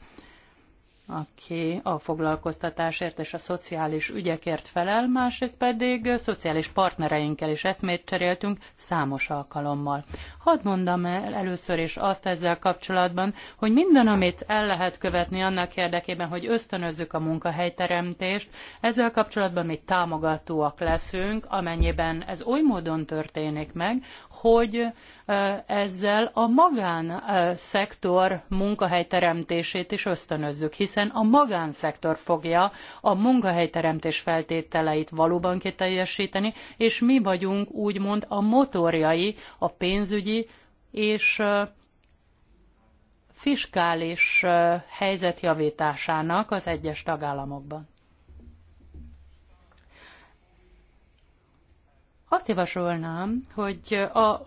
aki a foglalkoztatásért és a szociális ügyekért felel, másrészt pedig szociális partnereinkkel is eszmét cseréltünk számos alkalommal. Hadd mondom el először is azt ezzel kapcsolatban, hogy minden, amit el lehet követni annak érdekében, hogy ösztönözzük a munkahelyteremtést, ezzel kapcsolatban mi támogatóak leszünk, amennyiben ez oly módon történik meg, hogy ezzel a magánszektor munkahelyteremtését is ösztönözzük, hiszen a magánszektor fogja a munkahelyteremtés feltételeit valóban kiteljesíteni, és mi vagyunk úgymond a motorjai a pénzügyi és fiskális helyzet javításának az egyes tagállamokban. Azt javasolnám, hogy a,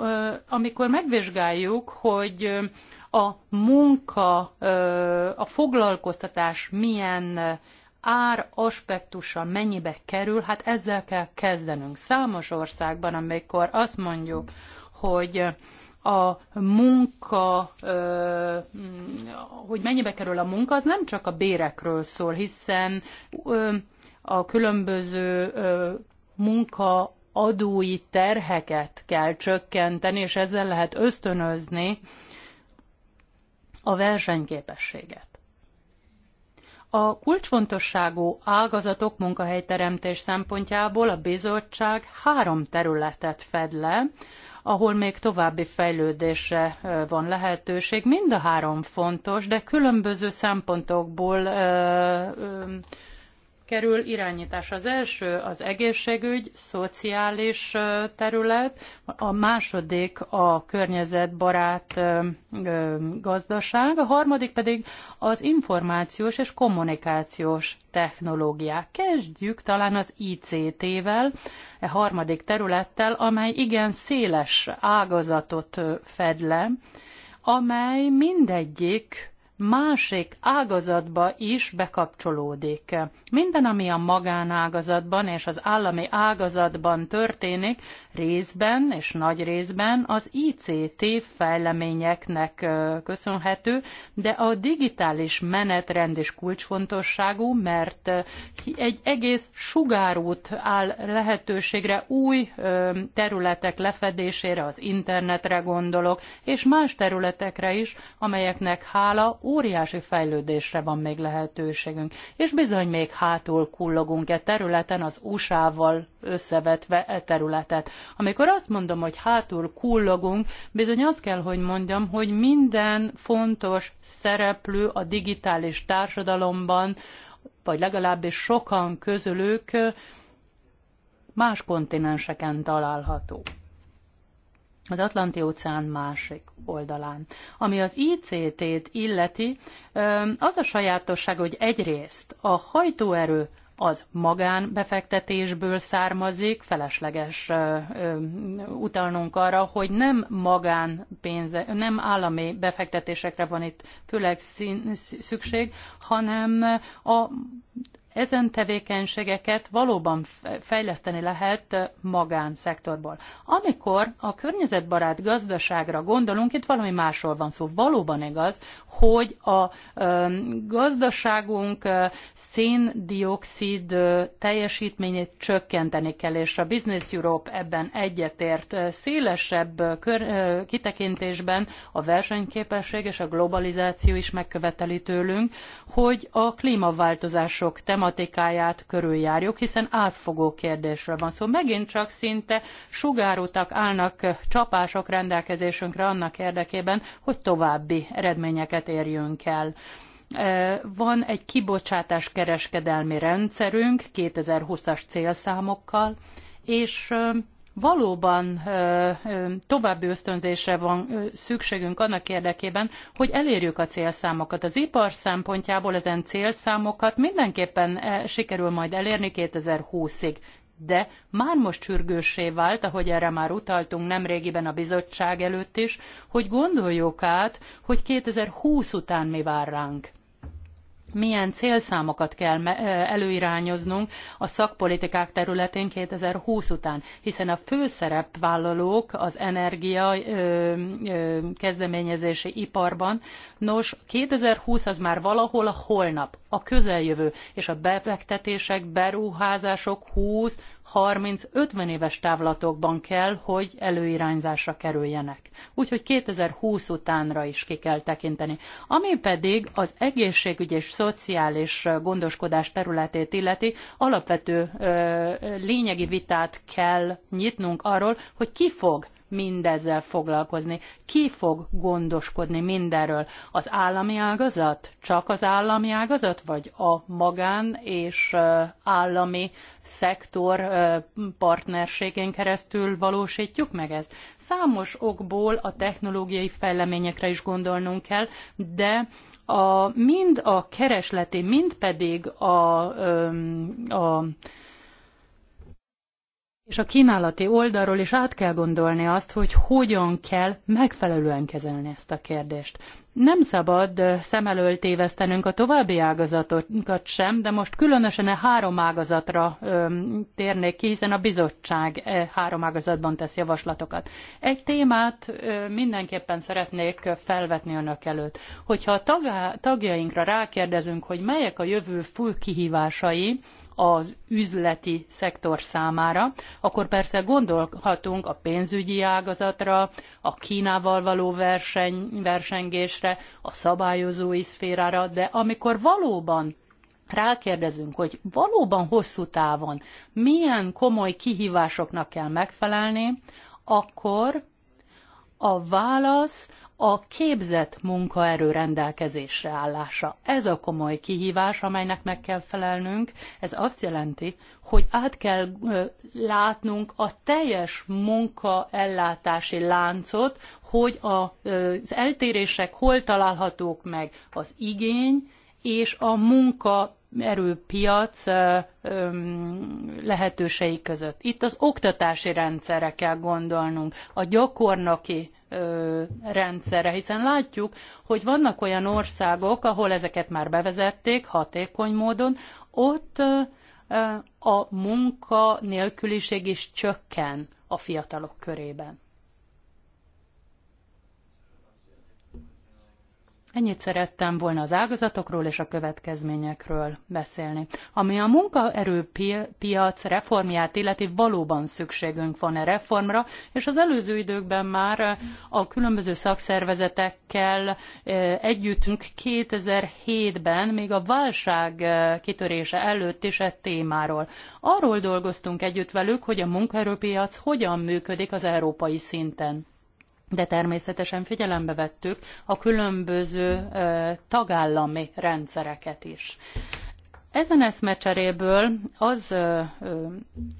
amikor megvizsgáljuk, hogy a munka, a foglalkoztatás milyen ár aspektusa mennyibe kerül, hát ezzel kell kezdenünk. Számos országban, amikor azt mondjuk, hogy a munka, mm, hogy mennyibe kerül a munka, az nem csak a bérekről szól, hiszen a különböző munka adói terheket kell csökkenteni, és ezzel lehet ösztönözni a versenyképességet. A kulcsfontosságú ágazatok munkahelyteremtés szempontjából a bizottság három területet fed le, ahol még további fejlődésre van lehetőség. Mind a három fontos, de különböző szempontokból ö, ö, kerül irányítás. Az első az egészségügy, szociális terület, a második a környezetbarát gazdaság, a harmadik pedig az információs és kommunikációs technológiák. Kezdjük talán az ICT-vel, a e harmadik területtel, amely igen széles ágazatot fed le, amely mindegyik másik ágazatba is bekapcsolódik. Minden, ami a magánágazatban és az állami ágazatban történik, részben és nagy részben az ICT fejleményeknek köszönhető, de a digitális menetrend is kulcsfontosságú, mert egy egész sugárút áll lehetőségre új területek lefedésére, az internetre gondolok, és más területekre is, amelyeknek hála óriási fejlődésre van még lehetőségünk, és bizony még hátul kullogunk e területen, az USA-val összevetve e területet. Amikor azt mondom, hogy hátul kullogunk, bizony azt kell, hogy mondjam, hogy minden fontos szereplő a digitális társadalomban, vagy legalábbis sokan közülük más kontinenseken található az Atlanti-óceán másik oldalán. Ami az ICT-t illeti, az a sajátosság, hogy egyrészt a hajtóerő az magánbefektetésből származik, felesleges ö, ö, utalnunk arra, hogy nem magánpénze, nem állami befektetésekre van itt főleg szín, szükség, hanem a ezen tevékenységeket valóban fejleszteni lehet magánszektorból. Amikor a környezetbarát gazdaságra gondolunk, itt valami másról van szó. Valóban igaz, hogy a gazdaságunk széndiokszid teljesítményét csökkenteni kell, és a Business Europe ebben egyetért szélesebb kitekintésben a versenyképesség és a globalizáció is megköveteli tőlünk, hogy a klímaváltozások tematikáját tematikáját körüljárjuk, hiszen átfogó kérdésről van szó. Szóval megint csak szinte sugárutak állnak csapások rendelkezésünkre annak érdekében, hogy további eredményeket érjünk el. Van egy kibocsátás kereskedelmi rendszerünk 2020-as célszámokkal, és valóban további ösztönzésre van szükségünk annak érdekében, hogy elérjük a célszámokat. Az ipar szempontjából ezen célszámokat mindenképpen e, sikerül majd elérni 2020-ig de már most sürgőssé vált, ahogy erre már utaltunk nemrégiben a bizottság előtt is, hogy gondoljuk át, hogy 2020 után mi vár ránk milyen célszámokat kell előirányoznunk a szakpolitikák területén 2020 után, hiszen a főszerepvállalók az energia kezdeményezési iparban, nos, 2020 az már valahol a holnap, a közeljövő, és a befektetések, beruházások 20, 30-50 éves távlatokban kell, hogy előirányzásra kerüljenek. Úgyhogy 2020 utánra is ki kell tekinteni. Ami pedig az egészségügy és szociális gondoskodás területét illeti, alapvető ö, lényegi vitát kell nyitnunk arról, hogy ki fog mindezzel foglalkozni? Ki fog gondoskodni mindenről? Az állami ágazat? Csak az állami ágazat? Vagy a magán és állami szektor partnerségén keresztül valósítjuk meg ezt? Számos okból a technológiai fejleményekre is gondolnunk kell, de a, mind a keresleti, mind pedig a, a, a és a kínálati oldalról is át kell gondolni azt, hogy hogyan kell megfelelően kezelni ezt a kérdést. Nem szabad szem elől tévesztenünk a további ágazatokat sem, de most különösen a e három ágazatra öm, térnék ki, hiszen a bizottság e három ágazatban tesz javaslatokat. Egy témát ö, mindenképpen szeretnék felvetni önök előtt. Hogyha a tagjainkra rákérdezünk, hogy melyek a jövő full kihívásai, az üzleti szektor számára, akkor persze gondolhatunk a pénzügyi ágazatra, a Kínával való verseny, versengésre, a szabályozói szférára, de amikor valóban rákérdezünk, hogy valóban hosszú távon milyen komoly kihívásoknak kell megfelelni, akkor a válasz a képzett munkaerő rendelkezésre állása. Ez a komoly kihívás, amelynek meg kell felelnünk. Ez azt jelenti, hogy át kell látnunk a teljes munkaellátási láncot, hogy az eltérések hol találhatók meg az igény és a munka erőpiac lehetőségei között. Itt az oktatási rendszerre kell gondolnunk, a gyakornoki rendszerre, hiszen látjuk, hogy vannak olyan országok, ahol ezeket már bevezették hatékony módon, ott a munka nélküliség is csökken a fiatalok körében. Ennyit szerettem volna az ágazatokról és a következményekről beszélni. Ami a munkaerőpiac reformját illeti, valóban szükségünk van e reformra, és az előző időkben már a különböző szakszervezetekkel e, együttünk 2007-ben, még a válság e, kitörése előtt is egy témáról. Arról dolgoztunk együtt velük, hogy a munkaerőpiac hogyan működik az európai szinten de természetesen figyelembe vettük a különböző tagállami rendszereket is. Ezen eszmecseréből az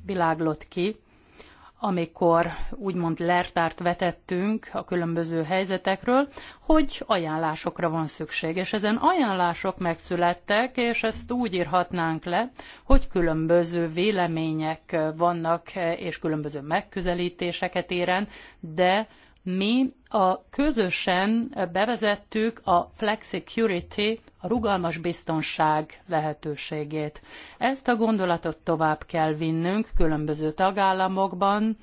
világlott ki, amikor úgymond lertárt vetettünk a különböző helyzetekről, hogy ajánlásokra van szükség. És ezen ajánlások megszülettek, és ezt úgy írhatnánk le, hogy különböző vélemények vannak, és különböző megközelítéseket éren, de mi a közösen bevezettük a flexicurity, a rugalmas biztonság lehetőségét. Ezt a gondolatot tovább kell vinnünk különböző tagállamokban,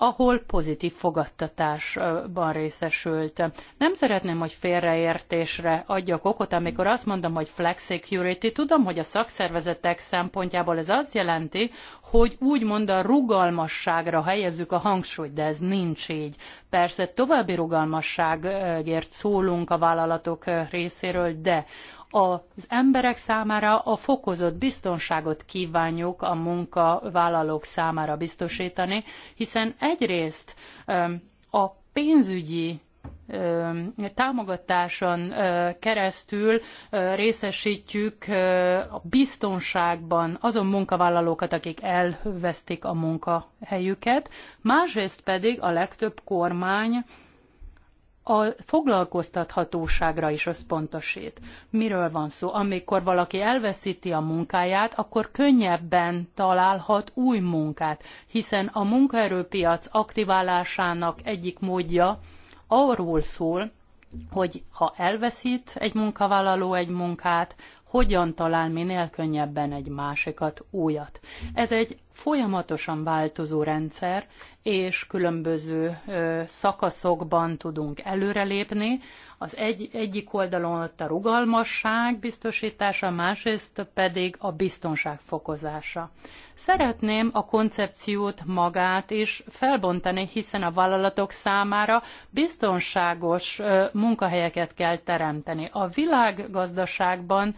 ahol pozitív fogadtatásban részesült. Nem szeretném, hogy félreértésre adjak okot, amikor azt mondom, hogy flex security. Tudom, hogy a szakszervezetek szempontjából ez azt jelenti, hogy úgymond a rugalmasságra helyezzük a hangsúlyt, de ez nincs így. Persze további rugalmasságért szólunk a vállalatok részéről, de az emberek számára a fokozott biztonságot kívánjuk a munkavállalók számára biztosítani, hiszen egyrészt a pénzügyi támogatáson keresztül részesítjük a biztonságban azon munkavállalókat, akik elvesztik a munkahelyüket, másrészt pedig a legtöbb kormány a foglalkoztathatóságra is összpontosít. Miről van szó? Amikor valaki elveszíti a munkáját, akkor könnyebben találhat új munkát, hiszen a munkaerőpiac aktiválásának egyik módja arról szól, hogy ha elveszít egy munkavállaló egy munkát, hogyan talál minél könnyebben egy másikat, újat. Ez egy folyamatosan változó rendszer, és különböző ö, szakaszokban tudunk előrelépni. Az egy, egyik oldalon ott a rugalmasság biztosítása, másrészt pedig a biztonság fokozása. Szeretném a koncepciót magát is felbontani, hiszen a vállalatok számára biztonságos ö, munkahelyeket kell teremteni. A világgazdaságban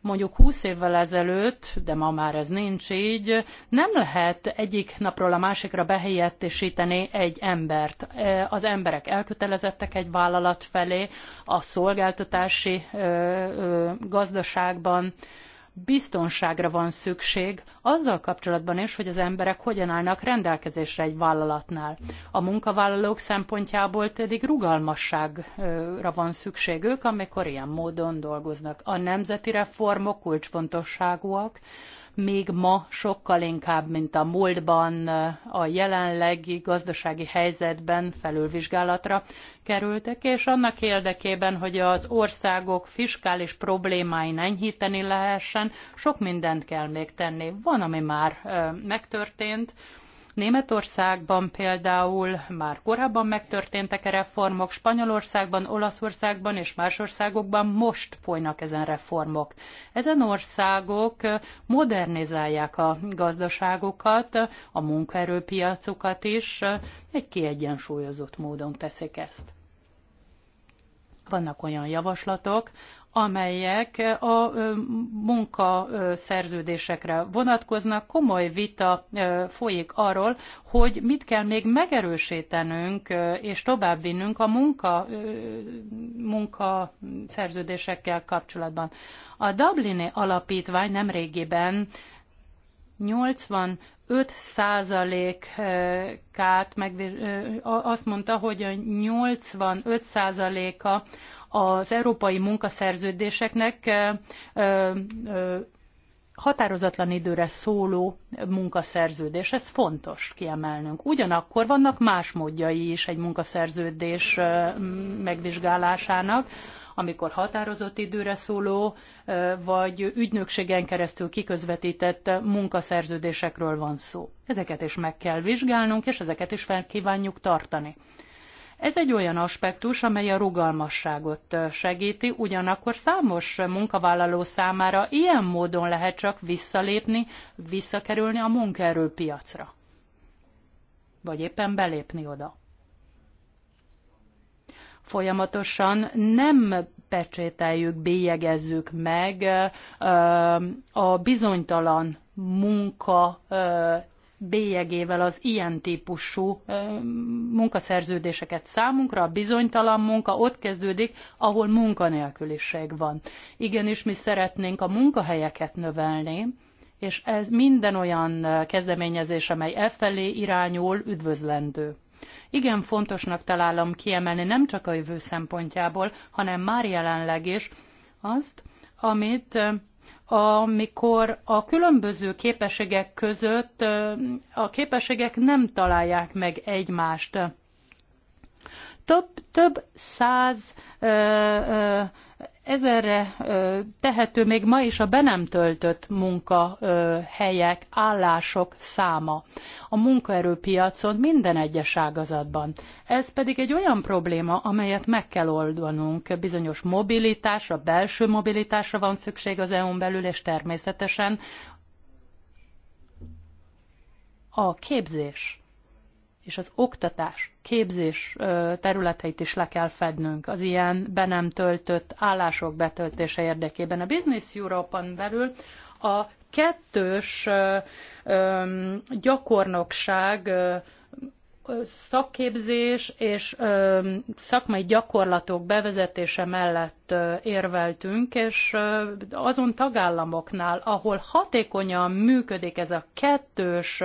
mondjuk 20 évvel ezelőtt, de ma már ez nincs így, nem lehet egyik napról a másikra behelyettesíteni egy embert. E, az emberek elkötelezettek egy vállalat felé, a szolgáltatási gazdaságban, biztonságra van szükség azzal kapcsolatban is, hogy az emberek hogyan állnak rendelkezésre egy vállalatnál. A munkavállalók szempontjából pedig rugalmasságra van szükségük, amikor ilyen módon dolgoznak. A nemzeti reformok kulcsfontosságúak, még ma sokkal inkább, mint a múltban a jelenlegi gazdasági helyzetben felülvizsgálatra kerültek, és annak érdekében, hogy az országok fiskális problémáin enyhíteni lehessen, sok mindent kell még tenni. Van, ami már megtörtént, Németországban például már korábban megtörténtek -e reformok, Spanyolországban, Olaszországban és más országokban most folynak ezen reformok. Ezen országok modernizálják a gazdaságokat, a munkaerőpiacukat is, egy kiegyensúlyozott módon teszik ezt. Vannak olyan javaslatok, amelyek a munkaszerződésekre vonatkoznak. Komoly vita folyik arról, hogy mit kell még megerősítenünk és továbbvinnünk a munka, munkaszerződésekkel kapcsolatban. A Dublini Alapítvány nemrégiben 85 százalékát, azt mondta, hogy a 85 százaléka az európai munkaszerződéseknek határozatlan időre szóló munkaszerződés. Ez fontos kiemelnünk. Ugyanakkor vannak más módjai is egy munkaszerződés megvizsgálásának amikor határozott időre szóló vagy ügynökségen keresztül kiközvetített munkaszerződésekről van szó. Ezeket is meg kell vizsgálnunk, és ezeket is fel kívánjuk tartani. Ez egy olyan aspektus, amely a rugalmasságot segíti, ugyanakkor számos munkavállaló számára ilyen módon lehet csak visszalépni, visszakerülni a munkaerőpiacra. Vagy éppen belépni oda folyamatosan nem pecsételjük, bélyegezzük meg a bizonytalan munka bélyegével az ilyen típusú munkaszerződéseket számunkra, a bizonytalan munka ott kezdődik, ahol munkanélküliség van. Igenis, mi szeretnénk a munkahelyeket növelni, és ez minden olyan kezdeményezés, amely e felé irányul, üdvözlendő. Igen fontosnak találom kiemelni nem csak a jövő szempontjából, hanem már jelenleg is azt, amit amikor a különböző képességek között a képességek nem találják meg egymást. Több, több száz ö, ö, Ezerre tehető még ma is a be nem töltött munkahelyek, állások száma a munkaerőpiacon minden egyes ágazatban. Ez pedig egy olyan probléma, amelyet meg kell oldanunk. Bizonyos mobilitásra, belső mobilitásra van szükség az EU-n belül, és természetesen a képzés és az oktatás, képzés területeit is le kell fednünk az ilyen be nem töltött állások betöltése érdekében. A Business Europe-on belül a kettős gyakornokság szakképzés és szakmai gyakorlatok bevezetése mellett mellett érveltünk, és azon tagállamoknál, ahol hatékonyan működik ez a kettős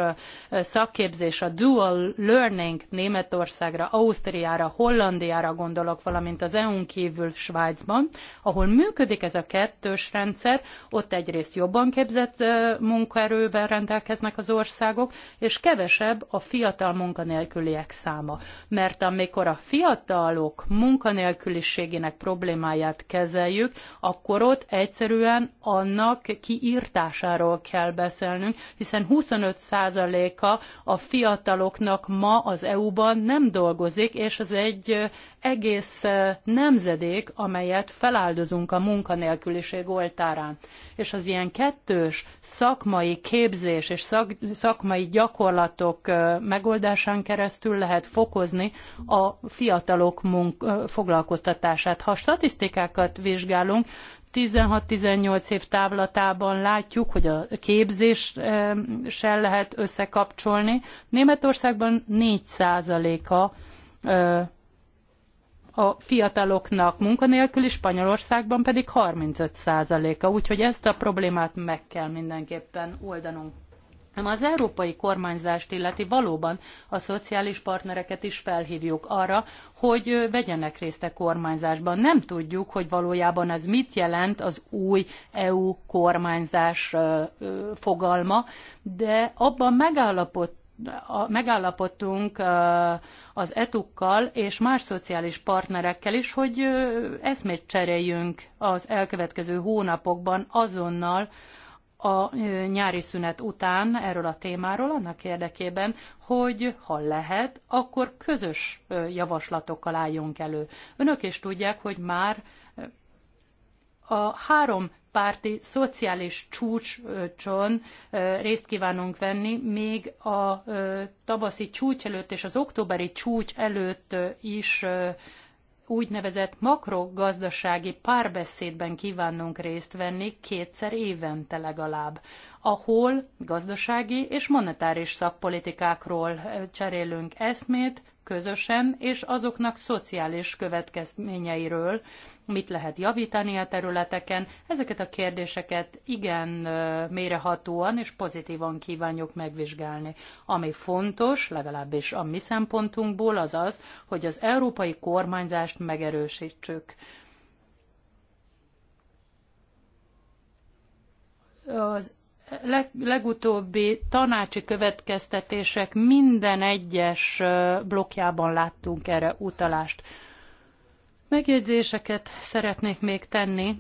szakképzés, a dual learning Németországra, Ausztriára, Hollandiára gondolok, valamint az EU-n kívül Svájcban, ahol működik ez a kettős rendszer, ott egyrészt jobban képzett munkaerővel rendelkeznek az országok, és kevesebb a fiatal munkanélküliek száma. Mert amikor a fiatalok munkanélküliségének problémáját problémát kezeljük, akkor ott egyszerűen annak kiírtásáról kell beszélnünk, hiszen 25%-a a fiataloknak ma az EU-ban nem dolgozik, és ez egy egész nemzedék, amelyet feláldozunk a munkanélküliség oltárán. És az ilyen kettős szakmai képzés és szak, szakmai gyakorlatok megoldásán keresztül lehet fokozni a fiatalok munk, foglalkoztatását. Ha statisztikákat vizsgálunk, 16-18 év távlatában látjuk, hogy a képzéssel lehet összekapcsolni. Németországban 4 a a fiataloknak munkanélküli, Spanyolországban pedig 35%-a, úgyhogy ezt a problémát meg kell mindenképpen oldanunk. Ami az európai kormányzást illeti valóban a szociális partnereket is felhívjuk arra, hogy vegyenek részt a e kormányzásban. Nem tudjuk, hogy valójában ez mit jelent az új EU kormányzás fogalma, de abban megállapodtunk, a, megállapodtunk az etukkal és más szociális partnerekkel is, hogy eszmét cseréljünk az elkövetkező hónapokban azonnal a nyári szünet után erről a témáról, annak érdekében, hogy ha lehet, akkor közös javaslatokkal álljunk elő. Önök is tudják, hogy már a három párti szociális csúcson részt kívánunk venni, még a tavaszi csúcs előtt és az októberi csúcs előtt is úgynevezett makrogazdasági párbeszédben kívánunk részt venni kétszer évente legalább, ahol gazdasági és monetáris szakpolitikákról cserélünk eszmét, közösen, és azoknak szociális következményeiről, mit lehet javítani a területeken. Ezeket a kérdéseket igen mérehatóan és pozitívan kívánjuk megvizsgálni. Ami fontos, legalábbis a mi szempontunkból, az az, hogy az európai kormányzást megerősítsük. Az leg, legutóbbi tanácsi következtetések minden egyes blokkjában láttunk erre utalást. Megjegyzéseket szeretnék még tenni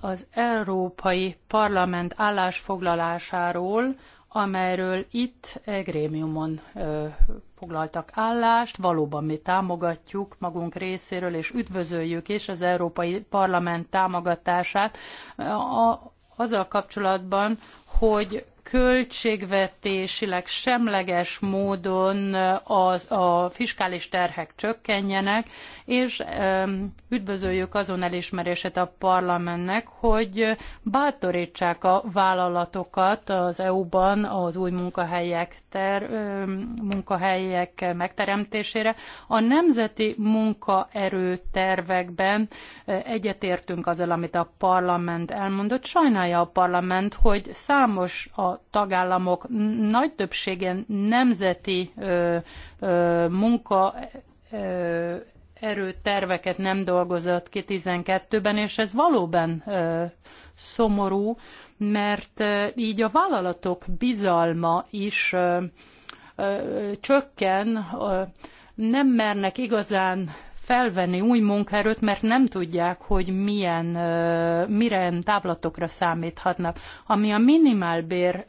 az Európai Parlament állásfoglalásáról, amelyről itt grémiumon ö, foglaltak állást. Valóban mi támogatjuk magunk részéről, és üdvözöljük is az Európai Parlament támogatását a, azzal kapcsolatban, hogy költségvetésileg semleges módon a, a fiskális terhek csökkenjenek, és üdvözöljük azon elismerését a parlamentnek, hogy bátorítsák a vállalatokat az EU-ban az új munkahelyek, ter, munkahelyek megteremtésére. A nemzeti munkaerő tervekben e, egyetértünk azzal, amit a parlament elmondott. Sajnálja a parlament, hogy számos a tagállamok nagy többségen nemzeti ö, ö, munka erőterveket nem dolgozott ki 12-ben, és ez valóban ö, szomorú, mert ö, így a vállalatok bizalma is ö, ö, csökken, ö, nem mernek igazán felvenni új munkaerőt, mert nem tudják, hogy milyen, mire távlatokra számíthatnak. Ami a minimálbér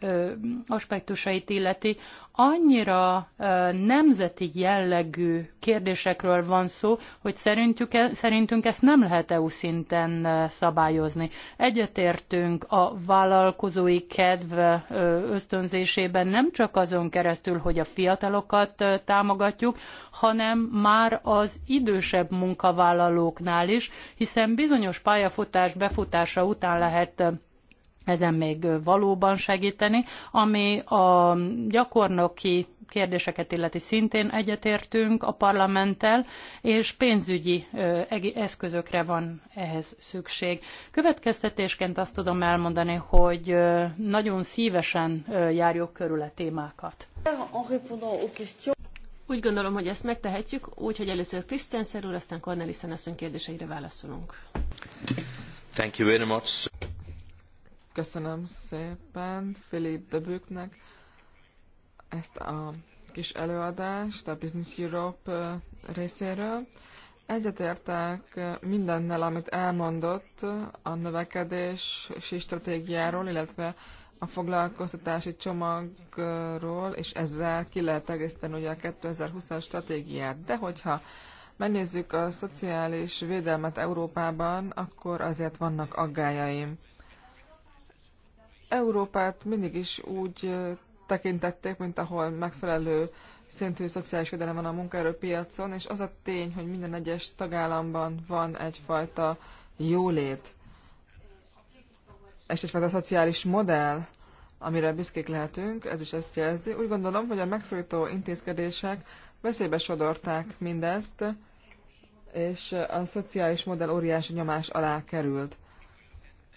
aspektusait illeti, annyira nemzeti jellegű kérdésekről van szó, hogy szerintük, e, szerintünk ezt nem lehet EU szinten szabályozni. Egyetértünk a vállalkozói kedv ösztönzésében nem csak azon keresztül, hogy a fiatalokat támogatjuk, hanem már az idősebb munkavállalóknál is, hiszen bizonyos pályafutás befutása után lehet ezen még valóban segíteni, ami a gyakornoki kérdéseket illeti szintén egyetértünk a parlamenttel, és pénzügyi eszközökre van ehhez szükség. Következtetésként azt tudom elmondani, hogy nagyon szívesen járjuk körül a témákat. Úgy gondolom, hogy ezt megtehetjük, úgyhogy először Krisztenszer úr, aztán Cornelissen kérdéseire válaszolunk. Thank you very much. Köszönöm szépen Philip de ezt a kis előadást a Business Europe részéről. Egyetértek mindennel, amit elmondott a növekedési stratégiáról, illetve a foglalkoztatási csomagról, és ezzel ki lehet egészíteni ugye a 2020-as stratégiát. De hogyha megnézzük a szociális védelmet Európában, akkor azért vannak aggájaim. Európát mindig is úgy tekintették, mint ahol megfelelő szintű szociális védelem van a munkaerőpiacon, és az a tény, hogy minden egyes tagállamban van egyfajta jólét, és egyfajta szociális modell, amire büszkék lehetünk, ez is ezt jelzi. Úgy gondolom, hogy a megszólító intézkedések veszélybe sodorták mindezt, és a szociális modell óriási nyomás alá került.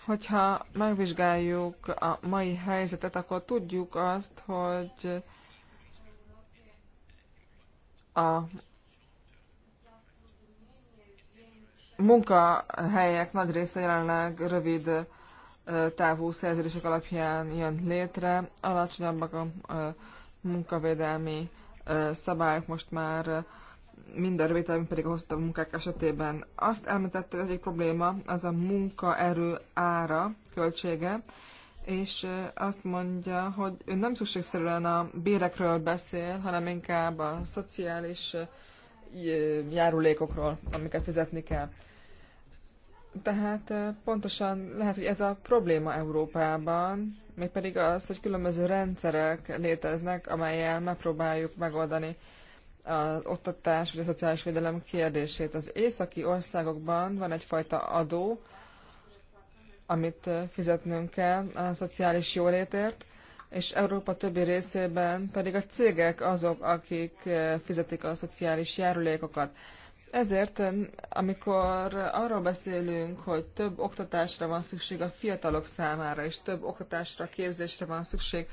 Hogyha megvizsgáljuk a mai helyzetet, akkor tudjuk azt, hogy a munkahelyek nagy része jelenleg rövid távú szerződések alapján jön létre, alacsonyabbak a munkavédelmi szabályok most már mind a rövid, mind pedig a hosszú munkák esetében. Azt elmentette az egyik probléma az a munkaerő ára, költsége, és azt mondja, hogy ő nem szükségszerűen a bérekről beszél, hanem inkább a szociális járulékokról, amiket fizetni kell. Tehát pontosan lehet, hogy ez a probléma Európában, mégpedig az, hogy különböző rendszerek léteznek, amelyel megpróbáljuk megoldani az oktatás vagy a szociális védelem kérdését. Az északi országokban van egyfajta adó, amit fizetnünk kell a szociális jólétért, és Európa többi részében pedig a cégek azok, akik fizetik a szociális járulékokat. Ezért, amikor arról beszélünk, hogy több oktatásra van szükség a fiatalok számára, és több oktatásra, képzésre van szükség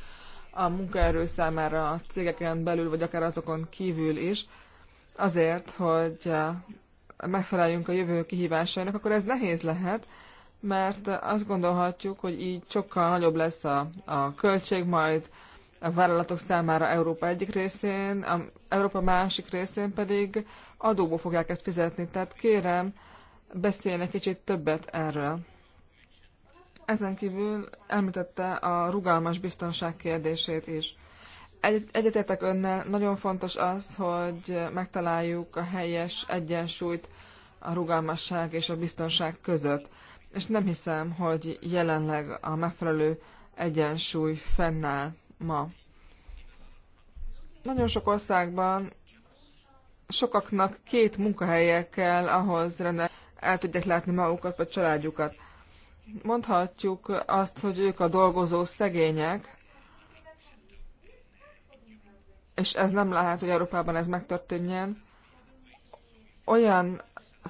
a munkaerő számára a cégeken belül, vagy akár azokon kívül is, azért, hogy eh, megfeleljünk a jövő kihívásainak, akkor ez nehéz lehet, mert azt gondolhatjuk, hogy így sokkal nagyobb lesz a, a költség majd a vállalatok számára Európa egyik részén, a Európa másik részén pedig adóból fogják ezt fizetni. Tehát kérem, beszéljenek kicsit többet erről. Ezen kívül említette a rugalmas biztonság kérdését is. Egy, egyetértek önnel, nagyon fontos az, hogy megtaláljuk a helyes egyensúlyt a rugalmasság és a biztonság között. És nem hiszem, hogy jelenleg a megfelelő egyensúly fennáll ma. Nagyon sok országban sokaknak két munkahelye kell ahhoz, hogy el tudják látni magukat vagy családjukat mondhatjuk azt, hogy ők a dolgozó szegények, és ez nem lehet, hogy Európában ez megtörténjen, olyan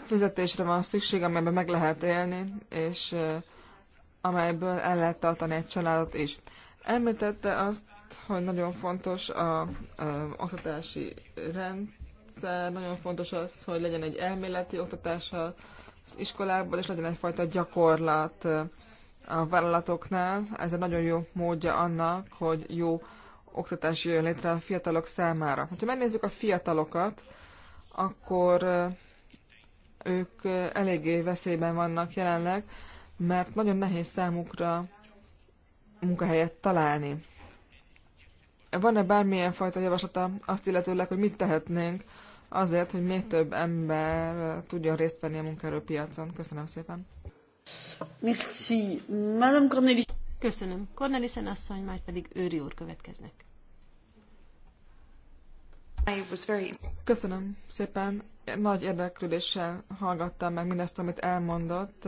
fizetésre van szükség, amelyben meg lehet élni, és amelyből el lehet tartani egy családot is. Említette azt, hogy nagyon fontos a, a oktatási rendszer, nagyon fontos az, hogy legyen egy elméleti oktatással az iskolákból, és legyen egyfajta gyakorlat a vállalatoknál. Ez egy nagyon jó módja annak, hogy jó oktatás jön létre a fiatalok számára. Ha megnézzük a fiatalokat, akkor ők eléggé veszélyben vannak jelenleg, mert nagyon nehéz számukra munkahelyet találni. Van-e bármilyen fajta javaslata azt illetőleg, hogy mit tehetnénk azért, hogy még több ember tudjon részt venni a munkaerőpiacon. Köszönöm szépen. Merci. Madame Cornelis. Köszönöm. Corneli asszony, majd pedig Őri úr következnek. Köszönöm szépen. Nagy érdeklődéssel hallgattam meg mindezt, amit elmondott.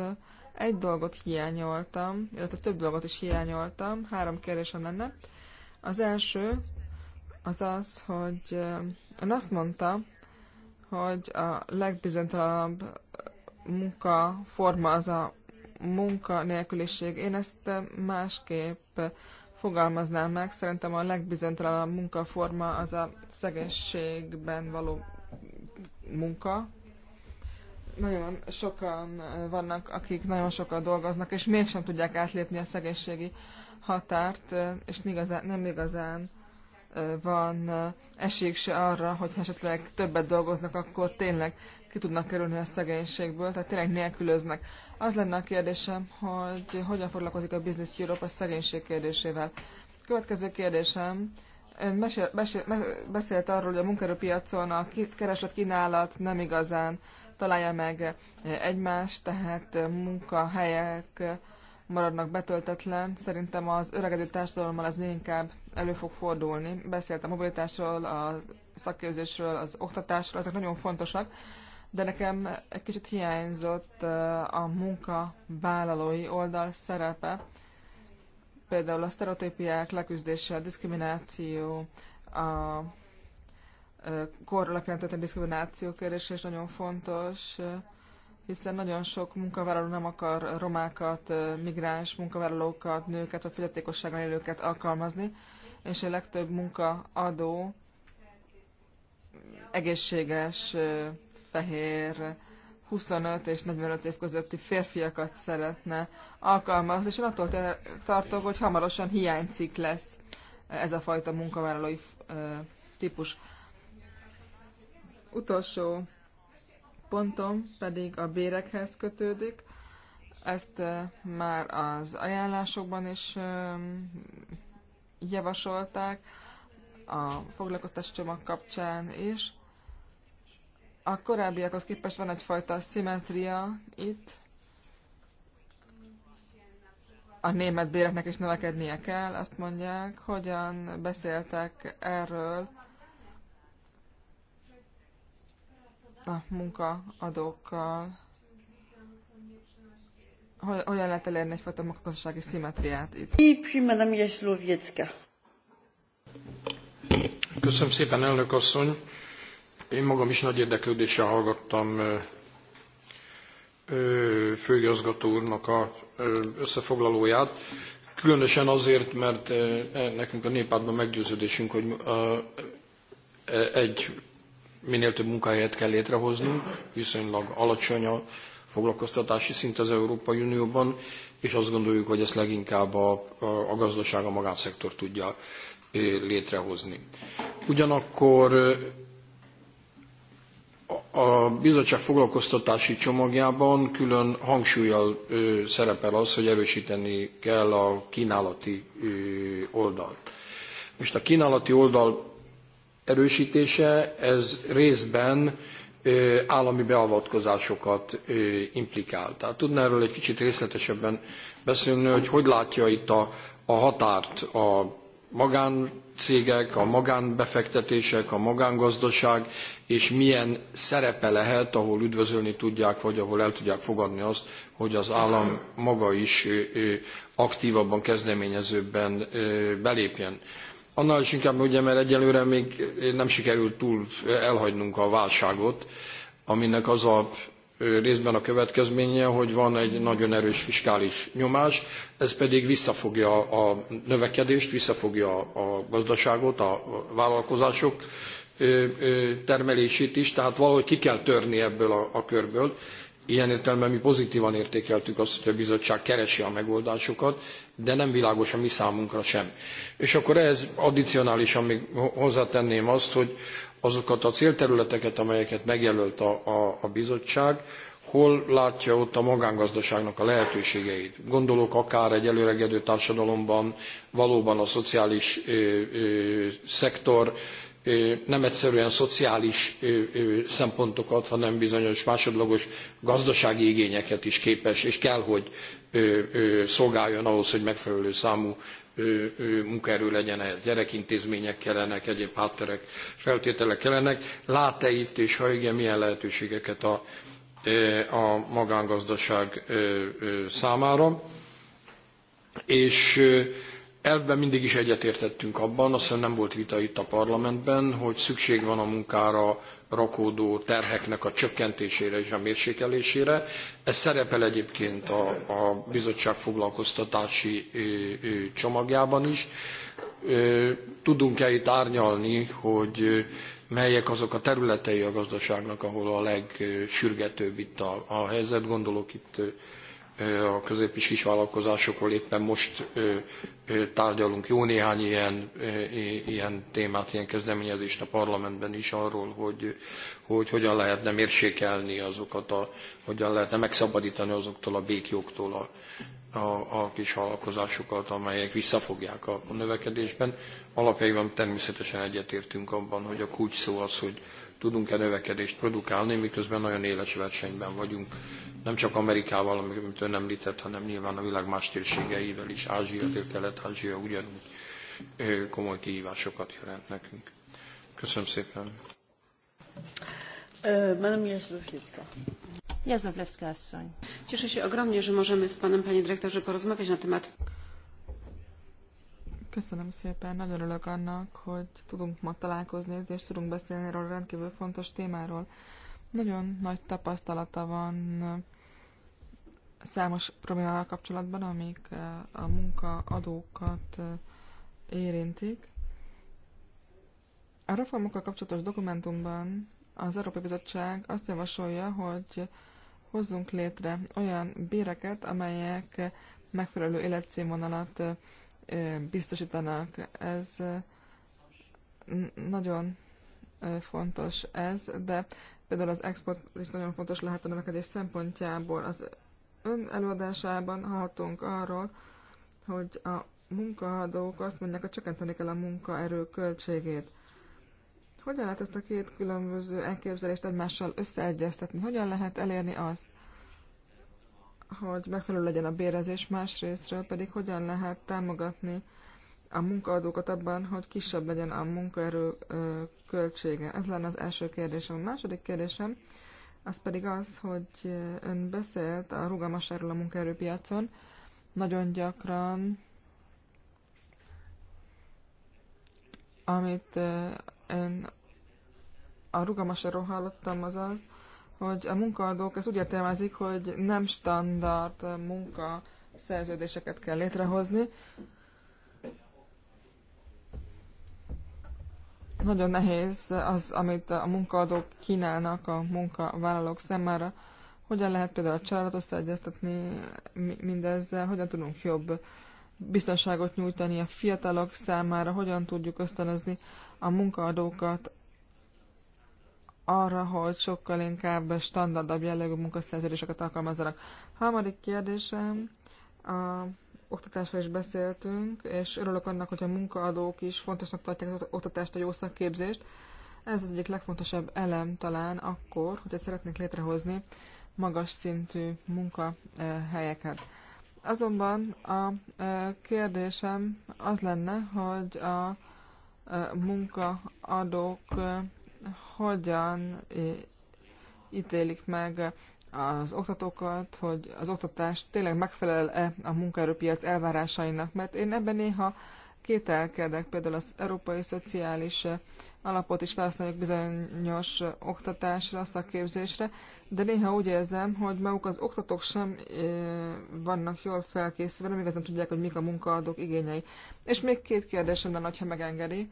Egy dolgot hiányoltam, illetve több dolgot is hiányoltam. Három kérdésem lenne. Az első az az, hogy eh, ön azt mondta, hogy a legbizonytalanabb munkaforma az a munkanélküliség. Én ezt másképp fogalmaznám meg. Szerintem a legbizonytalanabb munkaforma az a szegénységben való munka. Nagyon sokan vannak, akik nagyon sokat dolgoznak, és mégsem tudják átlépni a szegénységi határt, és nem igazán, nem igazán van eh, esélyük se arra, hogy esetleg többet dolgoznak, akkor tényleg ki tudnak kerülni a szegénységből, tehát tényleg nélkülöznek. Az lenne a kérdésem, hogy hogyan foglalkozik a Business Europe a szegénység kérdésével. Következő kérdésem, ön mesél, mesél, beszélt arról, hogy a munkerőpiacon a kereslet-kínálat nem igazán találja meg egymást, tehát munkahelyek maradnak betöltetlen. Szerintem az öregedő társadalommal ez még inkább elő fog fordulni. Beszélt a mobilitásról, a szakképzésről, az oktatásról, ezek nagyon fontosak, de nekem egy kicsit hiányzott a munkavállalói oldal szerepe, például a sztereotípiák leküzdése, a diszkrimináció, a kor alapján történő diszkrimináció kérdése is nagyon fontos, hiszen nagyon sok munkavállaló nem akar romákat, migráns munkavállalókat, nőket, vagy fogyatékossággal élőket alkalmazni, és a legtöbb munkaadó egészséges, fehér, 25 és 45 év közötti férfiakat szeretne alkalmazni, és én attól tartok, hogy hamarosan hiánycik lesz ez a fajta munkavállalói típus. Utolsó pontom pedig a bérekhez kötődik. Ezt már az ajánlásokban is javasolták, a foglalkoztási csomag kapcsán is. A korábbiakhoz képest van egyfajta szimetria itt. A német béreknek is növekednie kell, azt mondják. Hogyan beszéltek erről a munkaadókkal, hogyan lehet elérni egyfajta gazdasági szimetriát itt. Köszönöm szépen, elnök asszony. Én magam is nagy érdeklődéssel hallgattam főigazgató úrnak a összefoglalóját. Különösen azért, mert e, nekünk a néppártban meggyőződésünk, hogy e, egy minél több munkahelyet kell létrehoznunk, viszonylag alacsony a foglalkoztatási szint az Európai Unióban, és azt gondoljuk, hogy ezt leginkább a, a gazdaság, a magánszektor tudja létrehozni. Ugyanakkor a bizottság foglalkoztatási csomagjában külön hangsúlyjal szerepel az, hogy erősíteni kell a kínálati oldalt. Most a kínálati oldal erősítése, ez részben állami beavatkozásokat implikál. Tehát tudna erről egy kicsit részletesebben beszélni, hogy hogy látja itt a, a határt a magáncégek, a magánbefektetések, a magángazdaság, és milyen szerepe lehet, ahol üdvözölni tudják, vagy ahol el tudják fogadni azt, hogy az állam maga is aktívabban, kezdeményezőbben belépjen Annál is inkább, ugye, mert egyelőre még nem sikerült túl elhagynunk a válságot, aminek az a részben a következménye, hogy van egy nagyon erős fiskális nyomás, ez pedig visszafogja a növekedést, visszafogja a gazdaságot, a vállalkozások termelését is, tehát valahogy ki kell törni ebből a, a körből. Ilyen értelemben mi pozitívan értékeltük azt, hogy a bizottság keresi a megoldásokat, de nem világos a mi számunkra sem. És akkor ehhez addicionálisan még hozzátenném azt, hogy azokat a célterületeket, amelyeket megjelölt a, a, a bizottság, hol látja ott a magángazdaságnak a lehetőségeit. Gondolok akár egy előregedő társadalomban valóban a szociális ö, ö, szektor, nem egyszerűen szociális szempontokat, hanem bizonyos másodlagos gazdasági igényeket is képes, és kell, hogy szolgáljon ahhoz, hogy megfelelő számú munkaerő legyen ehhez. Gyerekintézmények kellenek, egyéb hátterek, feltételek kellenek. Lát-e itt, és ha igen, milyen lehetőségeket a, a magángazdaság számára? És Elvben mindig is egyetértettünk abban, azt hiszem nem volt vita itt a parlamentben, hogy szükség van a munkára rakódó terheknek a csökkentésére és a mérsékelésére. Ez szerepel egyébként a, a bizottság foglalkoztatási csomagjában is. Tudunk-e itt árnyalni, hogy melyek azok a területei a gazdaságnak, ahol a legsürgetőbb itt a, a helyzet, gondolok itt a közép- és kisvállalkozásokról éppen most tárgyalunk jó néhány ilyen, ilyen témát, ilyen kezdeményezést a parlamentben is arról, hogy, hogy hogyan lehetne mérsékelni azokat, a, hogyan lehetne megszabadítani azoktól a békjogtól a, a, a kis vállalkozásokat, amelyek visszafogják a, a növekedésben. Alapjaiban természetesen egyetértünk abban, hogy a kulcs szó az, hogy tudunk-e növekedést produkálni, miközben nagyon éles versenyben vagyunk nem csak Amerikával, amit ön említett, hanem nyilván a világ más térségeivel is, Ázsia, Dél-Kelet-Ázsia ugyanúgy komoly kihívásokat jelent nekünk. Köszönöm szépen. Madame asszony. Cieszę się ogromnie, że możemy z panem, panie dyrektorze, porozmawiać na temat... Köszönöm szépen, nagyon örülök annak, hogy tudunk ma találkozni, és tudunk beszélni erről a rendkívül fontos témáról. Nagyon nagy tapasztalata van uh, számos problémával kapcsolatban, amik uh, a munkaadókat uh, érintik. A reformokkal kapcsolatos dokumentumban az Európai Bizottság azt javasolja, hogy hozzunk létre olyan béreket, amelyek megfelelő életszínvonalat biztosítanak. Ez nagyon fontos ez, de Például az export is nagyon fontos lehet a növekedés szempontjából. Az ön előadásában hallhatunk arról, hogy a munkahadók azt mondják, hogy csökkenteni kell a munkaerő költségét. Hogyan lehet ezt a két különböző elképzelést egymással összeegyeztetni? Hogyan lehet elérni azt, hogy megfelelő legyen a bérezés, másrésztről pedig hogyan lehet támogatni a munkaadókat abban, hogy kisebb legyen a munkaerő költsége? Ez lenne az első kérdésem. A második kérdésem az pedig az, hogy ön beszélt a rugalmasáról a munkaerőpiacon. Nagyon gyakran, amit ön a rugalmasáról hallottam, az az, hogy a munkaadók ezt úgy értelmezik, hogy nem standard munka szerződéseket kell létrehozni, Nagyon nehéz az, amit a munkaadók kínálnak a munkavállalók számára. Hogyan lehet például a családot összeegyeztetni mindezzel? Hogyan tudunk jobb biztonságot nyújtani a fiatalok számára? Hogyan tudjuk ösztönözni a munkaadókat arra, hogy sokkal inkább standardabb jellegű munkaszerződéseket alkalmazzanak. Harmadik kérdésem, a oktatásról is beszéltünk, és örülök annak, hogy a munkaadók is fontosnak tartják az oktatást, a jó szakképzést. Ez az egyik legfontosabb elem talán akkor, hogyha szeretnék létrehozni magas szintű munkahelyeket. Azonban a e, kérdésem az lenne, hogy a e, munkaadók e, hogyan ítélik meg az oktatókat, hogy az oktatás tényleg megfelel-e a munkaerőpiac elvárásainak, mert én ebben néha kételkedek, például az európai szociális alapot is felhasználjuk bizonyos oktatásra, szakképzésre, de néha úgy érzem, hogy maguk az oktatók sem eh, vannak jól felkészülve, nem igazán tudják, hogy mik a munkaadók igényei. És még két kérdésem lenne, ha megengedi.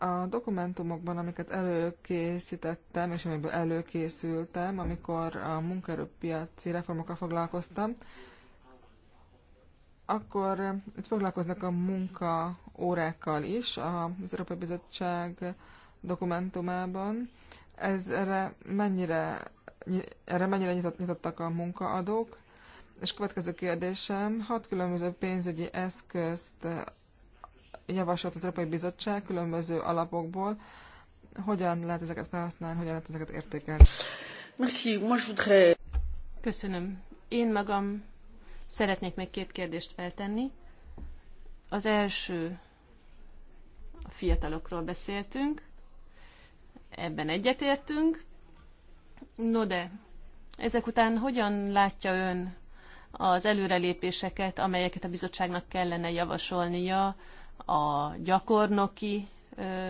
A dokumentumokban, amiket előkészítettem, és amiből előkészültem, amikor a munkaerőpiaci reformokkal foglalkoztam, akkor itt foglalkoznak a munkaórákkal is az Európai Bizottság dokumentumában. Ez erre mennyire, erre mennyire nyitottak a munkaadók? És következő kérdésem, hat különböző pénzügyi eszközt javasolt az Európai Bizottság különböző alapokból. Hogyan lehet ezeket felhasználni, hogyan lehet ezeket értékelni? Köszönöm. Én magam szeretnék még két kérdést feltenni. Az első, a fiatalokról beszéltünk, ebben egyetértünk. No de, ezek után hogyan látja ön az előrelépéseket, amelyeket a bizottságnak kellene javasolnia a gyakornoki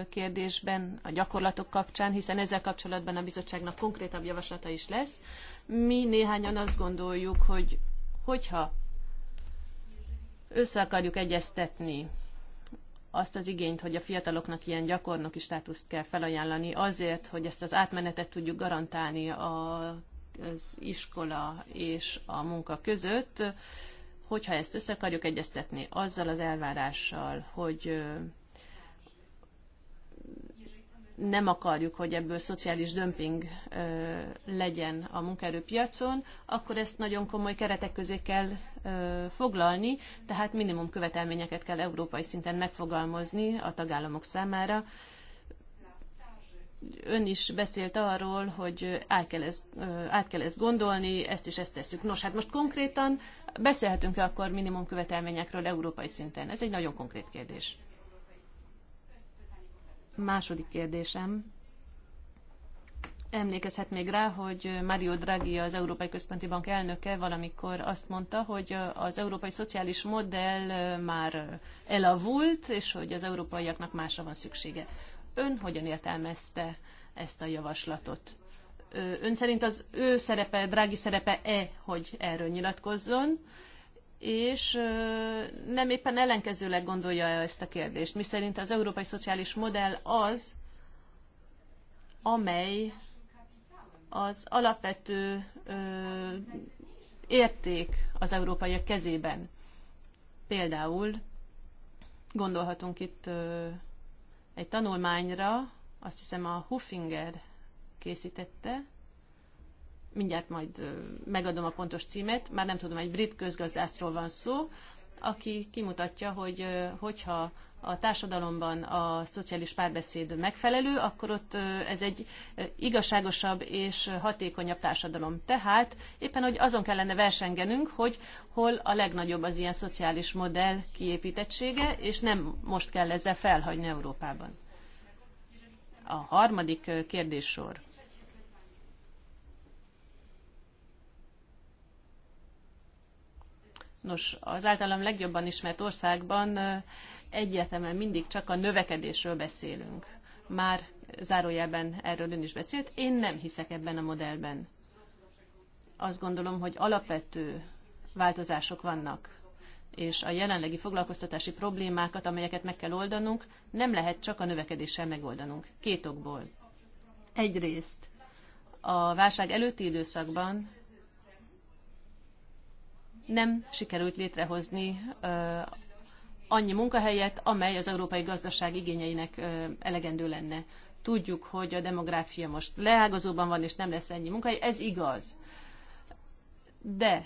kérdésben, a gyakorlatok kapcsán, hiszen ezzel kapcsolatban a bizottságnak konkrétabb javaslata is lesz. Mi néhányan azt gondoljuk, hogy hogyha össze akarjuk egyeztetni azt az igényt, hogy a fiataloknak ilyen gyakornoki státuszt kell felajánlani azért, hogy ezt az átmenetet tudjuk garantálni a, az iskola és a munka között, Hogyha ezt össze akarjuk egyeztetni azzal az elvárással, hogy nem akarjuk, hogy ebből szociális dömping legyen a munkaerőpiacon, akkor ezt nagyon komoly keretek közé kell foglalni, tehát minimum követelményeket kell európai szinten megfogalmazni a tagállamok számára. Ön is beszélt arról, hogy át kell, ezt, át kell ezt gondolni, ezt is ezt tesszük. Nos, hát most konkrétan Beszélhetünk-e akkor minimum követelményekről európai szinten? Ez egy nagyon konkrét kérdés. Második kérdésem. Emlékezhet még rá, hogy Mario Draghi, az Európai Központi Bank elnöke valamikor azt mondta, hogy az európai szociális modell már elavult, és hogy az európaiaknak másra van szüksége. Ön hogyan értelmezte ezt a javaslatot? ön szerint az ő szerepe, drági szerepe-e, hogy erről nyilatkozzon, és nem éppen ellenkezőleg gondolja -e ezt a kérdést. Mi szerint az európai szociális modell az, amely az alapvető érték az európaiak kezében. Például gondolhatunk itt egy tanulmányra, azt hiszem a Huffinger készítette, mindjárt majd megadom a pontos címet, már nem tudom, egy brit közgazdászról van szó, aki kimutatja, hogy hogyha a társadalomban a szociális párbeszéd megfelelő, akkor ott ez egy igazságosabb és hatékonyabb társadalom. Tehát éppen, hogy azon kellene versengenünk, hogy hol a legnagyobb az ilyen szociális modell kiépítettsége, és nem most kell ezzel felhagyni Európában. A harmadik kérdéssor Nos, az általam legjobban ismert országban egyértelműen mindig csak a növekedésről beszélünk. Már zárójelben erről ön is beszélt. Én nem hiszek ebben a modellben. Azt gondolom, hogy alapvető változások vannak és a jelenlegi foglalkoztatási problémákat, amelyeket meg kell oldanunk, nem lehet csak a növekedéssel megoldanunk. Két okból. Egyrészt a válság előtti időszakban nem sikerült létrehozni annyi munkahelyet, amely az európai gazdaság igényeinek elegendő lenne. Tudjuk, hogy a demográfia most leágazóban van, és nem lesz ennyi munkahely, ez igaz. De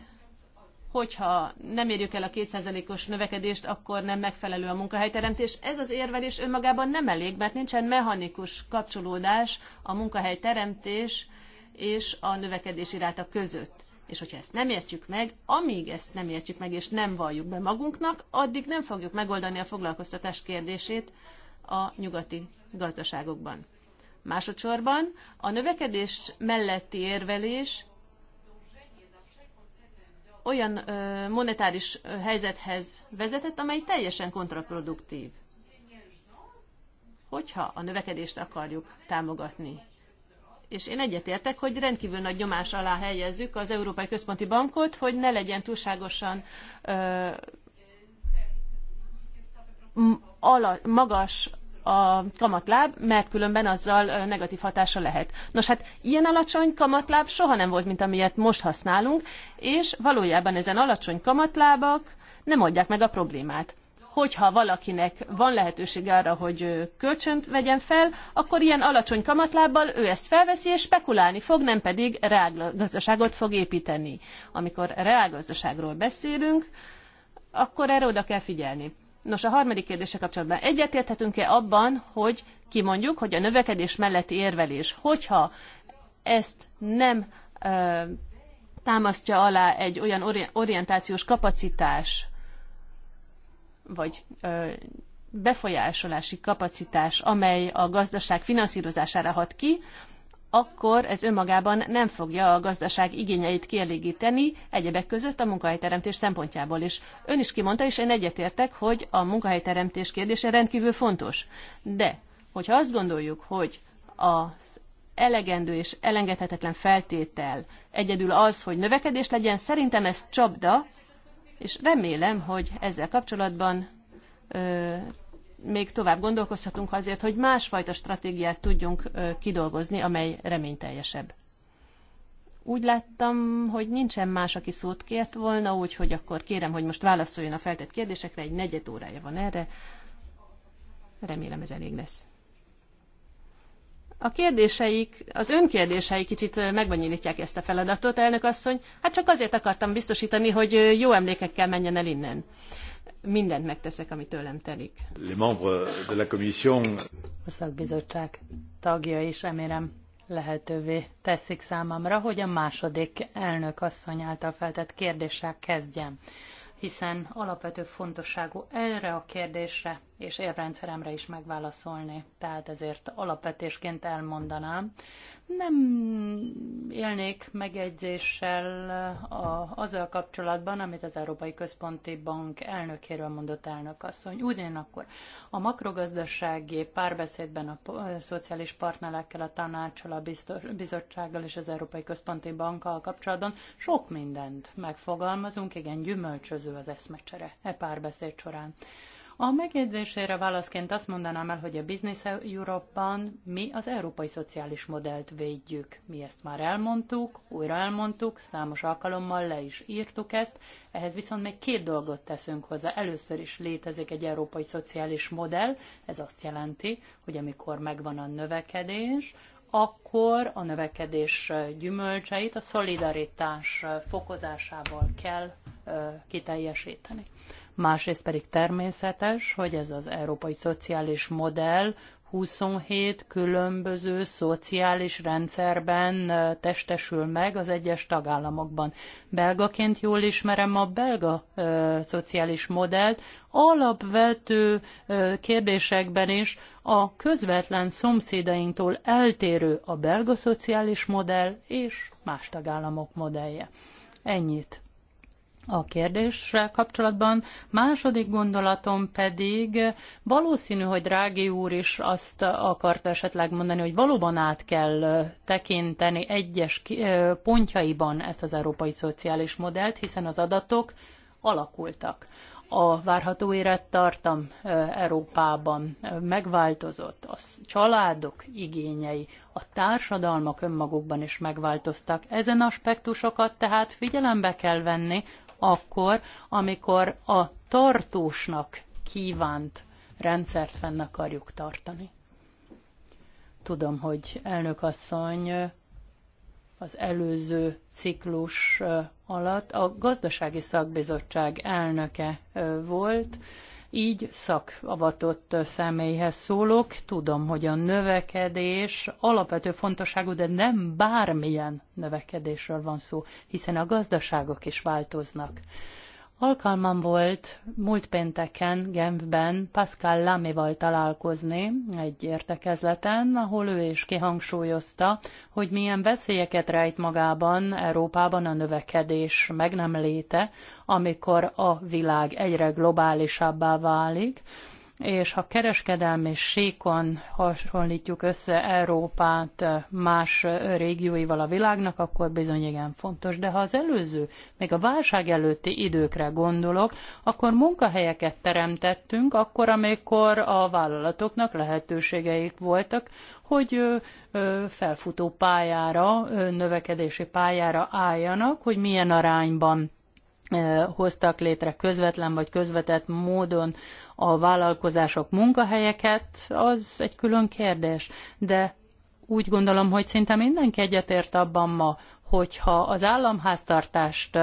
hogyha nem érjük el a 2%-os növekedést, akkor nem megfelelő a munkahelyteremtés. Ez az érvelés önmagában nem elég, mert nincsen mechanikus kapcsolódás a munkahelyteremtés és a növekedési ráta között. És hogyha ezt nem értjük meg, amíg ezt nem értjük meg, és nem valljuk be magunknak, addig nem fogjuk megoldani a foglalkoztatás kérdését a nyugati gazdaságokban. Másodszorban a növekedés melletti érvelés olyan monetáris helyzethez vezetett, amely teljesen kontraproduktív. Hogyha a növekedést akarjuk támogatni, és én egyetértek, hogy rendkívül nagy nyomás alá helyezzük az Európai Központi Bankot, hogy ne legyen túlságosan ö, ala, magas a kamatláb, mert különben azzal negatív hatása lehet. Nos hát ilyen alacsony kamatláb soha nem volt, mint amilyet most használunk, és valójában ezen alacsony kamatlábak nem adják meg a problémát hogyha valakinek van lehetőség arra, hogy kölcsönt vegyen fel, akkor ilyen alacsony kamatlábbal ő ezt felveszi és spekulálni fog, nem pedig reálgazdaságot fog építeni. Amikor reálgazdaságról beszélünk, akkor erre oda kell figyelni. Nos, a harmadik kérdése kapcsolatban egyetérthetünk-e abban, hogy kimondjuk, hogy a növekedés melletti érvelés, hogyha ezt nem ö, támasztja alá egy olyan orientációs kapacitás, vagy befolyásolási kapacitás, amely a gazdaság finanszírozására hat ki, akkor ez önmagában nem fogja a gazdaság igényeit kielégíteni, egyebek között a munkahelyteremtés szempontjából is. Ön is kimondta, és én egyetértek, hogy a munkahelyteremtés kérdése rendkívül fontos. De, hogyha azt gondoljuk, hogy az elegendő és elengedhetetlen feltétel egyedül az, hogy növekedés legyen, szerintem ez csapda, és remélem, hogy ezzel kapcsolatban ö, még tovább gondolkozhatunk azért, hogy másfajta stratégiát tudjunk ö, kidolgozni, amely reményteljesebb. Úgy láttam, hogy nincsen más, aki szót kért volna, úgyhogy akkor kérem, hogy most válaszoljon a feltett kérdésekre, egy negyed órája van erre. Remélem ez elég lesz. A kérdéseik, az önkérdései kicsit megbonyolítják ezt a feladatot, elnök asszony. Hát csak azért akartam biztosítani, hogy jó emlékekkel menjen el innen. Mindent megteszek, ami tőlem telik. Les membres de la commission... A szakbizottság tagja is remélem lehetővé teszik számomra, hogy a második elnök asszony által feltett kérdéssel kezdjem, hiszen alapvető fontosságú erre a kérdésre és érrendszeremre is megválaszolni. Tehát ezért alapvetésként elmondanám. Nem élnék megjegyzéssel a, azzal kapcsolatban, amit az Európai Központi Bank elnökéről mondott elnökasszony. Ugyanakkor a makrogazdasági párbeszédben a, szociális partnerekkel, a tanácsal, a biztos, bizottsággal és az Európai Központi Bankkal kapcsolatban sok mindent megfogalmazunk, igen, gyümölcsöző az eszmecsere e párbeszéd során. A megjegyzésére válaszként azt mondanám el, hogy a Business Europe-ban mi az európai szociális modellt védjük. Mi ezt már elmondtuk, újra elmondtuk, számos alkalommal le is írtuk ezt, ehhez viszont még két dolgot teszünk hozzá. Először is létezik egy európai szociális modell, ez azt jelenti, hogy amikor megvan a növekedés, akkor a növekedés gyümölcseit a szolidaritás fokozásával kell kiteljesíteni másrészt pedig természetes, hogy ez az európai szociális modell 27 különböző szociális rendszerben testesül meg az egyes tagállamokban. Belgaként jól ismerem a belga ö, szociális modellt, alapvető ö, kérdésekben is a közvetlen szomszédainktól eltérő a belga szociális modell és más tagállamok modellje. Ennyit a kérdéssel kapcsolatban. Második gondolatom pedig valószínű, hogy Drági úr is azt akart esetleg mondani, hogy valóban át kell tekinteni egyes pontjaiban ezt az európai szociális modellt, hiszen az adatok alakultak. A várható élettartam Európában megváltozott, a családok igényei, a társadalmak önmagukban is megváltoztak. Ezen aspektusokat tehát figyelembe kell venni, akkor, amikor a tartósnak kívánt rendszert fenn akarjuk tartani. Tudom, hogy elnök asszony az előző ciklus alatt a gazdasági szakbizottság elnöke volt, így szakavatott személyhez szólok, tudom, hogy a növekedés alapvető fontosságú, de nem bármilyen növekedésről van szó, hiszen a gazdaságok is változnak. Alkalmam volt múlt pénteken Genfben Pascal Lamival találkozni egy értekezleten, ahol ő is kihangsúlyozta, hogy milyen veszélyeket rejt magában Európában a növekedés meg nem léte, amikor a világ egyre globálisabbá válik, és ha kereskedelmi síkon hasonlítjuk össze Európát más régióival a világnak, akkor bizony igen fontos. De ha az előző, még a válság előtti időkre gondolok, akkor munkahelyeket teremtettünk, akkor, amikor a vállalatoknak lehetőségeik voltak, hogy felfutó pályára, növekedési pályára álljanak, hogy milyen arányban hoztak létre közvetlen vagy közvetett módon a vállalkozások munkahelyeket, az egy külön kérdés. De úgy gondolom, hogy szinte mindenki egyetért abban ma, hogyha az államháztartást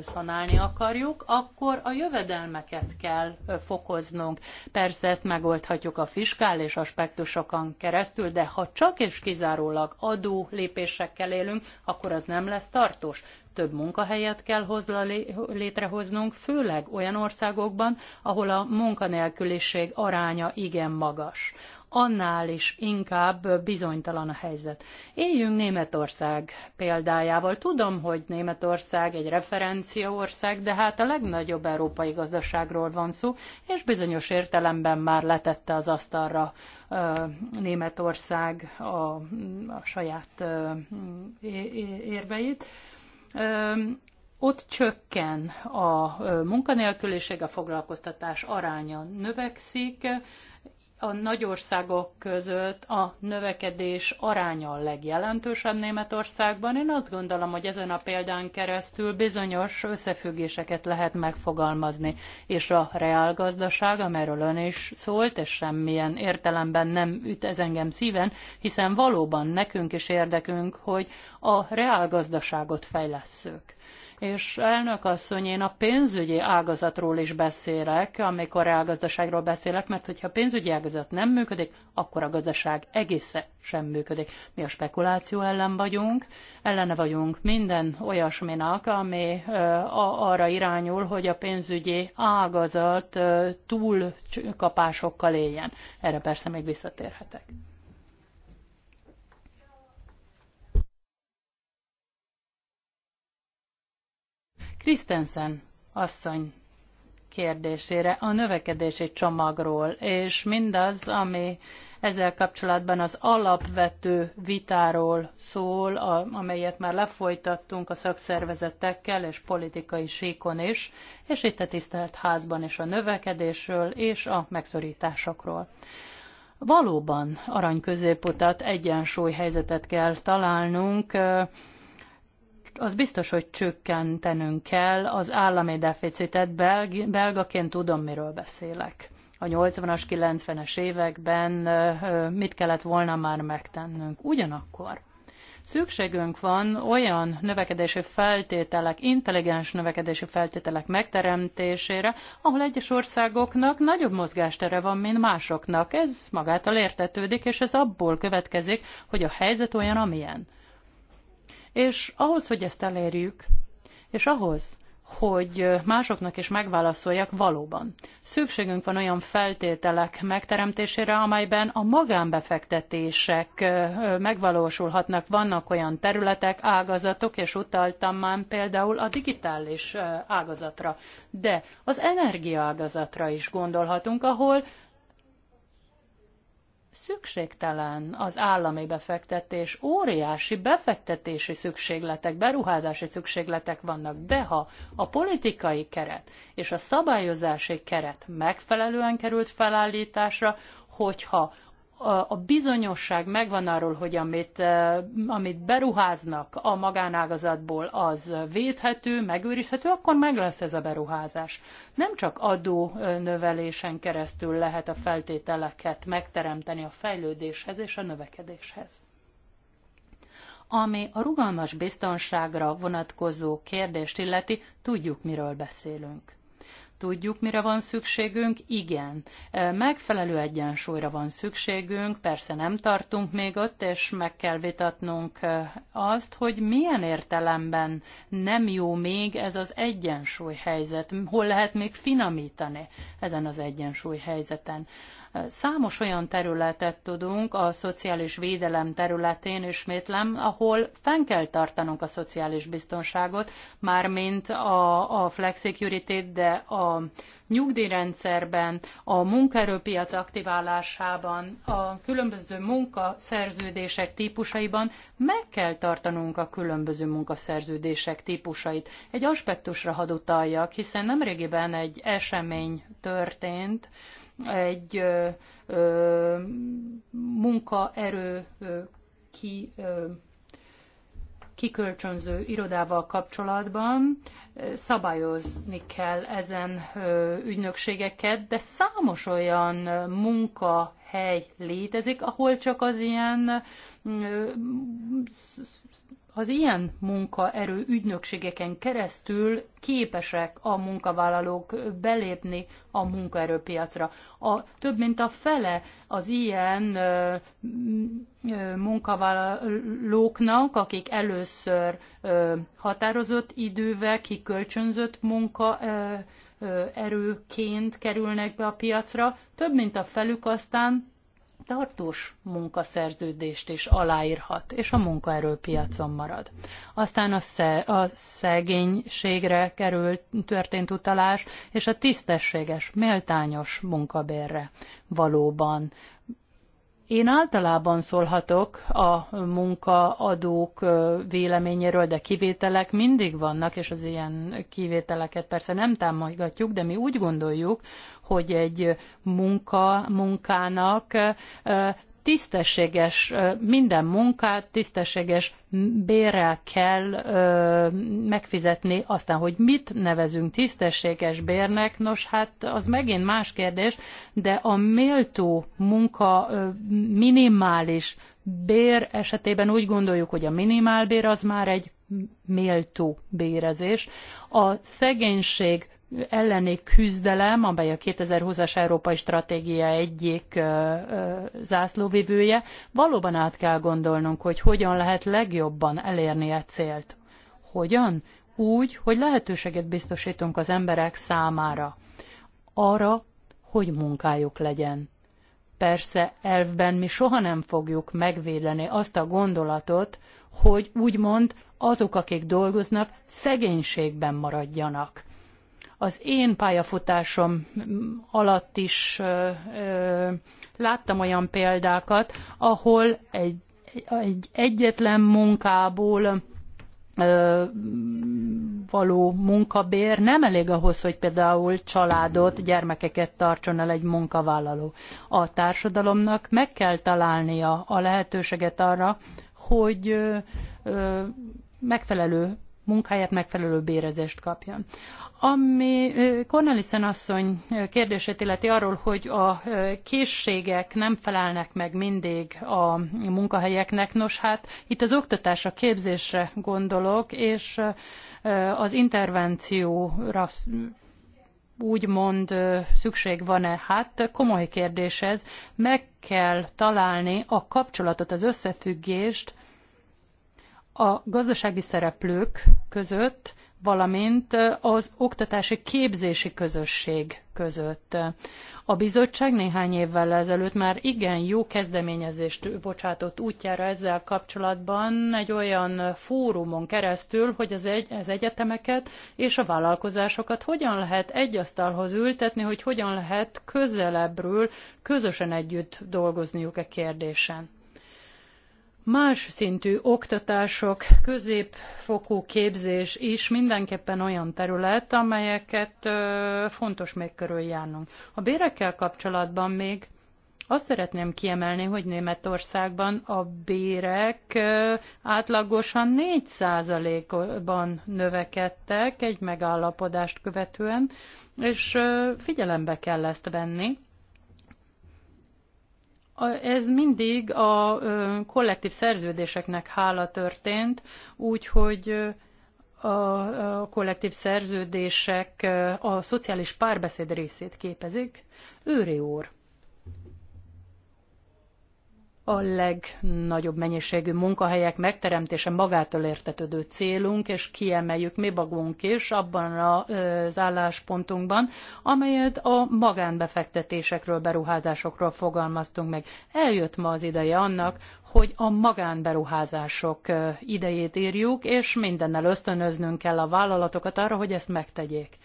szanálni akarjuk, akkor a jövedelmeket kell fokoznunk. Persze ezt megoldhatjuk a fiskális aspektusokon keresztül, de ha csak és kizárólag adó lépésekkel élünk, akkor az nem lesz tartós. Több munkahelyet kell hozla létrehoznunk, főleg olyan országokban, ahol a munkanélküliség aránya igen magas annál is inkább bizonytalan a helyzet. Éljünk Németország példájával. Tudom, hogy Németország egy referencia ország, de hát a legnagyobb európai gazdaságról van szó, és bizonyos értelemben már letette az asztalra Németország a, a saját érveit ott csökken a munkanélküliség, a foglalkoztatás aránya növekszik, a nagyországok között a növekedés aránya a legjelentősebb Németországban. Én azt gondolom, hogy ezen a példán keresztül bizonyos összefüggéseket lehet megfogalmazni, és a reálgazdaság, amiről ön is szólt, és semmilyen értelemben nem üt ez engem szíven, hiszen valóban nekünk is érdekünk, hogy a reálgazdaságot fejlesszük és elnök asszony, én a pénzügyi ágazatról is beszélek, amikor a gazdaságról beszélek, mert hogyha a pénzügyi ágazat nem működik, akkor a gazdaság egésze sem működik. Mi a spekuláció ellen vagyunk, ellene vagyunk minden olyasminak, ami arra irányul, hogy a pénzügyi ágazat túlkapásokkal éljen. Erre persze még visszatérhetek. Krisztensen asszony kérdésére a növekedési csomagról, és mindaz, ami ezzel kapcsolatban az alapvető vitáról szól, a, amelyet már lefolytattunk a szakszervezetekkel és politikai síkon is, és itt a tisztelt házban is a növekedésről és a megszorításokról. Valóban arany középutat, egyensúly helyzetet kell találnunk az biztos, hogy csökkentenünk kell az állami deficitet. Belg, belgaként tudom, miről beszélek. A 80-as, 90-es években mit kellett volna már megtennünk. Ugyanakkor Szükségünk van olyan növekedési feltételek, intelligens növekedési feltételek megteremtésére, ahol egyes országoknak nagyobb mozgástere van, mint másoknak. Ez magától értetődik, és ez abból következik, hogy a helyzet olyan, amilyen. És ahhoz, hogy ezt elérjük, és ahhoz, hogy másoknak is megválaszoljak valóban. Szükségünk van olyan feltételek megteremtésére, amelyben a magánbefektetések megvalósulhatnak. Vannak olyan területek, ágazatok, és utaltam már például a digitális ágazatra, de az energiaágazatra is gondolhatunk, ahol szükségtelen az állami befektetés, óriási befektetési szükségletek, beruházási szükségletek vannak, de ha a politikai keret és a szabályozási keret megfelelően került felállításra, hogyha a bizonyosság megvan arról, hogy amit, amit beruháznak a magánágazatból, az védhető, megőrizhető, akkor meg lesz ez a beruházás. Nem csak adó növelésen keresztül lehet a feltételeket megteremteni a fejlődéshez és a növekedéshez. Ami a rugalmas biztonságra vonatkozó kérdést illeti, tudjuk, miről beszélünk. Tudjuk, mire van szükségünk? Igen. Megfelelő egyensúlyra van szükségünk, persze nem tartunk még ott, és meg kell vitatnunk azt, hogy milyen értelemben nem jó még ez az egyensúly helyzet, hol lehet még finomítani ezen az egyensúly helyzeten. Számos olyan területet tudunk a szociális védelem területén, ismétlem, ahol fenn kell tartanunk a szociális biztonságot, mármint a, a flexicurity de a nyugdíjrendszerben, a munkaerőpiac aktiválásában, a különböző munkaszerződések típusaiban meg kell tartanunk a különböző munkaszerződések típusait. Egy aspektusra hadd utaljak, hiszen nemrégiben egy esemény történt, egy munkaerő ki kikölcsönző irodával kapcsolatban szabályozni kell ezen ügynökségeket, de számos olyan munkahely létezik, ahol csak az ilyen az ilyen munkaerő ügynökségeken keresztül képesek a munkavállalók belépni a munkaerőpiacra. A több mint a fele az ilyen ö, munkavállalóknak, akik először ö, határozott idővel kikölcsönzött munka ö, erőként kerülnek be a piacra, több mint a felük aztán tartós munkaszerződést is aláírhat, és a munkaerőpiacon marad. Aztán a, sze, a szegénységre került történt utalás, és a tisztességes, méltányos munkabérre valóban én általában szólhatok a munkaadók véleményéről, de kivételek mindig vannak, és az ilyen kivételeket persze nem támogatjuk, de mi úgy gondoljuk, hogy egy munka, munkának tisztességes, minden munkát tisztességes bérrel kell megfizetni, aztán, hogy mit nevezünk tisztességes bérnek, nos hát az megint más kérdés, de a méltó munka minimális bér esetében úgy gondoljuk, hogy a minimálbér az már egy méltó bérezés. A szegénység elleni küzdelem, amely a 2020-as Európai Stratégia egyik zászlóvivője, valóban át kell gondolnunk, hogy hogyan lehet legjobban elérni e célt. Hogyan? Úgy, hogy lehetőséget biztosítunk az emberek számára. Arra, hogy munkájuk legyen. Persze elvben mi soha nem fogjuk megvédeni azt a gondolatot, hogy úgymond azok, akik dolgoznak, szegénységben maradjanak az én pályafutásom alatt is ö, ö, láttam olyan példákat, ahol egy, egy egyetlen munkából ö, való munkabér nem elég ahhoz, hogy például családot, gyermekeket tartson el egy munkavállaló. A társadalomnak meg kell találnia a lehetőséget arra, hogy ö, ö, megfelelő munkáját megfelelő bérezést kapjon. Ami Cornelissen asszony kérdését illeti arról, hogy a készségek nem felelnek meg mindig a munkahelyeknek, nos hát itt az oktatásra, képzésre gondolok, és az intervencióra úgymond szükség van-e? Hát komoly kérdés ez. Meg kell találni a kapcsolatot, az összefüggést a gazdasági szereplők között, valamint az oktatási képzési közösség között. A bizottság néhány évvel ezelőtt már igen jó kezdeményezést bocsátott útjára ezzel kapcsolatban egy olyan fórumon keresztül, hogy az, egy, az egyetemeket és a vállalkozásokat hogyan lehet egy asztalhoz ültetni, hogy hogyan lehet közelebbről közösen együtt dolgozniuk e kérdésen. Más szintű oktatások, középfokú képzés is mindenképpen olyan terület, amelyeket fontos még körüljárnunk. A bérekkel kapcsolatban még azt szeretném kiemelni, hogy Németországban a bérek átlagosan 4%-ban növekedtek egy megállapodást követően, és figyelembe kell ezt venni ez mindig a kollektív szerződéseknek hála történt, úgyhogy a kollektív szerződések a szociális párbeszéd részét képezik. Őri úr, a legnagyobb mennyiségű munkahelyek megteremtése magától értetődő célunk, és kiemeljük mi magunk is abban az álláspontunkban, amelyet a magánbefektetésekről, beruházásokról fogalmaztunk meg. Eljött ma az ideje annak, hogy a magánberuházások idejét írjuk, és mindennel ösztönöznünk kell a vállalatokat arra, hogy ezt megtegyék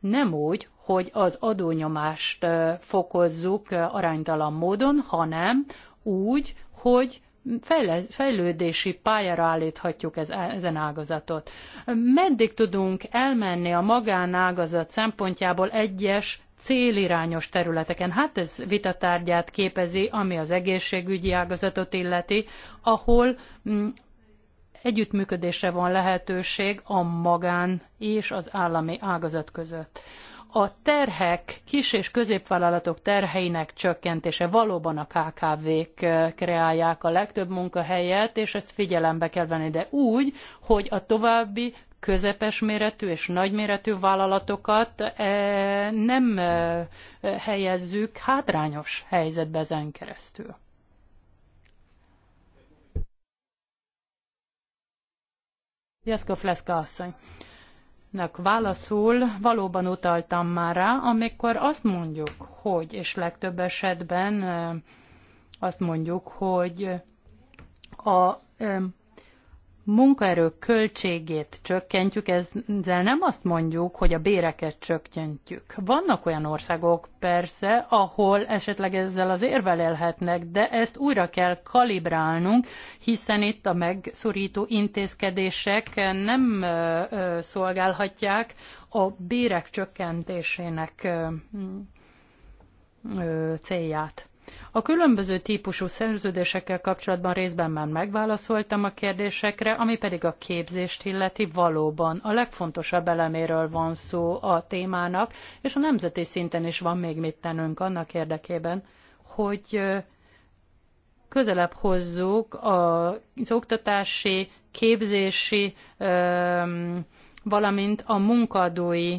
nem úgy, hogy az adónyomást fokozzuk aránytalan módon, hanem úgy, hogy fejlődési pályára állíthatjuk ez, ezen ágazatot. Meddig tudunk elmenni a magánágazat szempontjából egyes célirányos területeken. Hát ez vitatárgyát képezi, ami az egészségügyi ágazatot illeti, ahol mm, együttműködésre van lehetőség a magán és az állami ágazat között a terhek, kis és középvállalatok terheinek csökkentése valóban a KKV-k kreálják a legtöbb munkahelyet, és ezt figyelembe kell venni, de úgy, hogy a további közepes méretű és nagyméretű vállalatokat nem helyezzük hátrányos helyzetbe ezen keresztül. Jeszka Fleszka asszony. Nek válaszul valóban utaltam már rá, amikor azt mondjuk, hogy, és legtöbb esetben azt mondjuk, hogy a munkaerő költségét csökkentjük, ezzel nem azt mondjuk, hogy a béreket csökkentjük. Vannak olyan országok persze, ahol esetleg ezzel az érvel élhetnek, de ezt újra kell kalibrálnunk, hiszen itt a megszorító intézkedések nem szolgálhatják a bérek csökkentésének célját. A különböző típusú szerződésekkel kapcsolatban részben már megválaszoltam a kérdésekre, ami pedig a képzést illeti valóban. A legfontosabb eleméről van szó a témának, és a nemzeti szinten is van még mit tennünk annak érdekében, hogy közelebb hozzuk az oktatási, képzési, valamint a munkadói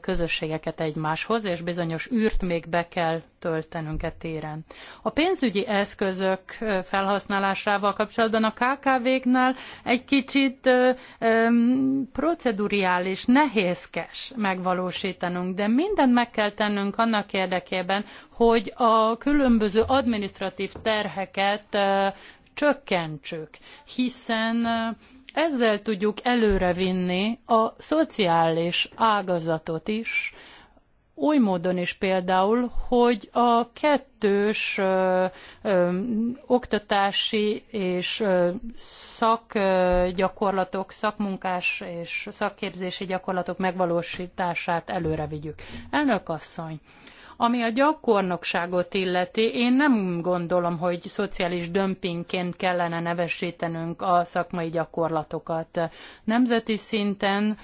közösségeket egymáshoz, és bizonyos űrt még be kell töltenünk e téren. A pénzügyi eszközök felhasználásával kapcsolatban a KKV-knál egy kicsit ö, proceduriális, nehézkes megvalósítanunk, de mindent meg kell tennünk annak érdekében, hogy a különböző administratív terheket csökkentsük, hiszen ezzel tudjuk előrevinni a szociális ágazatot is, oly módon is például, hogy a kettős ö, ö, oktatási és ö, szakgyakorlatok, szakmunkás és szakképzési gyakorlatok megvalósítását előre vigyük. Elnök asszony, ami a gyakornokságot illeti, én nem gondolom, hogy szociális dömpingként kellene nevesítenünk a szakmai gyakorlatokat. Nemzeti szinten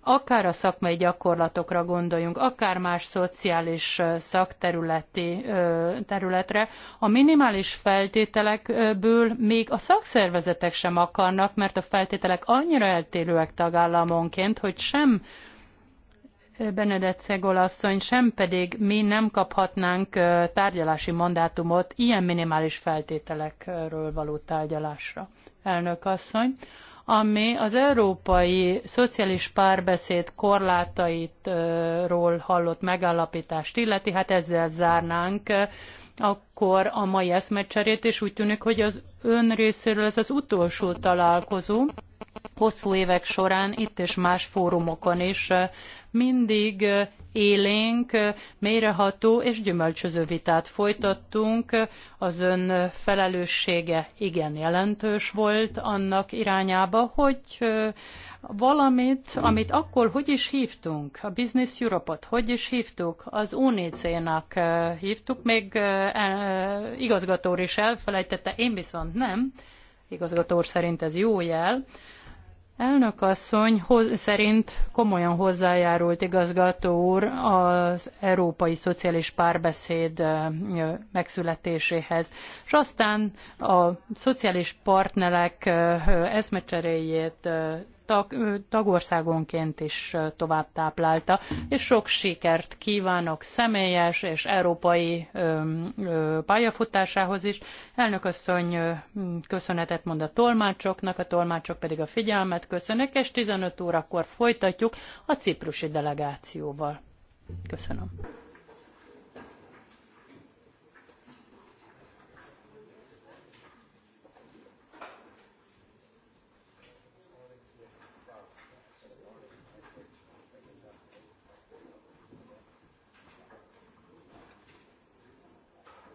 akár a szakmai gyakorlatokra gondoljunk, akár más szociális szakterületi területre, a minimális feltételekből még a szakszervezetek sem akarnak, mert a feltételek annyira eltérőek tagállamonként, hogy sem Benedett Szegol asszony, sem pedig mi nem kaphatnánk tárgyalási mandátumot ilyen minimális feltételekről való tárgyalásra. Elnök asszony, ami az európai szociális párbeszéd korlátaitról hallott megállapítást illeti, hát ezzel zárnánk akkor a mai eszmecserét, és úgy tűnik, hogy az ön részéről ez az utolsó találkozó, hosszú évek során itt és más fórumokon is mindig élénk, mélyreható és gyümölcsöző vitát folytattunk. Az ön felelőssége igen jelentős volt annak irányába, hogy valamit, amit akkor hogy is hívtunk, a Business Europe-ot hogy is hívtuk, az UNIC-nak hívtuk, még e, igazgató is elfelejtette, én viszont nem, igazgató szerint ez jó jel, Elnök asszony szerint komolyan hozzájárult igazgató úr az európai szociális párbeszéd megszületéséhez, és aztán a szociális partnerek eszmecseréjét tag, tagországonként is tovább táplálta, és sok sikert kívánok személyes és európai ö, ö, pályafutásához is. Elnök asszony köszönetet mond a tolmácsoknak, a tolmácsok pedig a figyelmet köszönök, és 15 órakor folytatjuk a ciprusi delegációval. Köszönöm.